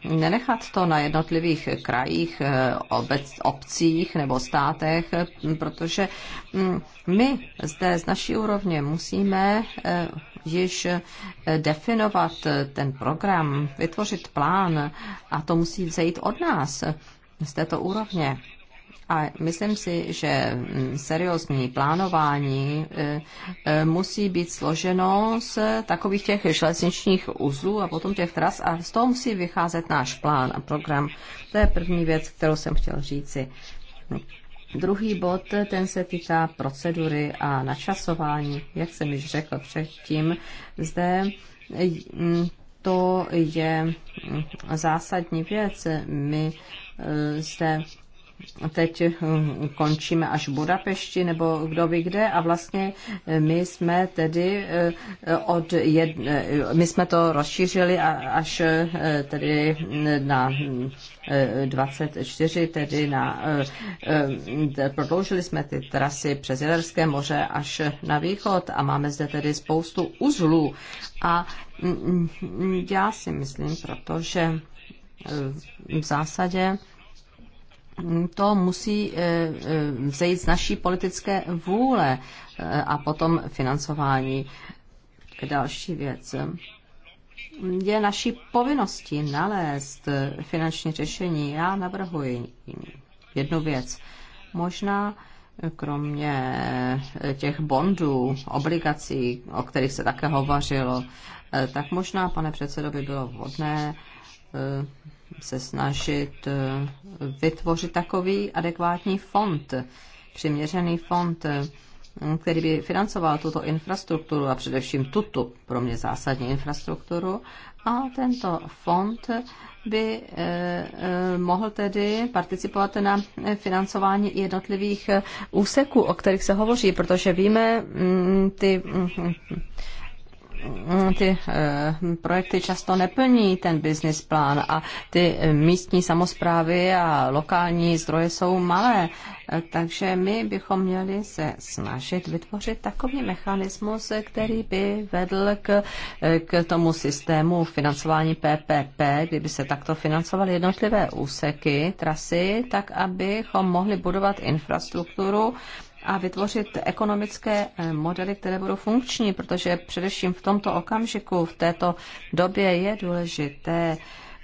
nenechat to na jednotlivých krajích, eh, obec, obcích nebo státech, eh, protože mm, my zde z naší úrovně musíme eh, již definovat ten program, vytvořit plán a to musí vzejít od nás z této úrovně. A myslím si, že mm, seriózní plánování e, e, musí být složeno z takových těch železničních uzlů a potom těch tras a z toho musí vycházet náš plán a program. To je první věc, kterou jsem chtěl říci. Druhý bod, ten se týká procedury a načasování. Jak jsem již řekl předtím, zde mm, to je zásadní věc. My e, zde teď hm, končíme až v Budapešti nebo kdo ví kde a vlastně eh, my jsme tedy eh, od jedne, eh, my jsme to rozšířili až tedy na 24, tedy na prodloužili jsme ty trasy přes Jaderské moře až na východ a máme zde tedy spoustu uzlů a mm, mm, já si myslím, protože v zásadě to musí eh, eh, vzejít z naší politické vůle eh, a potom financování. Další věc. Je naší povinností nalézt finanční řešení. Já navrhuji jednu věc. Možná kromě těch bondů, obligací, o kterých se také hovořilo, tak možná, pane předsedo, by bylo vhodné se snažit eh, vytvořit takový adekvátní fond, přiměřený fond, eh, který by financoval tuto infrastrukturu a především tuto pro mě zásadní infrastrukturu. A tento fond by eh, mohl tedy participovat na financování jednotlivých úseků, o kterých se hovoří, protože víme mm, ty mm, Mm, ty eh, projekty často neplní ten business plán a ty eh, místní samozprávy a lokální zdroje jsou malé. Eh, takže my bychom měli se snažit vytvořit takový mechanismus, který by vedl k, k tomu systému financování PPP, kdyby se takto financovaly jednotlivé úseky, trasy, tak abychom mohli budovat infrastrukturu, a vytvořit ekonomické eh, modely, které budou funkční, protože především v tomto okamžiku, v této době je důležité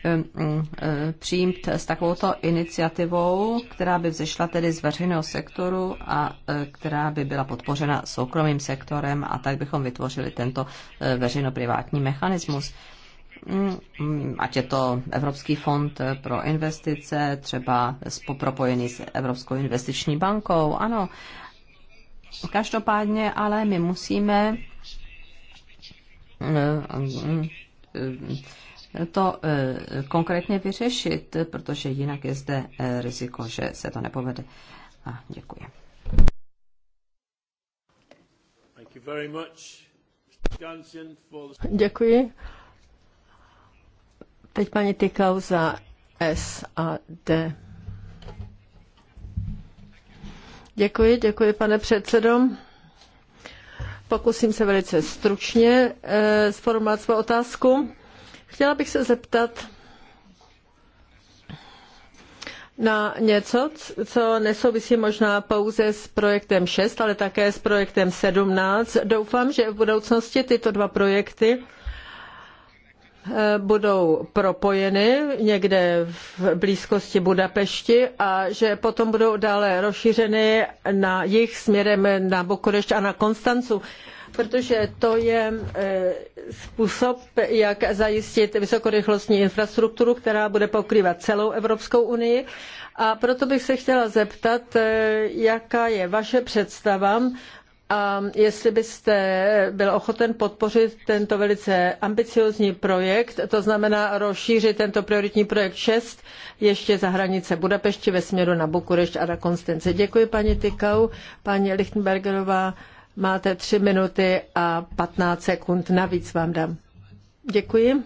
eh, mm, eh, přijímt s takovouto iniciativou, která by vzešla tedy z veřejného sektoru a která by byla podpořena soukromým sektorem a tak bychom vytvořili tento veřejno-privátní mechanismus mm, mm, ať je to Evropský fond pro investice, třeba propojený s Evropskou investiční bankou, ano, Každopádně ale my musíme eh, to eh, konkrétně vyřešit, protože jinak je zde eh, riziko, že se to nepovede. A děkuji. Děkuji. Teď paní Tykau za SAD. Děkuji, děkuji, pane předsedo. Pokusím se velice stručně e, sformulovat svou otázku. Chtěla bych se zeptat na něco, co nesouvisí možná pouze s projektem 6, ale také s projektem 17. Doufám, že v budoucnosti tyto dva projekty budou propojeny někde v blízkosti Budapešti a že potom budou dále rozšířeny na jich směrem na Bukurešť a na Konstancu protože to je e, způsob, jak zajistit vysokorychlostní infrastrukturu, která bude pokrývat celou Evropskou unii. A proto bych se chtěla zeptat, e, jaká je vaše představa a jestli byste byl ochoten podpořit tento velice ambiciózní projekt, to znamená rozšířit tento prioritní projekt 6 ještě za hranice Budapešti ve směru na Bukurešť a na Konstance. Děkuji paní Tykau, paní Lichtenbergerová, máte tři minuty a 15 sekund navíc vám dám. Děkuji.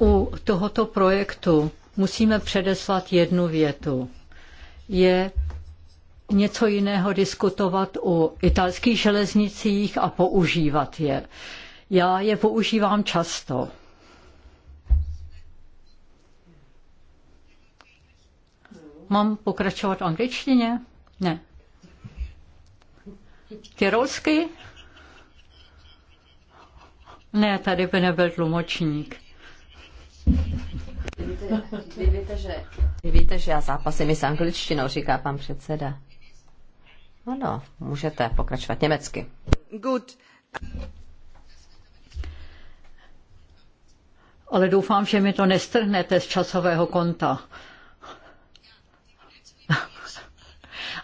U tohoto projektu musíme předeslat jednu větu je něco jiného diskutovat o italských železnicích a používat je. Já je používám často. Mám pokračovat angličtině? Ne. Tyrolsky? Ne, tady by nebyl tlumočník. Vy víte, že... Vy víte, že já zápasím i s angličtinou, říká pan předseda. Ano, můžete pokračovat německy. Good. Ale doufám, že mi to nestrhnete z časového konta.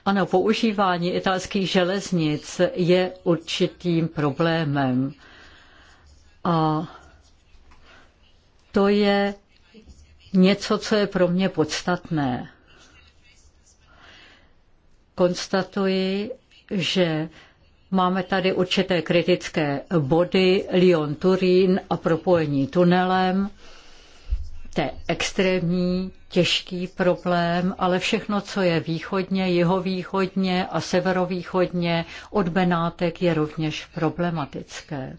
Ano, používání italských železnic je určitým problémem. A to je něco, co je pro mě podstatné. Konstatuji, že Máme tady určité kritické body, Lyon-Turín a propojení tunelem. To je extrémní, těžký problém, ale všechno, co je východně, jihovýchodně a severovýchodně od Benátek je rovněž problematické.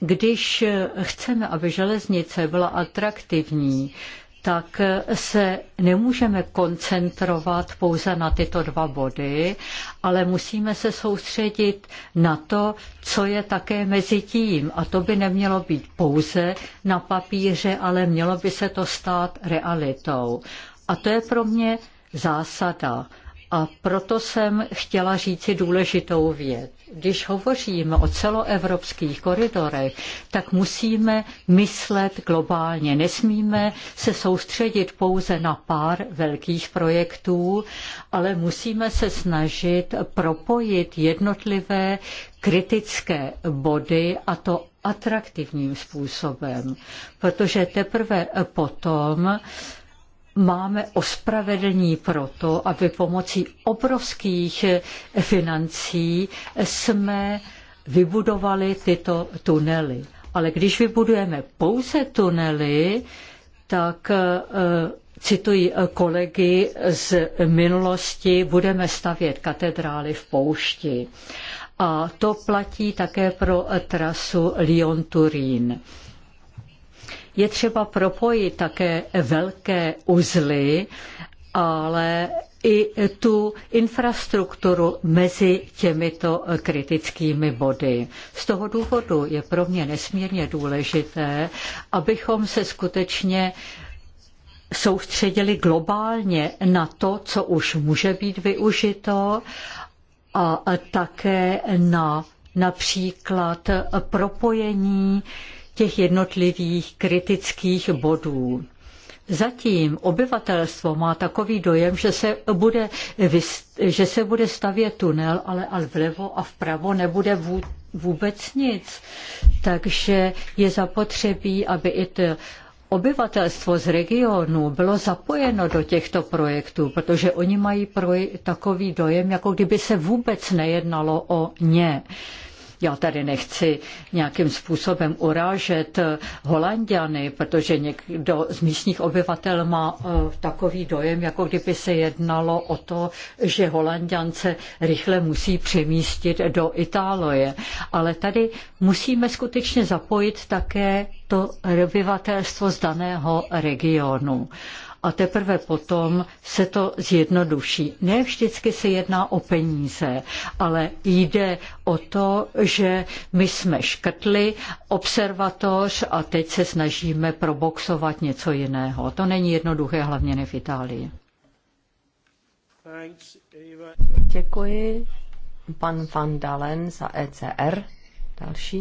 Když chceme, aby železnice byla atraktivní, tak se nemůžeme koncentrovat pouze na tyto dva body, ale musíme se soustředit na to, co je také mezi tím. A to by nemělo být pouze na papíře, ale mělo by se to stát realitou. A to je pro mě zásada. A proto jsem chtěla říci důležitou věc. Když hovoříme o celoevropských koridorech, tak musíme myslet globálně. Nesmíme se soustředit pouze na pár velkých projektů, ale musíme se snažit propojit jednotlivé kritické body a to atraktivním způsobem, protože teprve potom máme ospravedlní proto, aby pomocí obrovských financí jsme vybudovali tyto tunely. Ale když vybudujeme pouze tunely, tak eh, cituji kolegy z minulosti, budeme stavět katedrály v poušti. A to platí také pro trasu Lyon-Turín. Je třeba propojit také velké uzly, ale i tu infrastrukturu mezi těmito kritickými body. Z toho důvodu je pro mě nesmírně důležité, abychom se skutečně soustředili globálně na to, co už může být využito a také na například propojení těch jednotlivých kritických bodů. Zatím obyvatelstvo má takový dojem, že se bude, že se bude stavět tunel, ale, vlevo a vpravo nebude vůbec nic. Takže je zapotřebí, aby i to obyvatelstvo z regionu bylo zapojeno do těchto projektů, protože oni mají takový dojem, jako kdyby se vůbec nejednalo o ně. Uh, já tady nechci nějakým způsobem urážet Holandiany, protože někdo z místních obyvatel má eh, takový dojem, jako kdyby se jednalo o to, že Holandian se rychle musí přemístit do Itálie. Ale tady musíme skutečně zapojit také to obyvatelstvo z daného regionu a teprve potom se to zjednoduší. Ne vždycky se jedná o peníze, ale jde o to, že my jsme škrtli observatoř a teď se snažíme proboxovat něco jiného. To není jednoduché, hlavně ne v Itálii. Děkuji. Pan Van Dalen za ECR. Další.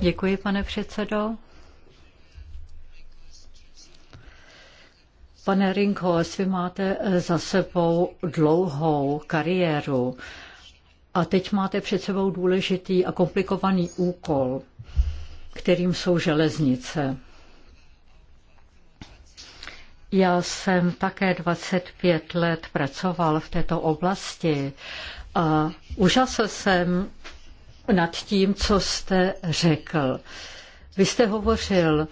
Děkuji, pane předsedo. Pane Rinko, vy máte eh, za sebou dlouhou kariéru a teď máte před sebou důležitý a komplikovaný úkol, kterým jsou železnice. Já jsem také 25 let pracoval v této oblasti a užasl jsem nad tím, co jste řekl. Vy jste hovořil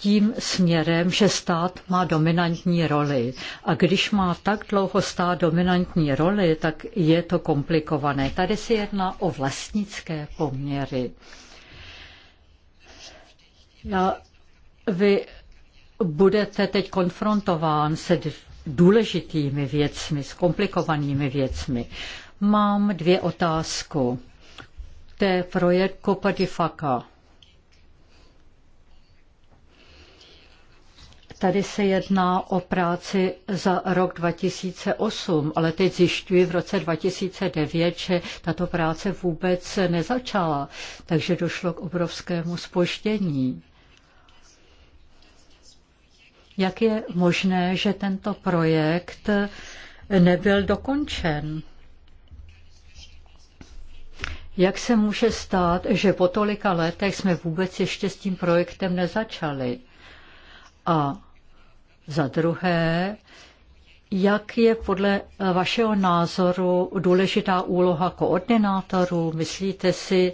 tím směrem, že stát má dominantní roli. A když má tak dlouho stát dominantní roli, tak je to komplikované. Tady se jedná o vlastnické poměry. Já, vy budete teď konfrontován se důležitými věcmi, s komplikovanými věcmi. Mám dvě otázku. To je projekt Copa di Faca. Tady se jedná o práci za rok 2008, ale teď zjišťuji v roce 2009, že tato práce vůbec nezačala, takže došlo k obrovskému spoždění. Jak je možné, že tento projekt nebyl dokončen? Jak se může stát, že po tolika letech jsme vůbec ještě s tím projektem nezačali? A za druhé, jak je podle vašeho názoru důležitá úloha koordinátorů? Myslíte si,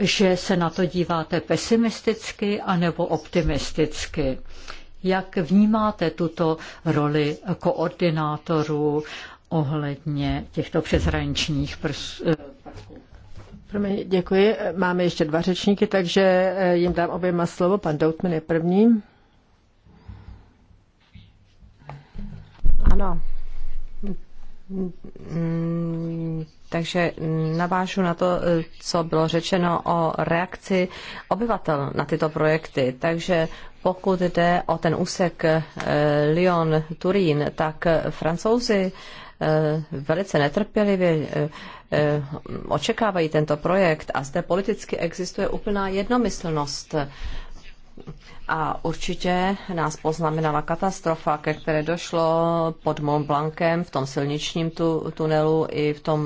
že se na to díváte pesimisticky anebo optimisticky? Jak vnímáte tuto roli koordinátorů ohledně těchto přeshraničních prsů? Děkuji. Máme ještě dva řečníky, takže eh, jim dám oběma slovo. Pan Doutman je první. Ano. Mm, takže navážu na to, co bylo řečeno o reakci obyvatel na tyto projekty. Takže pokud jde o ten úsek eh, Lyon-Turín, tak francouzi eh, velice netrpělivě eh, očekávají tento projekt a zde politicky existuje úplná jednomyslnost a určitě nás poznamenala katastrofa, ke které došlo pod Mont Blancem v tom silničním tu, tunelu i v tom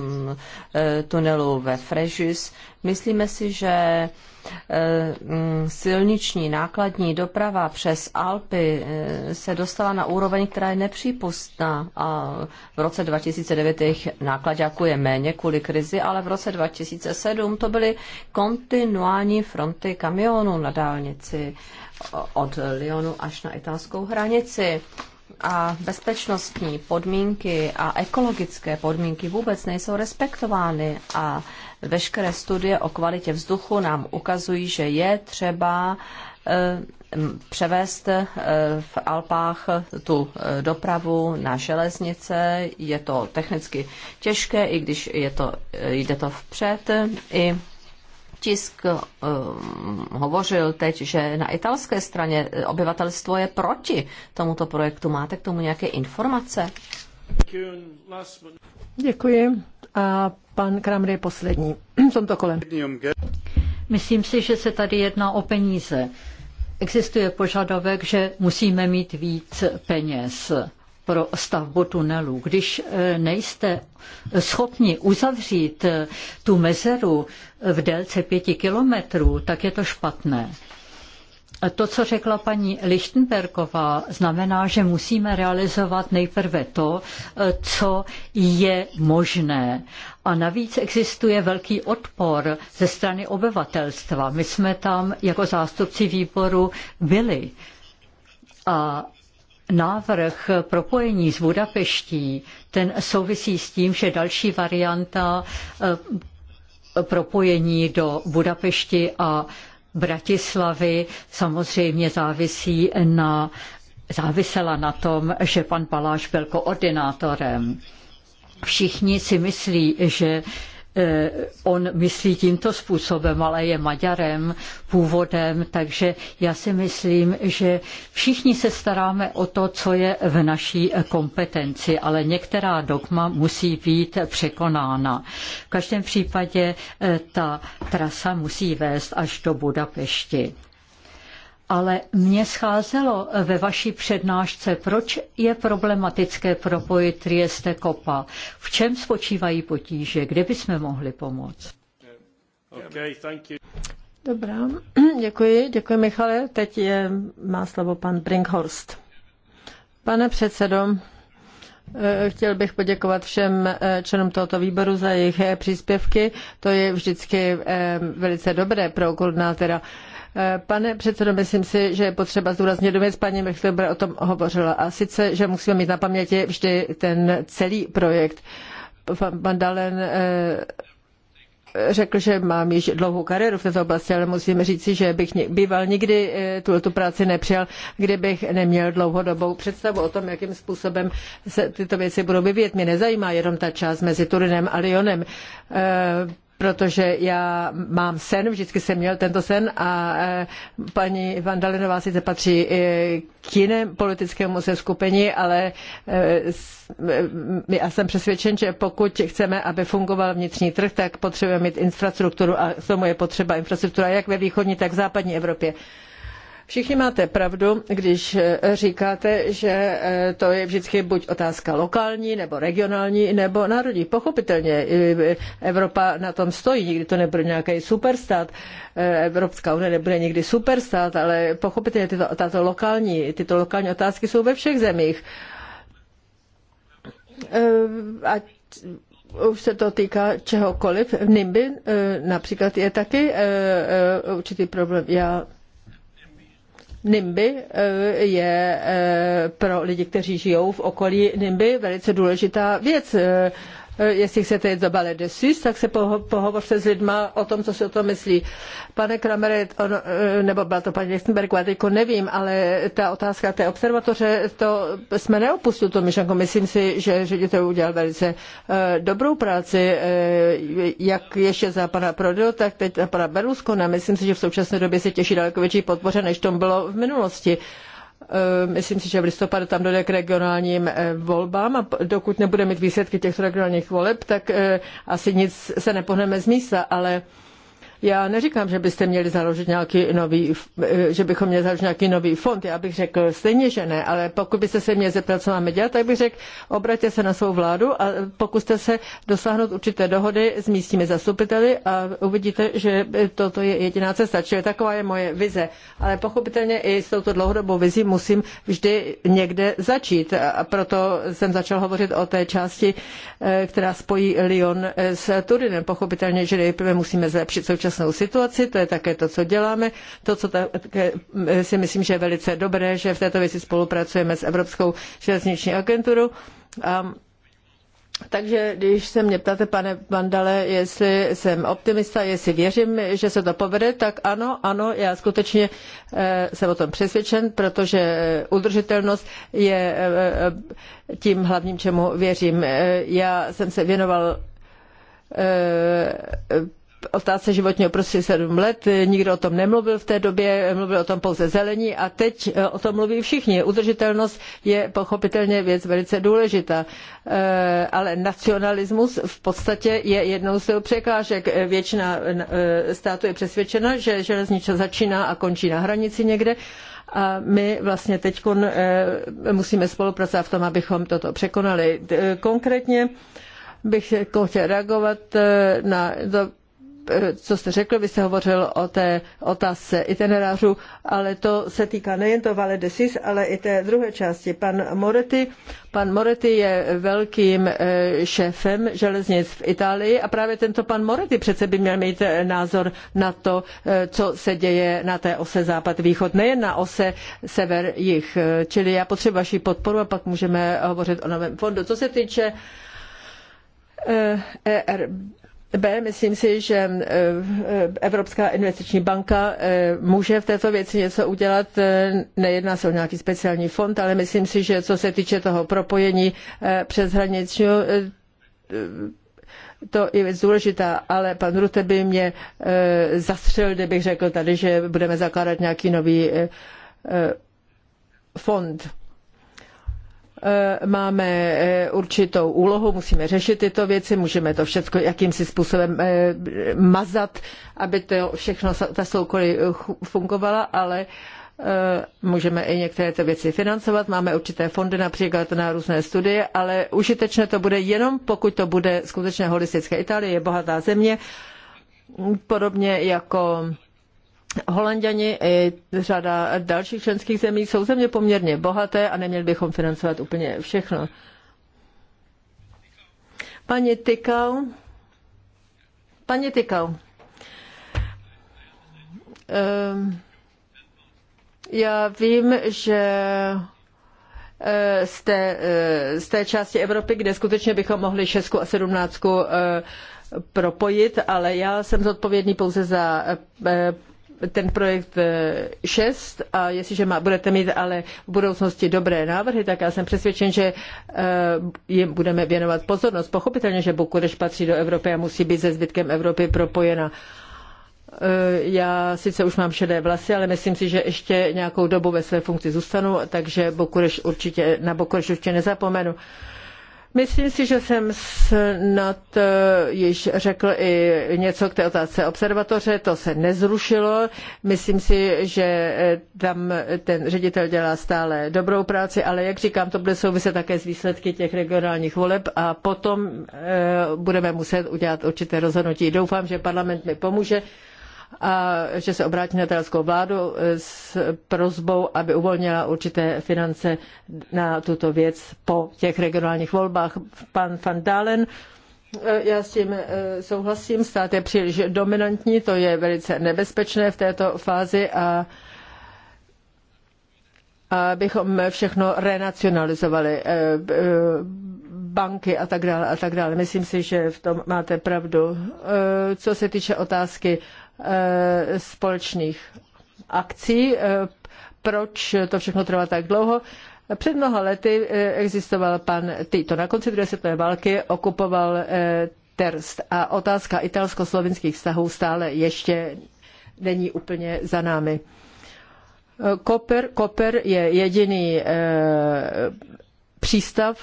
e, tunelu ve Frejus. Myslíme si, že eh, mm, silniční nákladní doprava přes Alpy eh, se dostala na úroveň, která je nepřípustná a v roce 2009 jejich nákladňáků je méně kvůli krizi, ale v roce 2007 to byly kontinuální fronty kamionů na dálnici od Lyonu až na italskou hranici a bezpečnostní podmínky a ekologické podmínky vůbec nejsou respektovány a veškeré studie o kvalitě vzduchu nám ukazují, že je třeba eh, převést eh, v Alpách tu eh, dopravu na železnice. Je to technicky těžké, i když je to, jde to vpřed. I tisk uh, hovořil teď, že na italské straně eh, obyvatelstvo je proti tomuto projektu. Máte k tomu nějaké informace? Děkuji. A pan Kramr je poslední v tomto kole. Myslím si, že se tady jedná o peníze. Existuje požadavek, že musíme mít víc peněz pro stavbu tunelů. Když e, nejste schopni uzavřít e, tu mezeru v délce pěti kilometrů, tak je to špatné. To, co řekla paní Lichtenbergová, znamená, že musíme realizovat nejprve to, e, co je možné. A navíc existuje velký odpor ze strany obyvatelstva. My jsme tam jako zástupci výboru byli. A návrh propojení s Budapeští, ten souvisí s tím, že další varianta eh, propojení do Budapešti a Bratislavy samozřejmě závisí na, závisela na tom, že pan Paláš byl koordinátorem. Všichni si myslí, že Eh, on myslí tímto způsobem, ale je Maďarem původem, takže já si myslím, že všichni se staráme o to, co je v naší kompetenci, ale některá dogma musí být překonána. V každém případě eh, ta trasa musí vést až do Budapešti ale mě scházelo ve vaší přednášce, proč je problematické propojit Trieste Kopa. V čem spočívají potíže? Kde bychom mohli pomoct? Okay, thank you. Dobrá, děkuji, děkuji Michale. Teď je, má slovo pan Brinkhorst. Pane předsedo, eh, Chtěl bych poděkovat všem eh, členům tohoto výboru za jejich eh, příspěvky. To je vždycky velice dobré pro koordinátora. Eh, pane předsedo, myslím si, že je potřeba zdůraznit věc, paní Mechtleber o tom hovořila. A sice, že musíme mít na paměti vždy ten celý projekt. Pan Mandalen eh, řekl, že mám již dlouhou kariéru v této oblasti, ale musím říci, že bych býval nikdy eh, tuto práci nepřijal, kdybych neměl dlouhodobou představu o tom, jakým způsobem se tyto věci budou vyvíjet. Mě nezajímá jenom ta část mezi Turinem a Lyonem protože já mám sen, vždycky jsem měl tento sen a e, paní Vandalinová sice patří e, k jinému politickému seskupení, ale e, já jsem přesvědčen, že pokud chceme, aby fungoval vnitřní trh, tak potřebujeme mít infrastrukturu a k tomu je potřeba infrastruktura jak ve východní, tak v západní Evropě. Všichni máte pravdu, když eh, říkáte, že eh, to je vždycky buď otázka lokální, nebo regionální, nebo národní. Pochopitelně Evropa na tom stojí, nikdy to nebude nějaký superstát, eh, Evropská unie nebude nikdy superstát, ale pochopitelně tyto, tato lokální, tyto lokální otázky jsou ve všech zemích. Ať už se to týká čehokoliv. V Nimby například je taky určitý problém. Já Nimby eh, je eh, pro lidi, kteří žijou v okolí Nimby, velice důležitá věc. Eh, Eh, jestli chcete jít do Ballet de Suisse, tak se poho- pohovořte s lidma o tom, co si o tom myslí. Pane Kramere, on, eh, nebo byla to paní Lichtenbergová, teďko nevím, ale ta otázka té observatoře, to jsme neopustili to myšlenko. Myslím si, že ředitel udělal velice eh, dobrou práci, jak ještě za pana Prodo, tak teď za pana Berluscona. Myslím si, že v současné době se těší daleko větší podpoře, než to bylo v minulosti. Uh, Eh, myslím si, že v listopadu tam dojde k regionálním eh, volbám a dokud nebude mít výsledky těchto regionálních voleb, tak eh, asi nic se nepohneme z místa, ale já neříkám, že byste měli založit nějaký nový, eh, že bychom měli založit nějaký nový fond. Já bych řekl stejně, že ne, ale pokud byste se mě zeptal, co máme dělat, tak bych řekl, obraťte se na svou vládu a pokuste se dosáhnout určité dohody s místními zastupiteli a uvidíte, že toto je jediná cesta. Čili taková je moje vize. Ale pochopitelně i s touto dlouhodobou vizí musím vždy někde začít. A proto jsem začal hovořit o té části, eh, která spojí Lyon eh, s Turinem. Pochopitelně, že nejprve musíme zlepšit současnost současnou situaci, to je také to, co děláme. To, co také eh, si myslím, že je velice dobré, že v této věci spolupracujeme s Evropskou železniční agenturou. takže když se mě ptáte, pane Vandale, jestli jsem optimista, jestli věřím, že se to povede, tak ano, ano, já skutečně eh, jsem o tom přesvědčen, protože udržitelnost je eh, tím hlavním, čemu věřím. já jsem se věnoval otázce životního prostředí sedm let, nikdo o tom nemluvil v té době, mluvil o tom pouze zelení a teď eh, o tom mluví všichni. Udržitelnost je pochopitelně věc velice důležitá, eh, ale nacionalismus v podstatě je jednou z těch překážek. Většina eh, států je přesvědčena, že železnice začíná a končí na hranici někde a my vlastně teď musíme spolupracovat v tom, abychom toto překonali. Konkrétně bych chtěl reagovat na co jste řekl, vy jste hovořil o té otázce itinerářů, ale to se týká nejen to Vale de Sis, ale i té druhé části. Pan Moretti, pan Moretti je velkým eh, šéfem železnic v Itálii a právě tento pan Moretti přece by měl mít eh, názor na to, eh, co se děje na té ose západ-východ, nejen na ose sever-jih. Čili já potřebuji vaši podporu a pak můžeme hovořit o novém fondu. Co se týče ERB, e B, myslím si, že eh, Evropská investiční banka eh, může v této věci něco udělat. Eh, nejedná se o nějaký speciální fond, ale myslím si, že co se týče toho propojení přeshraničního, to je věc důležitá, ale pan Rute by mě zastřelil, kdybych řekl tady, že budeme zakládat nějaký nový fond Eh, máme eh, určitou úlohu, musíme řešit tyto věci, můžeme to všechno jakýmsi způsobem eh, mazat, aby to všechno, ta soukolí fungovala, ale můžeme i některé ty věci financovat, máme určité fondy například na různé studie, ale užitečné to bude jenom, pokud to bude skutečně holistické. Itálie je bohatá země, podobně jako Holanděni i řada dalších členských zemí jsou země poměrně bohaté a neměli bychom financovat úplně všechno. Paní Tykau. Paní Tykau. Ehm, já vím, že z eh, té, eh, z té části Evropy, kde skutečně bychom mohli 6 a 17 eh, propojit, ale já jsem zodpovědný pouze za ten projekt 6 eh, a jestliže má, budete mít ale v budoucnosti dobré návrhy, tak já jsem přesvědčen, že eh, jim budeme věnovat pozornost. Pochopitelně, že Bukureš patří do Evropy a musí být se zbytkem Evropy propojena. Eh, já sice už mám šedé vlasy, ale myslím si, že ještě nějakou dobu ve své funkci zůstanu, takže Bukureš určitě, na Bukureš určitě nezapomenu. Myslím si, že jsem snad eh, již řekl i něco k té otázce observatoře, to se nezrušilo. Myslím si, že eh, tam ten ředitel dělá stále dobrou práci, ale jak říkám, to bude souviset také s výsledky těch regionálních voleb a potom eh, budeme muset udělat určité rozhodnutí. Doufám, že parlament mi pomůže a že se obrátí na italskou vládu eh, s prozbou, aby uvolnila určité finance na tuto věc po těch regionálních volbách. Pan Van Dalen, eh, já s tím eh, souhlasím, stát je příliš dominantní, to je velice nebezpečné v této fázi a abychom všechno renacionalizovali, banky a tak dále a tak dále. Myslím si, že v tom máte pravdu. Co se týče otázky Eh, společných akcí. Eh, proč to všechno trvá tak dlouho? Před mnoha lety eh, existoval pan Tito. Na konci druhé světové války okupoval Terst a otázka italsko-slovinských vztahů stále ještě není úplně za námi. Koper, Koper je jediný přístav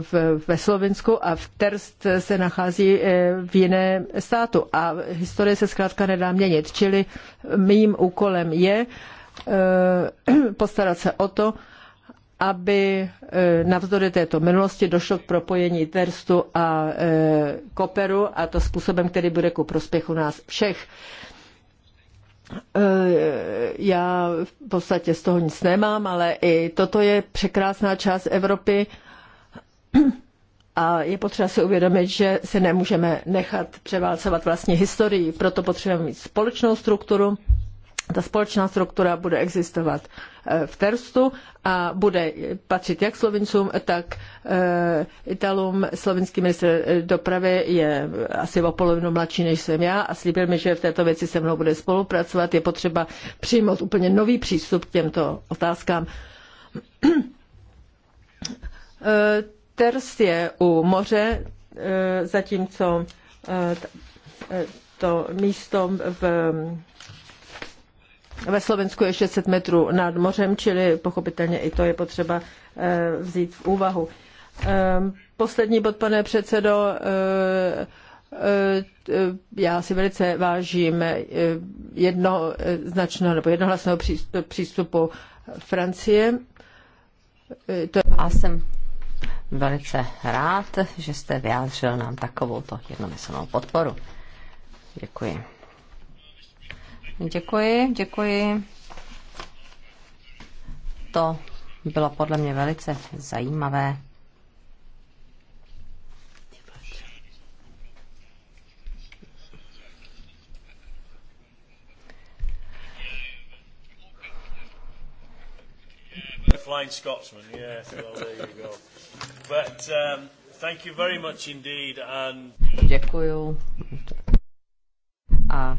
v, ve Slovensku a v Terst se nachází eh, v jiném státu a historie se zkrátka nedá měnit. Čili mým úkolem je eh, postarat se o to, aby eh, navzdory této minulosti došlo k propojení Terstu a Koperu a to způsobem, který bude ku prospěchu nás všech. Já v podstatě z toho nic nemám, ale i toto je překrásná část Evropy, a je potřeba si uvědomit, že se nemůžeme nechat převálcovat vlastně historii, proto potřebujeme mít společnou strukturu. Ta společná struktura bude existovat e, v Terstu a bude patřit jak Slovincům, tak e, Italům. Slovinský minister dopravy je asi o polovinu mladší než jsem já a slíbil mi, že v této věci se mnou bude spolupracovat. Je potřeba přijmout úplně nový přístup k těmto otázkám e, Terz je u moře, eh, zatímco eh, eh, to místo v, ve Slovensku je 600 metrů nad mořem, čili pochopitelně i to je potřeba vzít v úvahu. Ehm, poslední bod, pane předsedo, já si velice vážím jednoznačného nebo jednohlasného přístupu Francie. To je... Já jsem velice rád, že jste vyjádřil nám takovouto jednomyslnou podporu. Děkuji. Děkuji, děkuji. To bylo podle mě velice zajímavé. Flying Scotsman, yes, well, there you go. But, um, thank you very much indeed and... Děkuju. A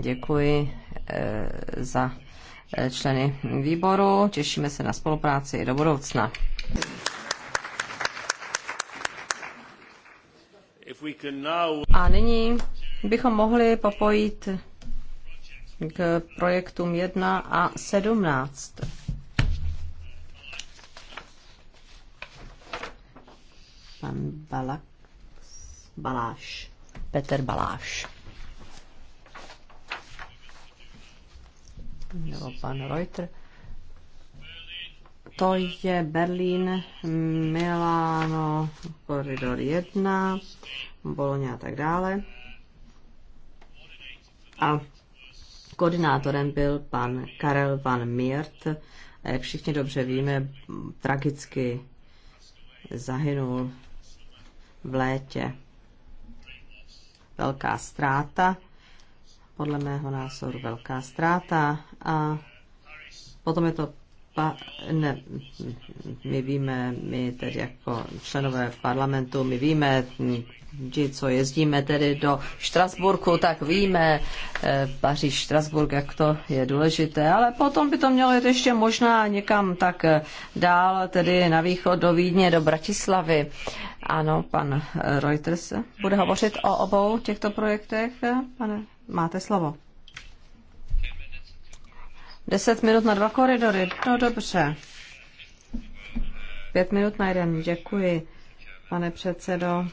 děkuji e, za eh, členy výboru. Těšíme se na spolupráci i do budoucna. A nyní bychom mohli popojit k projektům 1 a 17. Pan Balak, Baláš, Petr Baláš. Jo, pan Reuter. To je Berlín, Miláno, koridor 1, Boloně a tak dále. A koordinátorem byl pan Karel van Miert. A jak všichni dobře víme, tragicky zahynul v létě. Velká ztráta, podle mého názoru velká ztráta a potom je to pa, ne, my víme, my tedy jako členové parlamentu, my víme, ti, co jezdíme tedy do Štrasburku, tak víme, eh, Paříž, Štrasburg, jak to je důležité, ale potom by to mělo jít ještě možná někam tak eh, dál, tedy na východ do Vídně, do Bratislavy. Ano, pan eh, Reuters bude hovořit o obou těchto projektech. Pane, máte slovo. Deset minut na dva koridory, no dobře. Pět minut na jeden, děkuji, pane předsedo.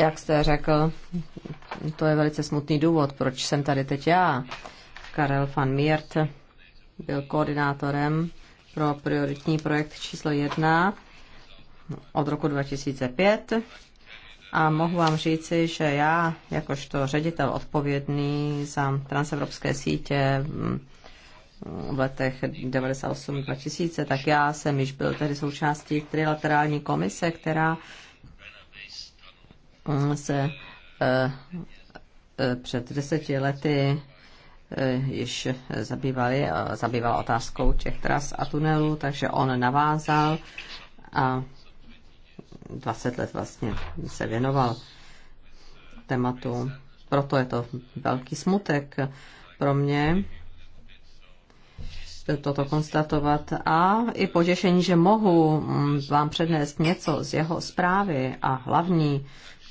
Jak jste řekl, to je velice smutný důvod, proč jsem tady teď já. Karel van Miert byl koordinátorem pro prioritní projekt číslo 1 od roku 2005 a mohu vám říci, že já, jakožto ředitel odpovědný za transevropské sítě v letech 98-2000, tak já jsem již byl tedy součástí trilaterální komise, která se eh, eh, před deseti lety eh, již zabývali, zabýval otázkou těch tras a tunelů, takže on navázal a 20 let vlastně se věnoval tématu. Proto je to velký smutek pro mě toto konstatovat a i potěšení, že mohu mm, vám přednést něco z jeho zprávy a hlavní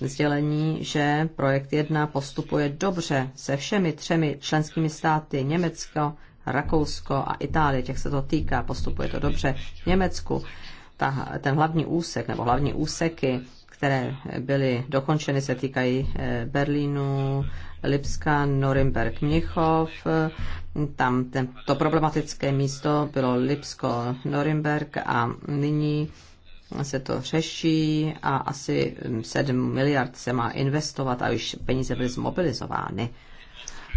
sdělení, že projekt 1 postupuje dobře se všemi třemi členskými státy Německo, Rakousko a Itálie, těch se to týká, postupuje to dobře. V Německu ta, ten hlavní úsek nebo hlavní úseky, které byly dokončeny, se týkají eh, Berlínu, Lipska, Norimberg, Mnichov. Tam ten, to problematické místo bylo Lipsko, Norimberg a nyní se to řeší a asi 7 miliard se má investovat a už peníze byly zmobilizovány.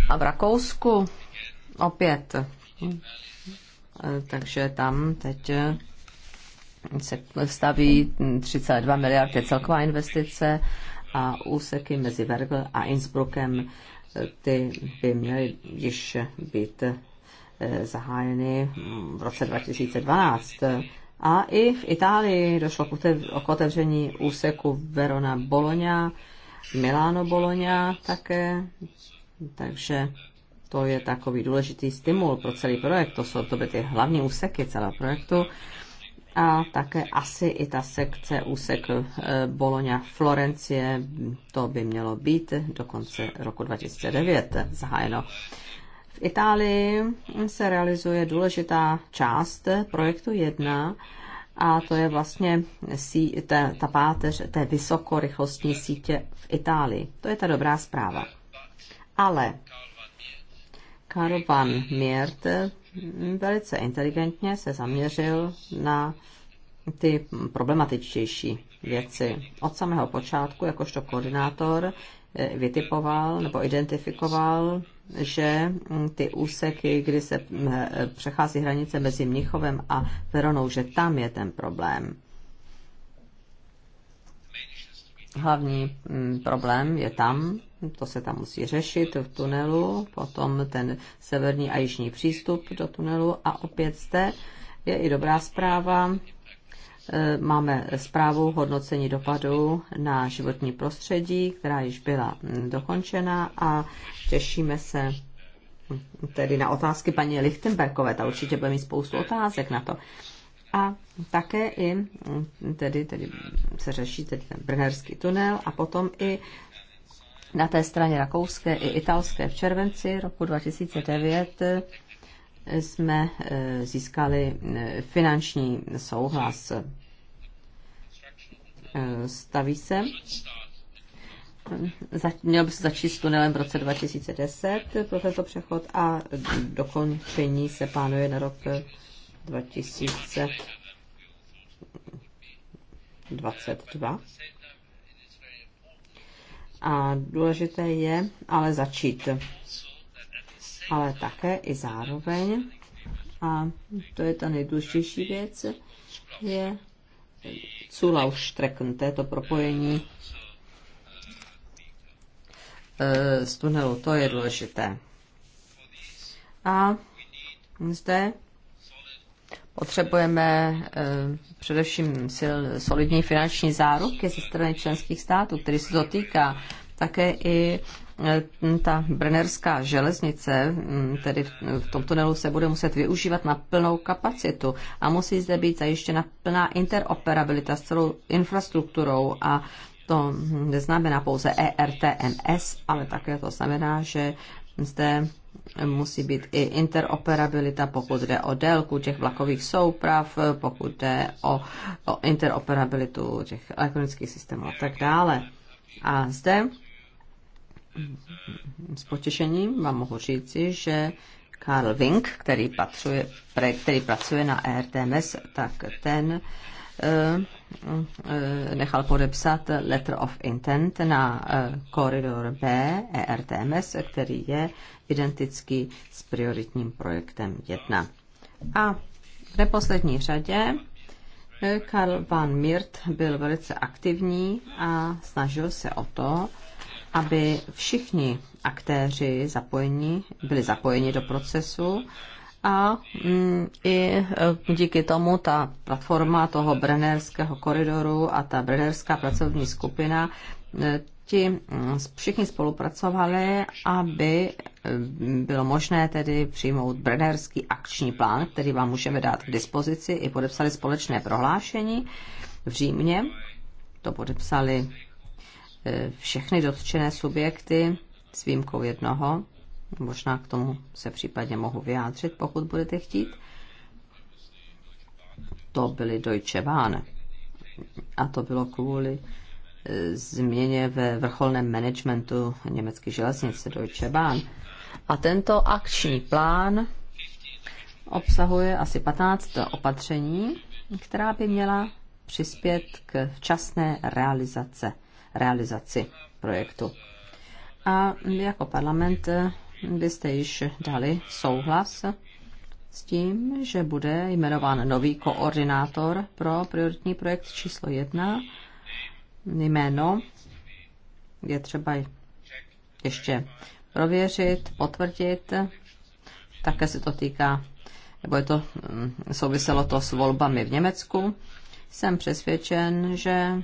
A v Rakousku opět. Takže tam teď se staví 32 miliard je celková investice a úseky mezi Vergl a Innsbruckem ty by měly již být eh, zahájeny v roce 2012. A i v Itálii došlo k otevření úseku Verona Bologna, Milano Bologna také, takže to je takový důležitý stimul pro celý projekt, to jsou to by ty hlavní úseky celého projektu. A také asi i ta sekce úsek eh, Bologna Florencie, to by mělo být do konce roku 2009 zahájeno. Itálii se realizuje důležitá část projektu 1, a to je vlastně sí, ta, ta páteř té vysokorychlostní sítě v Itálii. To je ta dobrá zpráva. Ale Karl van Miert velice inteligentně se zaměřil na ty problematičtější věci. Od samého počátku, jakožto koordinátor, eh, vytipoval nebo identifikoval že mm, ty úseky, kdy se mm, eh, přechází hranice mezi Mnichovem a Veronou, že tam je ten problém. Hlavní mm, problém je tam, to se tam musí řešit v tunelu, potom ten severní a jižní přístup do tunelu a opět zde je i dobrá zpráva, Eh, máme zprávu hodnocení dopadu na životní prostředí, která již byla mm, dokončena a těšíme se mm, tedy na otázky paní Lichtenbergové, ta určitě bude mít spoustu otázek na to. A také i mm, tedy, tedy se řeší tedy ten Brnerský tunel a potom i na té straně rakouské i italské v červenci roku 2009 jsme eh, získali eh, finanční souhlas. Eh, staví se. Měl by se začít s tunelem v roce 2010 pro tento přechod a dokončení se plánuje na rok 2022. A důležité je ale začít ale také i zároveň, a to je ta nejdůležitější věc, je Zulaufstrecken, to je to propojení eh, z tunelu, to je důležité. A zde potřebujeme eh, především sil, solidní finanční záruky ze strany členských států, který se to týká, také i Eh, ta brnerská železnice, mm, tedy v tom tunelu, se bude muset využívat na plnou kapacitu a musí zde být zajištěna plná interoperabilita s celou infrastrukturou a to neznamená pouze ERTMS, ale také to znamená, že zde musí být i interoperabilita, pokud jde o délku těch vlakových souprav, pokud jde o, o interoperabilitu těch elektronických systémů a tak dále. A zde s potěšením vám mohu říci, že Karl Wink, který, patřuje, který pracuje na RTMS, tak ten eh, eh, nechal podepsat letter of intent na eh, koridor B ERTMS, který je identický s prioritním projektem 1. A v neposlední řadě Karl van Mirt byl velice aktivní a snažil se o to, aby všichni aktéři zapojení, byli zapojeni do procesu a mm, i e, díky tomu ta platforma toho Brennerského koridoru a ta Brennerská pracovní skupina e, ti mm, všichni spolupracovali, aby e, bylo možné tedy přijmout Brennerský akční plán, který vám můžeme dát k dispozici, i podepsali společné prohlášení v Římě, to podepsali všechny dotčené subjekty s výjimkou jednoho, možná k tomu se případně mohu vyjádřit, pokud budete chtít, to byly Deutsche Bahn. A to bylo kvůli e, změně ve vrcholném managementu německé železnice Deutsche Bahn. A tento akční plán obsahuje asi 15 opatření, která by měla přispět k včasné realizace realizaci projektu. A jako parlament byste již dali souhlas s tím, že bude jmenován nový koordinátor pro prioritní projekt číslo jedna. Jméno je třeba ještě prověřit, potvrdit. Také se to týká, nebo je to, mm, souviselo to s volbami v Německu. Jsem přesvědčen, že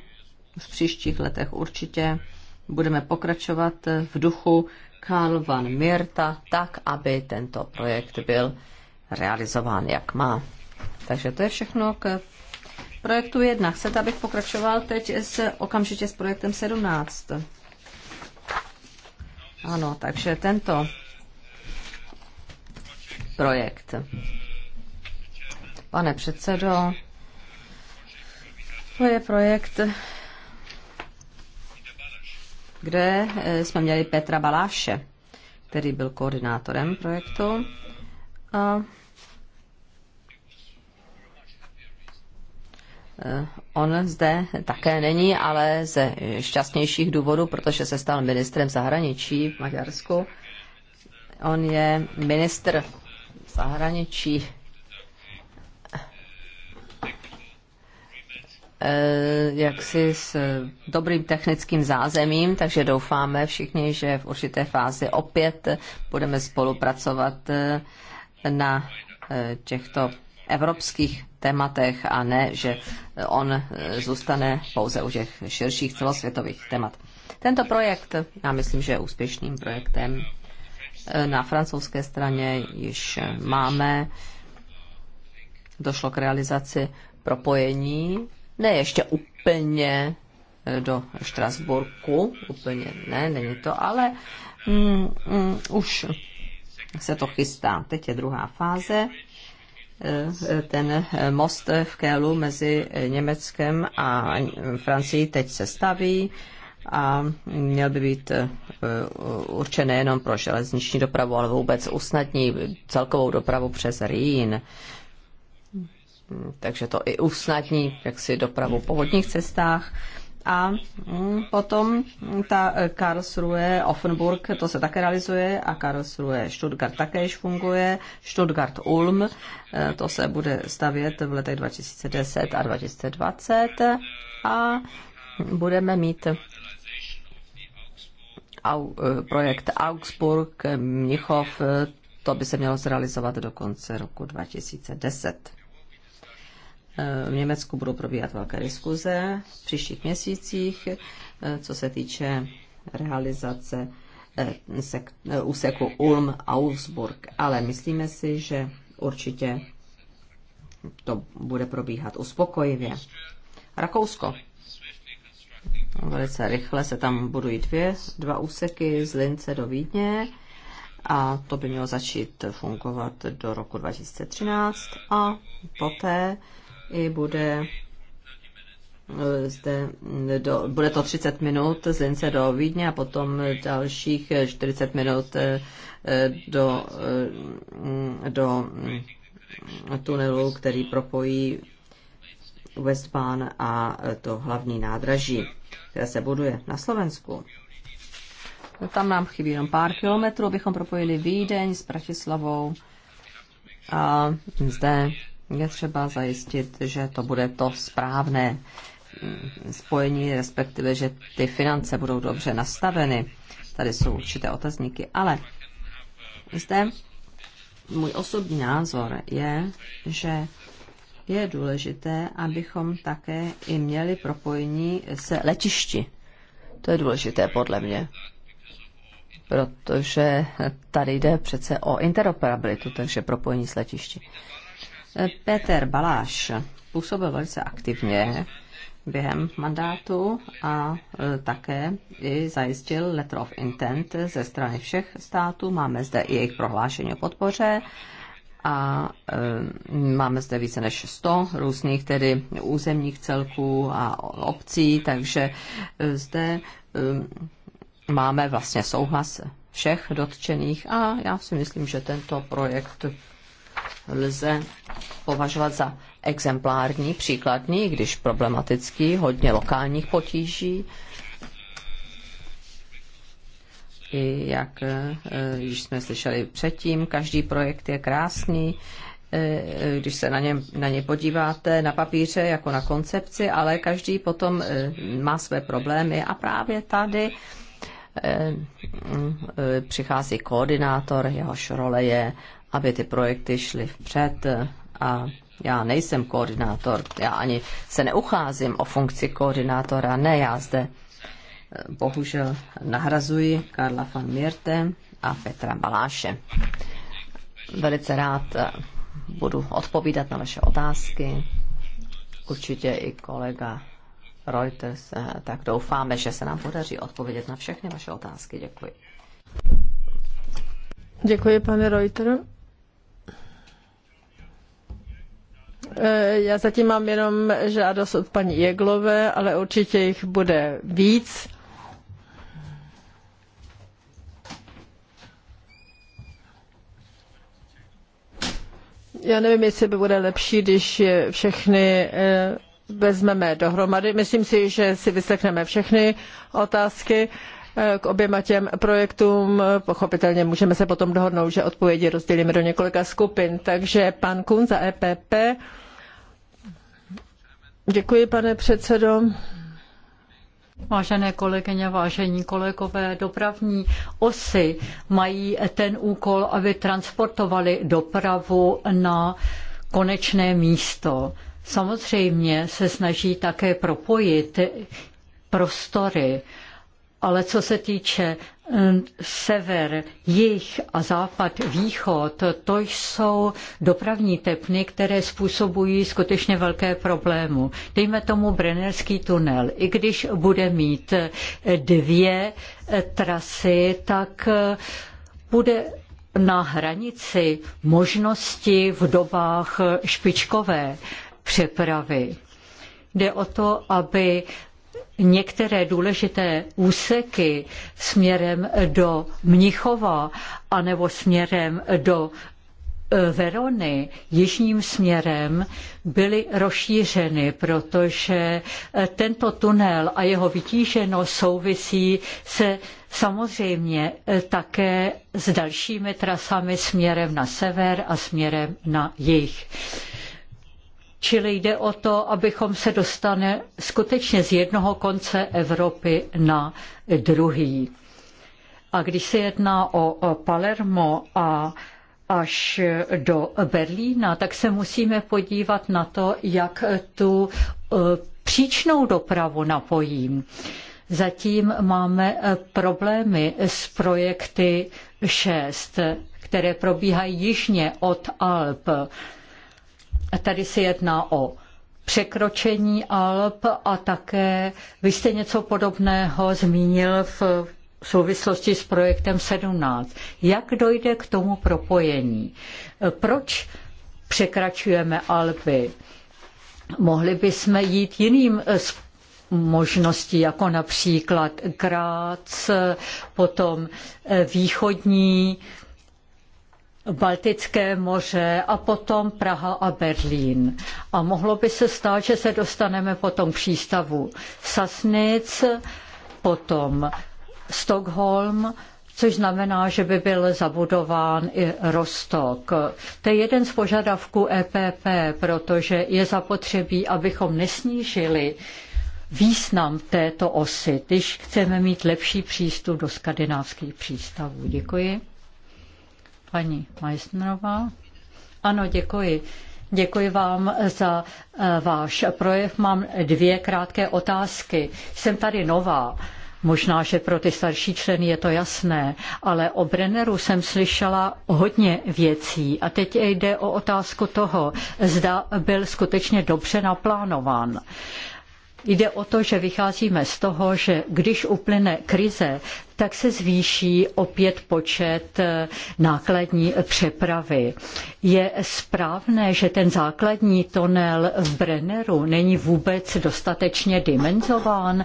v příštích letech určitě budeme pokračovat v duchu Karl van Mirta, tak, aby tento projekt byl realizován, jak má. Takže to je všechno k projektu 1. Chcete, abych pokračoval teď s, okamžitě s projektem 17? Ano, takže tento projekt. Pane předsedo, to je projekt, kde eh, jsme měli Petra Baláše, který byl koordinátorem projektu. A eh, On zde také není, ale ze šťastnějších důvodů, protože se stal ministrem zahraničí v Maďarsku. On je ministr zahraničí Eh, jaksi s dobrým technickým zázemím, takže doufáme všichni, že v určité fázi opět budeme spolupracovat eh, na eh, těchto evropských tématech a ne, že on zůstane pouze u těch širších celosvětových témat. Tento projekt, já myslím, že je úspěšným projektem. Na francouzské straně již máme, došlo k realizaci propojení ne ještě úplně eh, do Štrasburku, úplně ne, není to, ale mm, mm, už se to chystá. Teď je druhá fáze, eh, eh, ten most v Kélu mezi Německem a Francií teď se staví a měl by být určen nejenom pro železniční dopravu, ale vůbec usnadní celkovou dopravu přes Rýn takže to i usnadní jaksi dopravu po vodních cestách. A mm, potom ta e, Karlsruhe, Offenburg, to se také realizuje a Karlsruhe, Stuttgart také již funguje, Stuttgart Ulm, e, to se bude stavět v letech 2010 a 2020 a budeme mít e, projekt Augsburg, Mnichov, to by se mělo zrealizovat do konce roku 2010. V Německu budou probíhat velké diskuze v příštích měsících, eh, co se týče realizace eh, eh, úseku Ulm-Augsburg. Ale myslíme si, že určitě to bude probíhat uspokojivě. Rakousko. Velice rychle se tam budují dvě, dva úseky z Lince do Vídně a to by mělo začít fungovat do roku 2013 a poté i bude eh, zde eh, do, bude to 30 minut z Lince do Vídně a potom dalších 40 minut eh, do, do mm, tunelu, který propojí Westbahn a to hlavní nádraží, které se buduje na Slovensku. No, tam nám chybí jenom pár kilometrů, abychom propojili Vídeň s Bratislavou. A zde je třeba zajistit, že to bude to správné spojení, respektive, že ty finance budou dobře nastaveny. Tady jsou určité otazníky, ale jste, můj osobní názor je, že je důležité, abychom také i měli propojení se letišti. To je důležité podle mě, protože tady jde přece o interoperabilitu, takže propojení s letišti. Peter Baláš působil velice aktivně během mandátu a e, také i zajistil letter of intent ze strany všech států. Máme zde i jejich prohlášení o podpoře a e, máme zde více než 100 různých tedy územních celků a obcí, takže e, zde máme vlastně souhlas všech dotčených a já si myslím, že tento projekt lze považovat za exemplární, příkladní, když problematický, hodně lokálních potíží. I jak eh, již jsme slyšeli předtím, každý projekt je krásný, eh, když se na, ně, na ně podíváte na papíře jako na koncepci, ale každý potom eh, má své problémy a právě tady mm, přichází koordinátor, jehož role je aby ty projekty šly vpřed a já nejsem koordinátor, já ani se neucházím o funkci koordinátora, ne, já zde eh, bohužel nahrazuji Karla van Mierte a Petra Baláše. Velice rád eh, budu odpovídat na vaše otázky. Určitě i kolega Reuters, eh, tak doufáme, že se nám podaří odpovědět na všechny vaše otázky. Děkuji. Děkuji, pane Reuters. Eh, já zatím mám jenom žádost od paní Jeglové, ale určitě jich bude víc. Já nevím, jestli by bude lepší, když je všechny eh, vezmeme dohromady. Myslím si, že si vyslechneme všechny otázky k oběma těm projektům. Pochopitelně můžeme se potom dohodnout, že odpovědi rozdělíme do několika skupin. Takže pan Kun za EPP. Děkuji, pane předsedo. Vážené kolegyně, vážení kolegové, dopravní osy mají ten úkol, aby transportovali dopravu na konečné místo. Samozřejmě se snaží také propojit prostory ale co se týče eh, sever, jih a západ, východ, to jsou dopravní tepny, které způsobují skutečně velké problémy. Dejme tomu Brennerský tunel. I když bude mít eh, dvě eh, trasy, tak bude na hranici možnosti v dobách špičkové přepravy. Jde o to, aby některé důležité úseky směrem do Mnichova anebo směrem do e, Verony jižním směrem byly rozšířeny, protože e, tento tunel a jeho vytíženost souvisí se samozřejmě e, také s dalšími trasami směrem na sever a směrem na jih. Čili jde o to, abychom se dostali skutečně z jednoho konce Evropy na druhý. A když se jedná o Palermo a až do Berlína, tak se musíme podívat na to, jak tu e, příčnou dopravu napojím. Zatím máme e, problémy s projekty 6, které probíhají jižně od Alp. Tady se jedná o překročení Alp a také vy jste něco podobného zmínil v v souvislosti s projektem 17. Jak dojde k tomu propojení? Proč překračujeme Alpy? Mohli bychom jít jiným možností, jako například Grác, potom eh, východní Baltické moře a potom Praha a Berlín. A mohlo by se stát, že se dostaneme potom k přístavu Sasnic, potom Stockholm, což znamená, že by byl zabudován i Rostok. To je jeden z požadavků EPP, protože je zapotřebí, abychom nesnížili význam této osy, když chceme mít lepší přístup do skandinávských přístavů. Děkuji. Paní Majstnerová. Ano, děkuji. Děkuji vám za eh, váš projev. Mám dvě krátké otázky. Jsem tady nová. Možná, že pro ty starší členy je to jasné, ale o Brenneru jsem slyšela hodně věcí a teď jde o otázku toho, zda byl skutečně dobře naplánován. Jde o to, že vycházíme z toho, že když uplyne krize, tak se zvýší opět počet eh, nákladní přepravy. Je správné, že ten základní tunel v Brenneru není vůbec dostatečně dimenzován?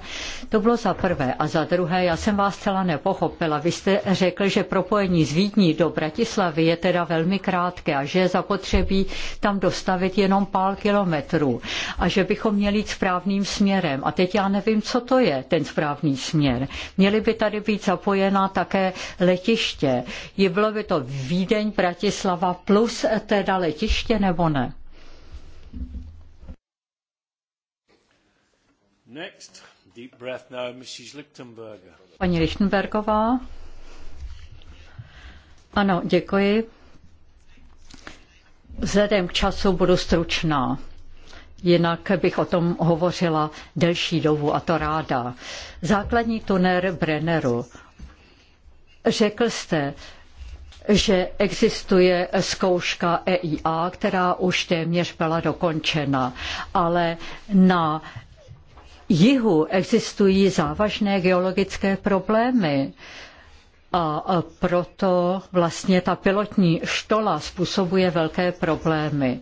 To bylo za prvé. A za druhé, já jsem vás celá nepochopila. Vy jste řekl, že propojení z Vídní do Bratislavy je teda velmi krátké a že je zapotřebí tam dostavit jenom pár kilometrů a že bychom měli jít správným směrem. A teď já nevím, co to je ten správný směr. Měly by tady být zapojena také letiště. Je bylo by to Vídeň, Bratislava plus teda letiště nebo ne? Next. Deep breath now, Mrs. Lichtenberger. Paní Lichtenbergová. Ano, děkuji. Vzhledem k času budu stručná jinak bych o tom hovořila delší dobu a to ráda. Základní tuner Brenneru. Řekl jste, že existuje zkouška EIA, která už téměř byla dokončena, ale na jihu existují závažné geologické problémy. A proto vlastně ta pilotní štola způsobuje velké problémy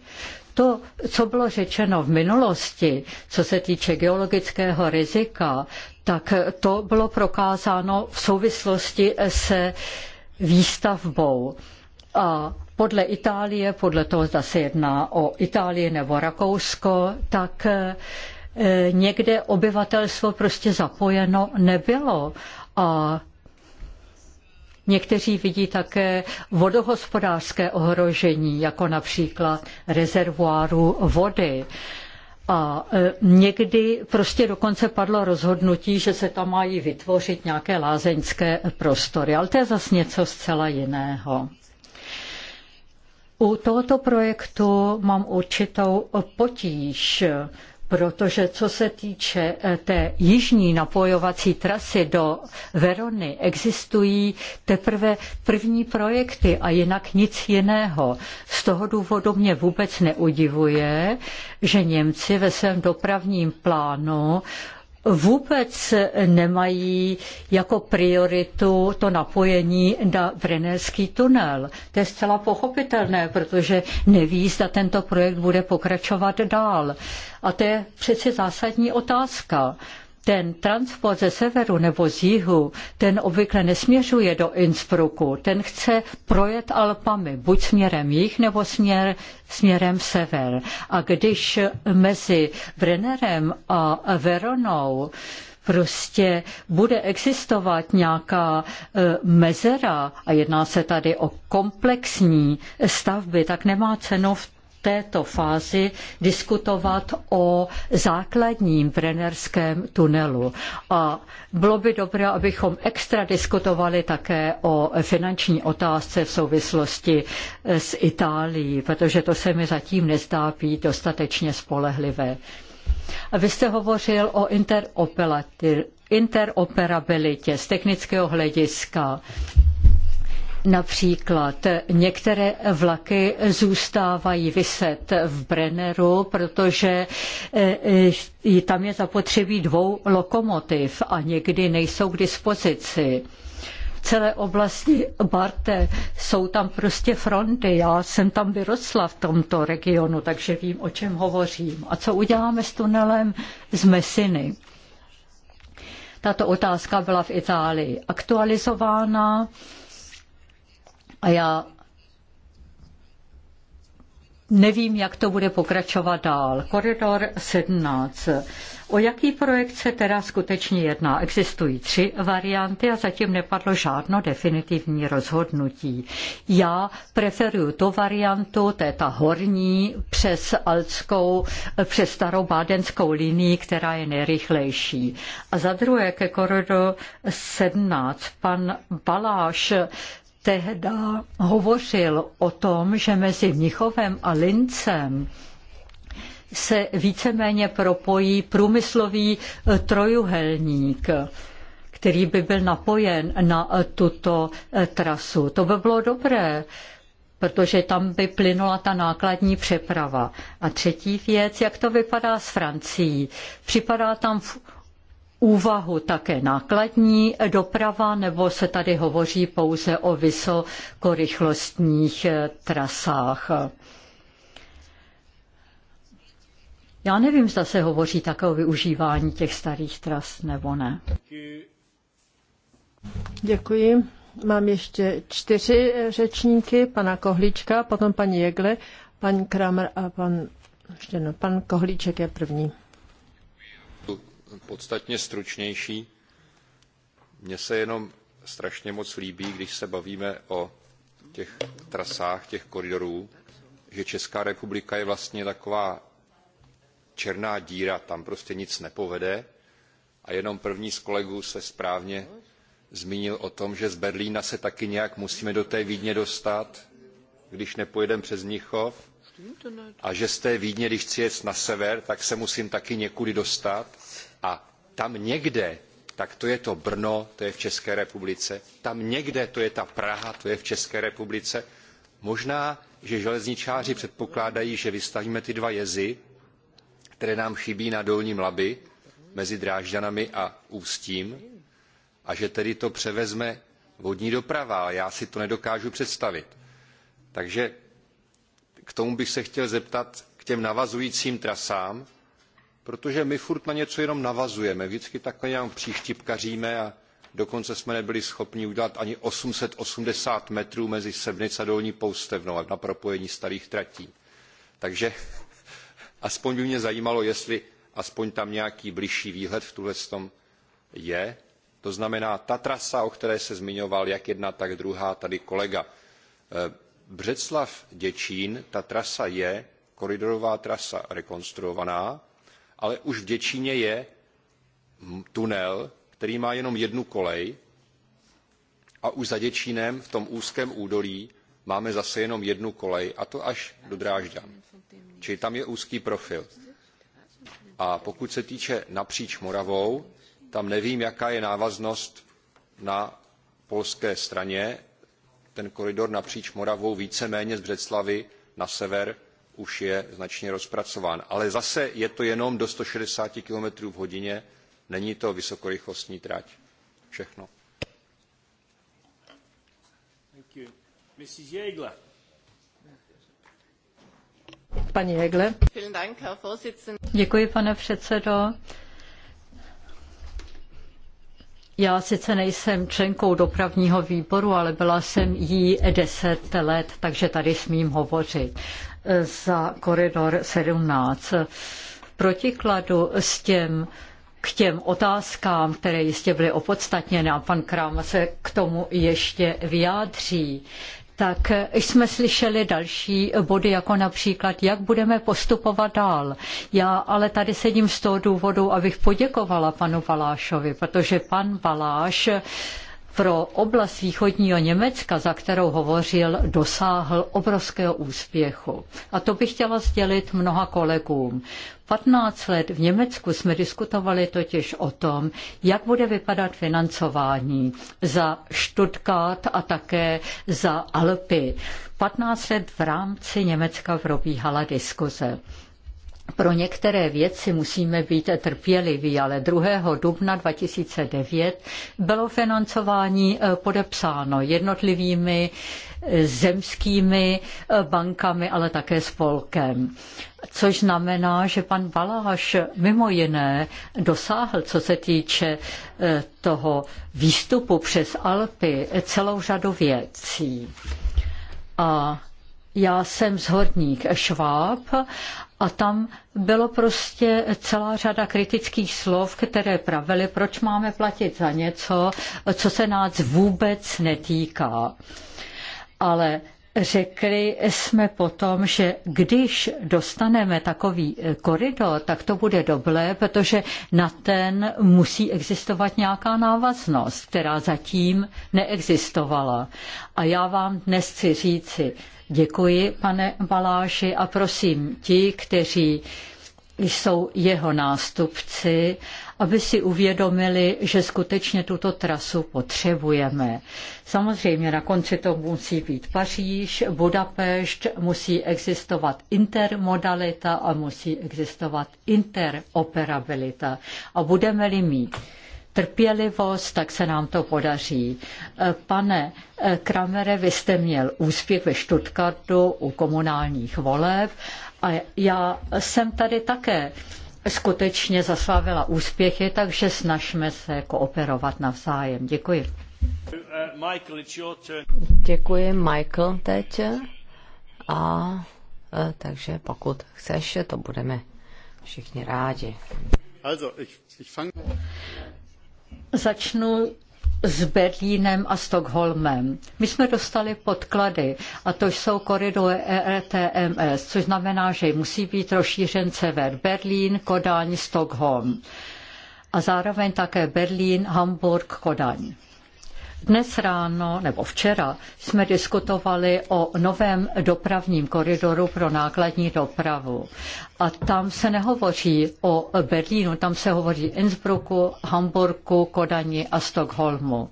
to, co bylo řečeno v minulosti, co se týče geologického rizika, tak to bylo prokázáno v souvislosti se výstavbou. A podle Itálie, podle toho, zda se jedná o Itálii nebo Rakousko, tak e, někde obyvatelstvo prostě zapojeno nebylo. A Někteří vidí také vodohospodářské ohrožení, jako například rezervoáru vody. A e, někdy prostě dokonce padlo rozhodnutí, že se tam mají vytvořit nějaké lázeňské prostory, ale to je zase něco zcela jiného. U tohoto projektu mám určitou potíž protože co se týče eh, té jižní napojovací trasy do Verony, existují teprve první projekty a jinak nic jiného. Z toho důvodu mě vůbec neudivuje, že Němci ve svém dopravním plánu vůbec nemají jako prioritu to napojení na Brennerský tunel. To je zcela pochopitelné, protože neví, zda tento projekt bude pokračovat dál. A to je přece zásadní otázka ten transport ze severu nebo z jihu, ten obvykle nesměřuje do Innsbrucku, ten chce projet Alpami, buď směrem jih nebo směr, směrem sever. A když mezi Brennerem a Veronou prostě bude existovat nějaká e, mezera a jedná se tady o komplexní stavby, tak nemá cenu v této fázi diskutovat o základním Brennerském tunelu. A bylo by dobré, abychom extra diskutovali také o finanční otázce v souvislosti s Itálií, protože to se mi zatím nezdá být dostatečně spolehlivé. Vy jste hovořil o interoperabilitě z technického hlediska. Například některé vlaky zůstávají vyset v Brenneru, protože e, e, tam je zapotřebí dvou lokomotiv a někdy nejsou k dispozici celé oblasti Barte jsou tam prostě fronty. Já jsem tam vyrostla v tomto regionu, takže vím, o čem hovořím. A co uděláme s tunelem z Mesiny? Tato otázka byla v Itálii aktualizována a já nevím, jak to bude pokračovat dál. Koridor 17. O jaký projekt se teda skutečně jedná? Existují tři varianty a zatím nepadlo žádno definitivní rozhodnutí. Já preferuju tu variantu, to je ta horní, přes Alckou, přes starou bádenskou linii, která je nejrychlejší. A za druhé ke koridoru 17. Pan Baláš tehdy hovořil o tom, že mezi Mnichovem a Lincem se víceméně propojí průmyslový e, trojuhelník který by byl napojen na e, tuto e, trasu. To by bylo dobré, protože tam by plynula ta nákladní přeprava. A třetí věc, jak to vypadá s Francií. Připadá tam v úvahu také nákladní doprava, nebo se tady hovoří pouze o vysokorychlostních eh, trasách? Já nevím, zda se hovoří také o využívání těch starých tras nebo ne. Děkuji. Mám ještě čtyři eh, řečníky, pana Kohlíčka, potom paní Jegle, pan Kramer a pan, ještě no, pan Kohlíček je první podstatně stručnější. Mně se jenom strašně moc líbí, když se bavíme o těch trasách, těch koridorů, že Česká republika je vlastně taková černá díra, tam prostě nic nepovede. A jenom první z kolegů se správně zmínil o tom, že z Berlína se taky nějak musíme do té Vídně dostat, když nepojedeme přes Mnichov. A že z té Vídně, když chci jet na sever, tak se musím taky někudy dostat. A tam někde, tak to je to Brno, to je v České republice, tam někde to je ta Praha, to je v České republice. Možná, že železničáři předpokládají, že vystavíme ty dva jezy, které nám chybí na Dolním Labi, mezi Drážďanami a Ústím, a že tedy to převezme vodní doprava, ale já si to nedokážu představit. Takže k tomu bych se chtěl zeptat k těm navazujícím trasám, protože my furt na něco jenom navazujeme, vždycky takhle nějak příštipkaříme a dokonce jsme nebyli schopni udělat ani 880 metrů mezi Sevnic a Dolní Poustevnou na propojení starých tratí. Takže aspoň by mě zajímalo, jestli aspoň tam nějaký bližší výhled v tuhle tom je. To znamená, ta trasa, o které se zmiňoval, jak jedna, tak druhá, tady kolega. E, Břeclav Děčín, ta trasa je koridorová trasa rekonstruovaná, ale už v Děčíně je tunel, který má jenom jednu kolej a už za Děčínem v tom úzkém údolí máme zase jenom jednu kolej a to až do Drážďan. Čili tam je úzký profil. A pokud se týče napříč Moravou, tam nevím, jaká je návaznost na polské straně. Ten koridor napříč Moravou víceméně z Břeclavy na sever už je značně rozpracován. Ale zase je to jenom do one hundred and sixty km v hodině, není to vysokorychlostní trať. Všechno. Paní Jegle. Děkuji, pane předsedo. Já sice nejsem členkou dopravního výboru, ale byla jsem jí deset let, takže tady smím hovořit za koridor 17. V protikladu s těm, k těm otázkám, které jistě byly opodstatněné, a pan Krám se k tomu ještě vyjádří, tak jsme slyšeli další body, jako například, jak budeme postupovat dál. Já ale tady sedím z toho důvodu, abych poděkovala panu Valášovi, protože pan Baláš pro oblast východního Německa, za kterou hovořil, dosáhl obrovského úspěchu. A to bych chtěla sdělit mnoha kolegům. 15 let v Německu jsme diskutovali totiž o tom, jak bude vypadat financování za Stuttgart a také za Alpy. 15 let v rámci Německa probíhala diskuze pro některé věci musíme být trpěliví, ale 2. dubna 2009 bylo financování eh, podepsáno jednotlivými eh, zemskými eh, bankami, ale také spolkem. Což znamená, že pan Baláš mimo jiné dosáhl, co se týče toho výstupu přes Alpy, celou řadu věcí. A já jsem z Šváb a tam bylo prostě celá řada kritických slov, které pravili, proč máme platit za něco, co se nás vůbec netýká. Ale Řekli jsme potom, že když dostaneme takový koridor, tak to bude dobré, protože na ten musí existovat nějaká návaznost, která zatím neexistovala. A já vám dnes chci říci, Děkuji, pane Baláši, a prosím ti, kteří jsou jeho nástupci, aby si uvědomili, že skutečně tuto trasu potřebujeme. Samozřejmě na konci to musí být Paříž, Budapešť, musí existovat intermodalita a musí existovat interoperabilita. A budeme-li mít trpělivost, tak se nám to podaří. Eh, pane eh, Kramere, vy jste měl úspěch ve Stuttgartu u komunálních voleb a já jsem tady také skutečně zaslavila úspěchy, takže snažme se kooperovat navzájem. Děkuji. Eh, Děkuji, Michael, teď. A takže pokud chceš, to budeme všichni rádi. Začnu s Berlínem a Stockholmem. My jsme dostali podklady a to jsou koridory ERTMS, což znamená, že musí být rozšířen sever Berlín, Kodaň, Stockholm a zároveň také Berlín, Hamburg, Kodaň. Dnes ráno nebo včera jsme diskutovali o novém dopravním koridoru pro nákladní dopravu. A tam se nehovoří o Berlínu, tam se hovoří Innsbrucku, Hamburku, Kodani a Stockholmu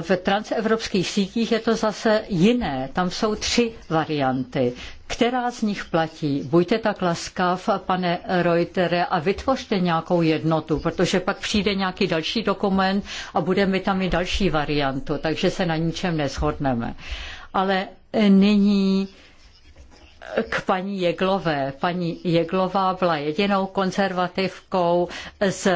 v transevropských sítích je to zase jiné. Tam jsou tři varianty. Která z nich platí? Buďte tak laskav, pane Reutere, a vytvořte nějakou jednotu, protože pak přijde nějaký další dokument a budeme tam i další variantu, takže se na ničem neshodneme. Ale nyní k paní Jeglové. Paní Jeglová byla jedinou konzervativkou z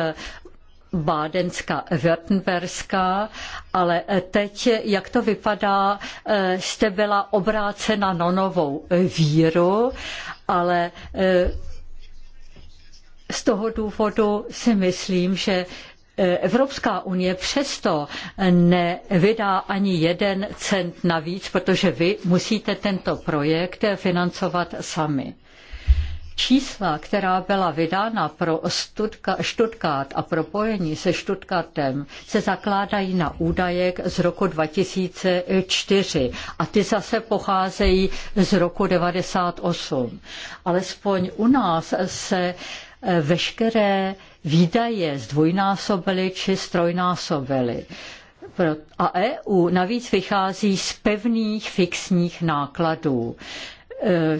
Bádenská, Württemberská, ale teď, jak to vypadá, eh, jste byla obrácena na novou víru, ale eh, z toho důvodu si myslím, že eh, Evropská unie přesto nevydá ani jeden cent navíc, protože vy musíte tento projekt financovat sami čísla, která byla vydána pro Stutka, Stuttgart a propojení se Stuttgartem, se zakládají na údajek z roku 2004 a ty zase pocházejí z roku 98. Alespoň u nás se eh, veškeré výdaje zdvojnásobily či strojnásobily. A EU navíc vychází z pevných fixních nákladů eh,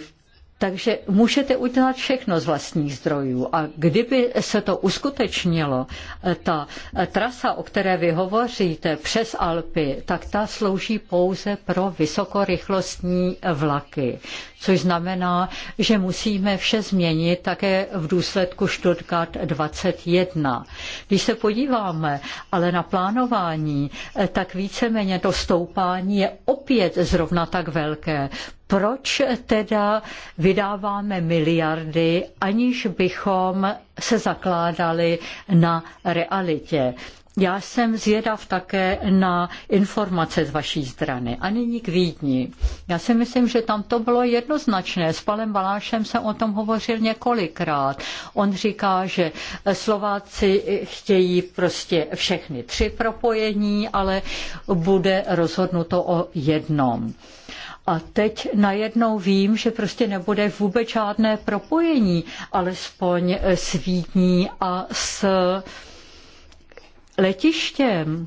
takže můžete udělat všechno z vlastních zdrojů. A kdyby se to uskutečnilo, eh, ta eh, trasa, o které vy hovoříte, přes Alpy, tak ta slouží pouze pro vysokorychlostní eh, vlaky. Což znamená, že musíme vše změnit také v důsledku Stuttgart 21. Když se podíváme ale na plánování, tak víceméně to stoupání je opět zrovna tak velké proč teda vydáváme miliardy, aniž bychom se zakládali na realitě. Já jsem zvědav také na informace z vaší strany. A nyní k Vídni. Já si myslím, že tam to bylo jednoznačné. S Palem Balášem jsem o tom hovořil několikrát. On říká, že Slováci chtějí prostě všechny tři propojení, ale bude rozhodnuto o jednom. A teď najednou vím, že prostě nebude vůbec žádné propojení, alespoň s Vídní a s letištěm.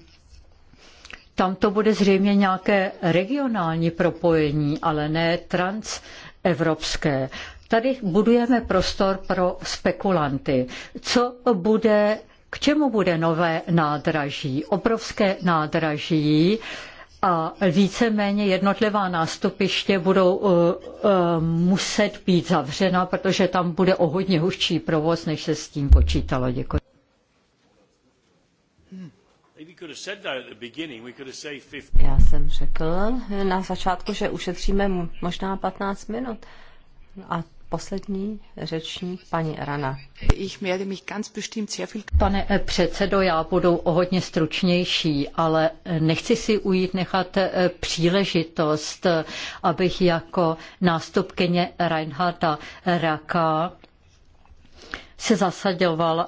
Tam to bude zřejmě nějaké regionální propojení, ale ne transevropské. Tady budujeme prostor pro spekulanty. Co bude, k čemu bude nové nádraží? Obrovské nádraží, a víceméně jednotlivá nástupiště budou uh, uh, muset být zavřena, protože tam bude o hodně hustší provoz, než se s tím počítalo. Děkuji. Já jsem řekl na začátku, že ušetříme možná 15 minut. A Poslední řečník, paní Rana. Ich Pane eh, předsedo, já budu o hodně stručnější, ale eh, nechci si ujít nechat eh, příležitost, abych jako nástupkyně Reinharda Raka se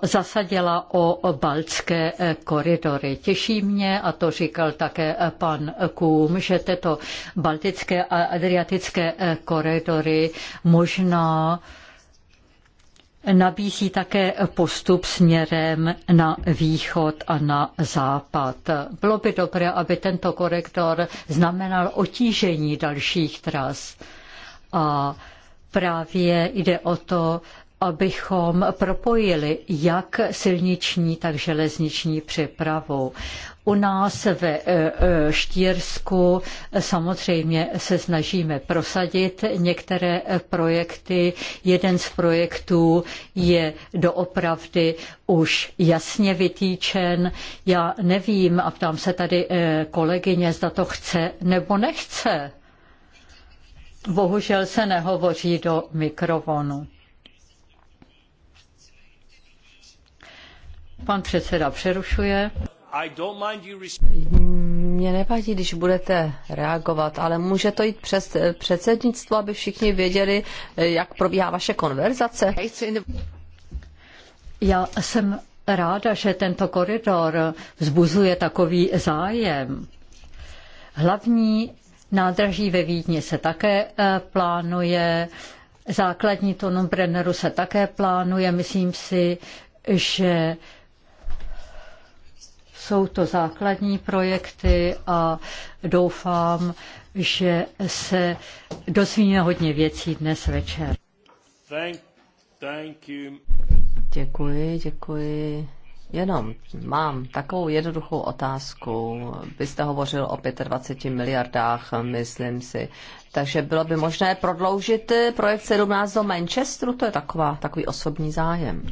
zasadila o baltské eh, koridory. Těší mě, a to říkal také eh, pan Kům, že tyto baltické a adriatické eh, koridory možná nabízí také postup směrem na východ a na západ. Bylo by dobré, aby tento korektor znamenal otížení dalších tras. A právě jde o to, abychom propojili jak silniční, tak železniční přepravu. U nás ve e, e, Štírsku samozřejmě se snažíme prosadit některé projekty. Jeden z projektů je doopravdy už jasně vytýčen. Já nevím a ptám se tady e, kolegyně, zda to chce nebo nechce. Bohužel se nehovoří do mikrofonu. Pan předseda přerušuje. Mně nevadí, když budete reagovat, ale může to jít přes eh, předsednictvo, aby všichni věděli, eh, jak probíhá vaše konverzace. Já jsem ráda, že tento koridor vzbuzuje takový zájem. Hlavní nádraží ve Vídni se také eh, plánuje, základní tunel Brenneru se také plánuje. Myslím si, že jsou to základní projekty a doufám, že se dozvíme hodně věcí dnes večer. Thank, thank you. Děkuji, děkuji. Jenom mám takovou jednoduchou otázku. Vy jste hovořil o 25 miliardách, myslím si. Takže bylo by možné prodloužit projekt 17 do Manchesteru? To je taková, takový osobní zájem.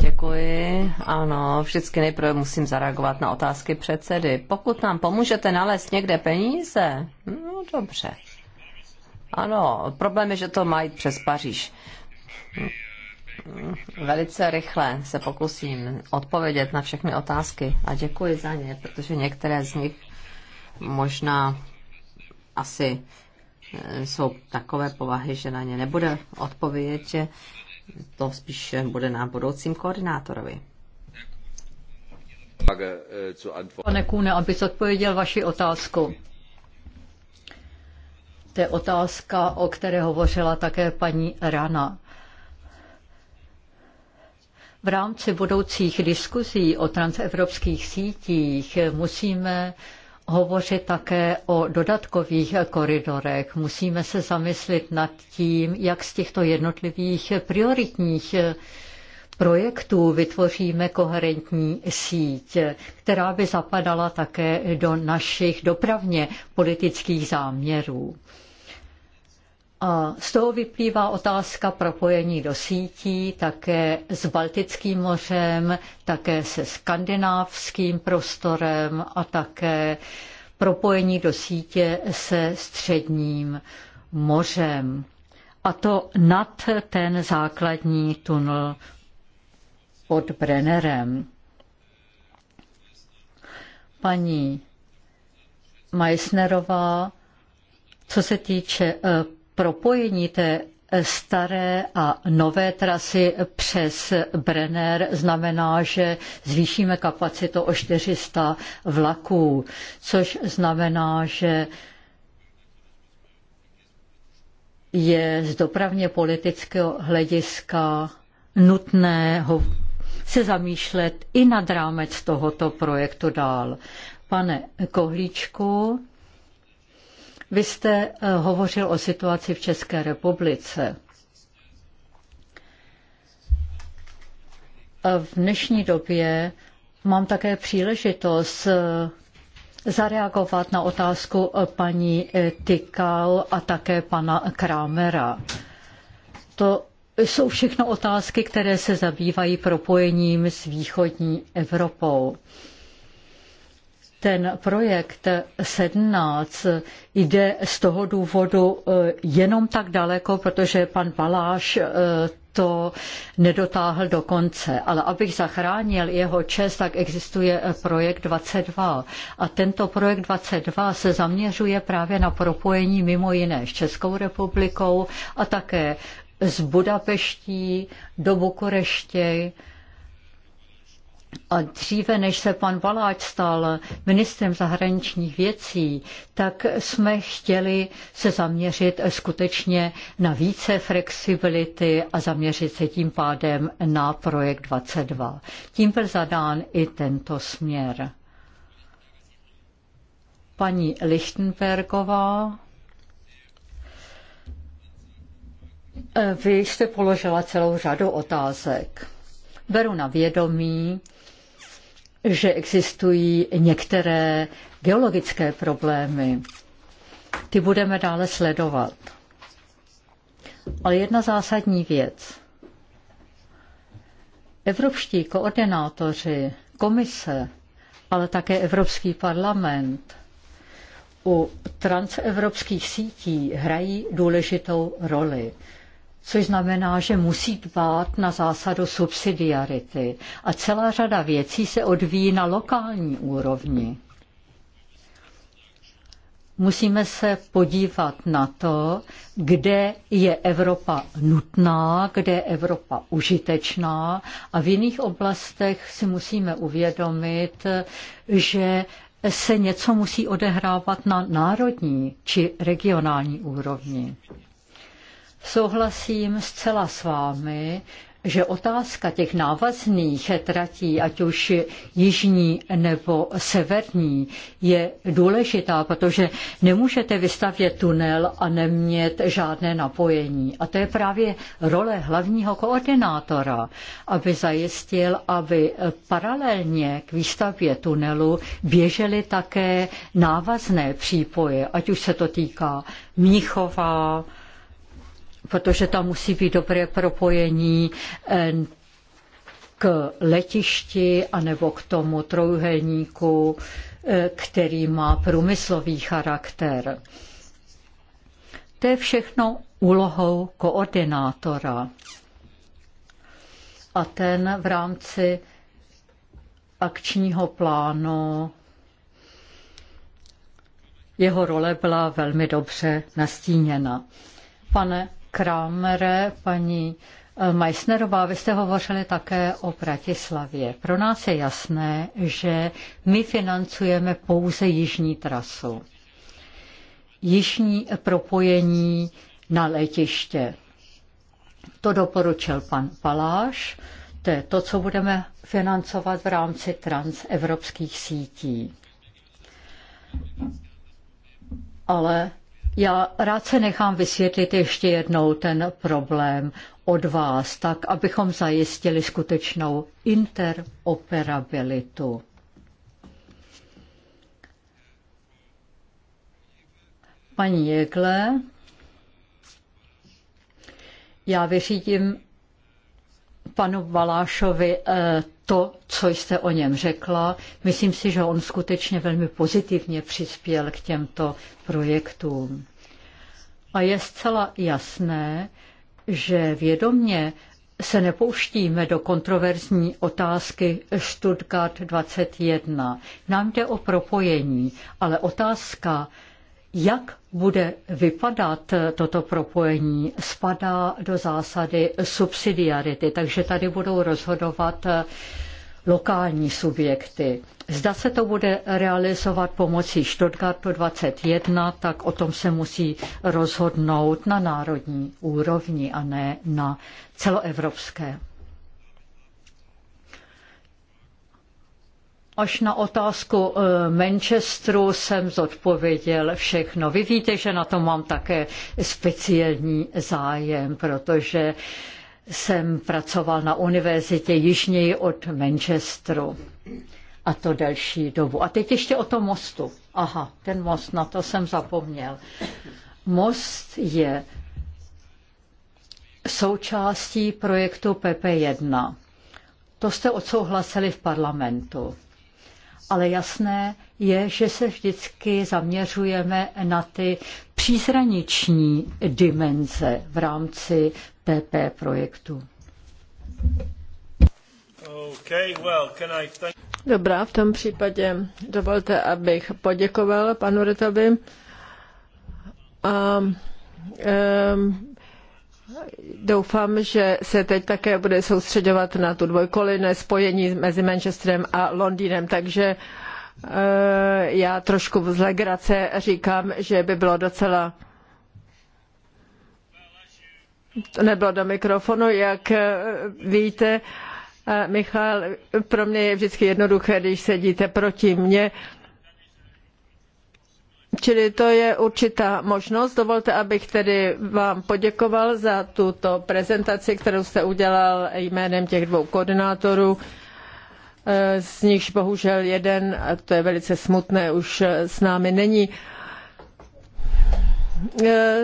Děkuji. Ano, vždycky nejprve musím zareagovat na otázky předsedy. Pokud nám pomůžete nalézt někde peníze, no dobře. Ano, problém je, že to mají přes Paříž. Velice rychle se pokusím odpovědět na všechny otázky a děkuji za ně, protože některé z nich možná asi jsou takové povahy, že na ně nebude odpovědět, že to spíš bude na budoucím koordinátorovi. Eh, Pane Kůne, aby zodpověděl vaši otázku. To je otázka, o které hovořila také paní Rana. V rámci budoucích diskuzí o transevropských sítích musíme hovořit také o dodatkových koridorech. Musíme se zamyslit nad tím, jak z těchto jednotlivých prioritních projektů vytvoříme koherentní síť, která by zapadala také do našich dopravně politických záměrů. A z toho vyplývá otázka propojení do sítí, také s Baltickým mořem, také se skandinávským prostorem a také propojení do sítě se středním mořem. A to nad ten základní tunel pod Brennerem. Paní Meissnerová, co se týče eh, propojení té staré a nové trasy přes Brenner znamená, že zvýšíme kapacitu o 400 vlaků, což znamená, že je z dopravně politického hlediska nutné ho se zamýšlet i nad rámec tohoto projektu dál. Pane Kohlíčku, vy jste eh, hovořil o situaci v České republice. V dnešní době mám také příležitost eh, zareagovat na otázku eh, paní Tykal a také pana Krámera. To jsou všechno otázky, které se zabývají propojením s východní Evropou ten projekt 17 jde z toho důvodu e, jenom tak daleko, protože pan Paláš e, to nedotáhl do konce. Ale abych zachránil jeho čest, tak existuje projekt 22. A tento projekt 22 se zaměřuje právě na propojení mimo jiné s Českou republikou a také s Budapeští do Bukurešti, a dříve, než se pan Valáč stal ministrem zahraničních věcí, tak jsme chtěli se zaměřit skutečně na více flexibility a zaměřit se tím pádem na projekt 22. Tím byl zadán i tento směr. Paní Lichtenbergová. Vy jste položila celou řadu otázek. Beru na vědomí, že existují některé geologické problémy. Ty budeme dále sledovat. Ale jedna zásadní věc. Evropští koordinátoři, komise, ale také Evropský parlament u transevropských sítí hrají důležitou roli což znamená, že musí dbát na zásadu subsidiarity. A celá řada věcí se odvíjí na lokální úrovni. Musíme se podívat na to, kde je Evropa nutná, kde je Evropa užitečná a v jiných oblastech si musíme uvědomit, že se něco musí odehrávat na národní či regionální úrovni. Souhlasím zcela s vámi, že otázka těch návazných tratí, ať už jižní nebo severní, je důležitá, protože nemůžete vystavět tunel a nemět žádné napojení. A to je právě role hlavního koordinátora, aby zajistil, aby paralelně k výstavbě tunelu běžely také návazné přípoje, ať už se to týká Mnichová, protože tam musí být dobré propojení eh, k letišti anebo k tomu trojuhelníku, eh, který má průmyslový charakter. To je všechno úlohou koordinátora. A ten v rámci akčního plánu jeho role byla velmi dobře nastíněna. Pane Kramere, paní eh, Meissnerová, vy jste hovořili také o Bratislavě. Pro nás je jasné, že my financujeme pouze jižní trasu. Jižní propojení na letiště. To doporučil pan Paláš, to je to, co budeme financovat v rámci transevropských sítí. Ale já rád se nechám vysvětlit ještě jednou ten problém od vás, tak abychom zajistili skutečnou interoperabilitu. Paní Jegle, já vyřídím panu Balášovi eh, to, co jste o něm řekla. Myslím si, že on skutečně velmi pozitivně přispěl k těmto projektům. A je zcela jasné, že vědomě se nepouštíme do kontroverzní otázky Stuttgart 21. Nám jde o propojení, ale otázka jak bude vypadat toto propojení, spadá do zásady subsidiarity, takže tady budou rozhodovat lokální subjekty. Zda se to bude realizovat pomocí Stuttgartu 21, tak o tom se musí rozhodnout na národní úrovni a ne na celoevropské. Až na otázku eh, Manchesteru jsem zodpověděl všechno. Vy víte, že na to mám také speciální zájem, protože jsem pracoval na univerzitě jižněji od Manchesteru. A to delší dobu. A teď ještě o tom mostu. Aha, ten most, na to jsem zapomněl. Most je součástí projektu PP1. To jste odsouhlasili v parlamentu ale jasné je, že se vždycky zaměřujeme na ty přízraniční dimenze v rámci PP projektu. Okay, well, I... Dobrá, v tom případě dovolte, abych poděkoval panu Retovi a e, doufám, že se teď také bude soustředovat na tu dvojkolejné spojení mezi Manchesterem a Londýnem, takže eh, já trošku z legrace říkám, že by bylo docela to nebylo do mikrofonu, jak eh, víte, eh, Michal, pro mě je vždycky jednoduché, když sedíte proti mně, Čili to je určitá možnost. Dovolte, abych tedy vám poděkoval za tuto prezentaci, kterou jste udělal jménem těch dvou koordinátorů. Eh, z nichž bohužel jeden, a to je velice smutné, už s námi není. Eh,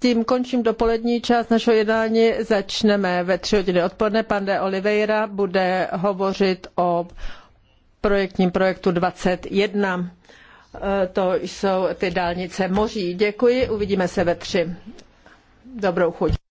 tím končím dopolední část našeho jednání. Začneme ve tři hodiny odpoledne. Pan de Oliveira bude hovořit o projektním projektu 21. Eh, to jsou ty dálnice moří. Děkuji, uvidíme se ve tři. Dobrou chuť.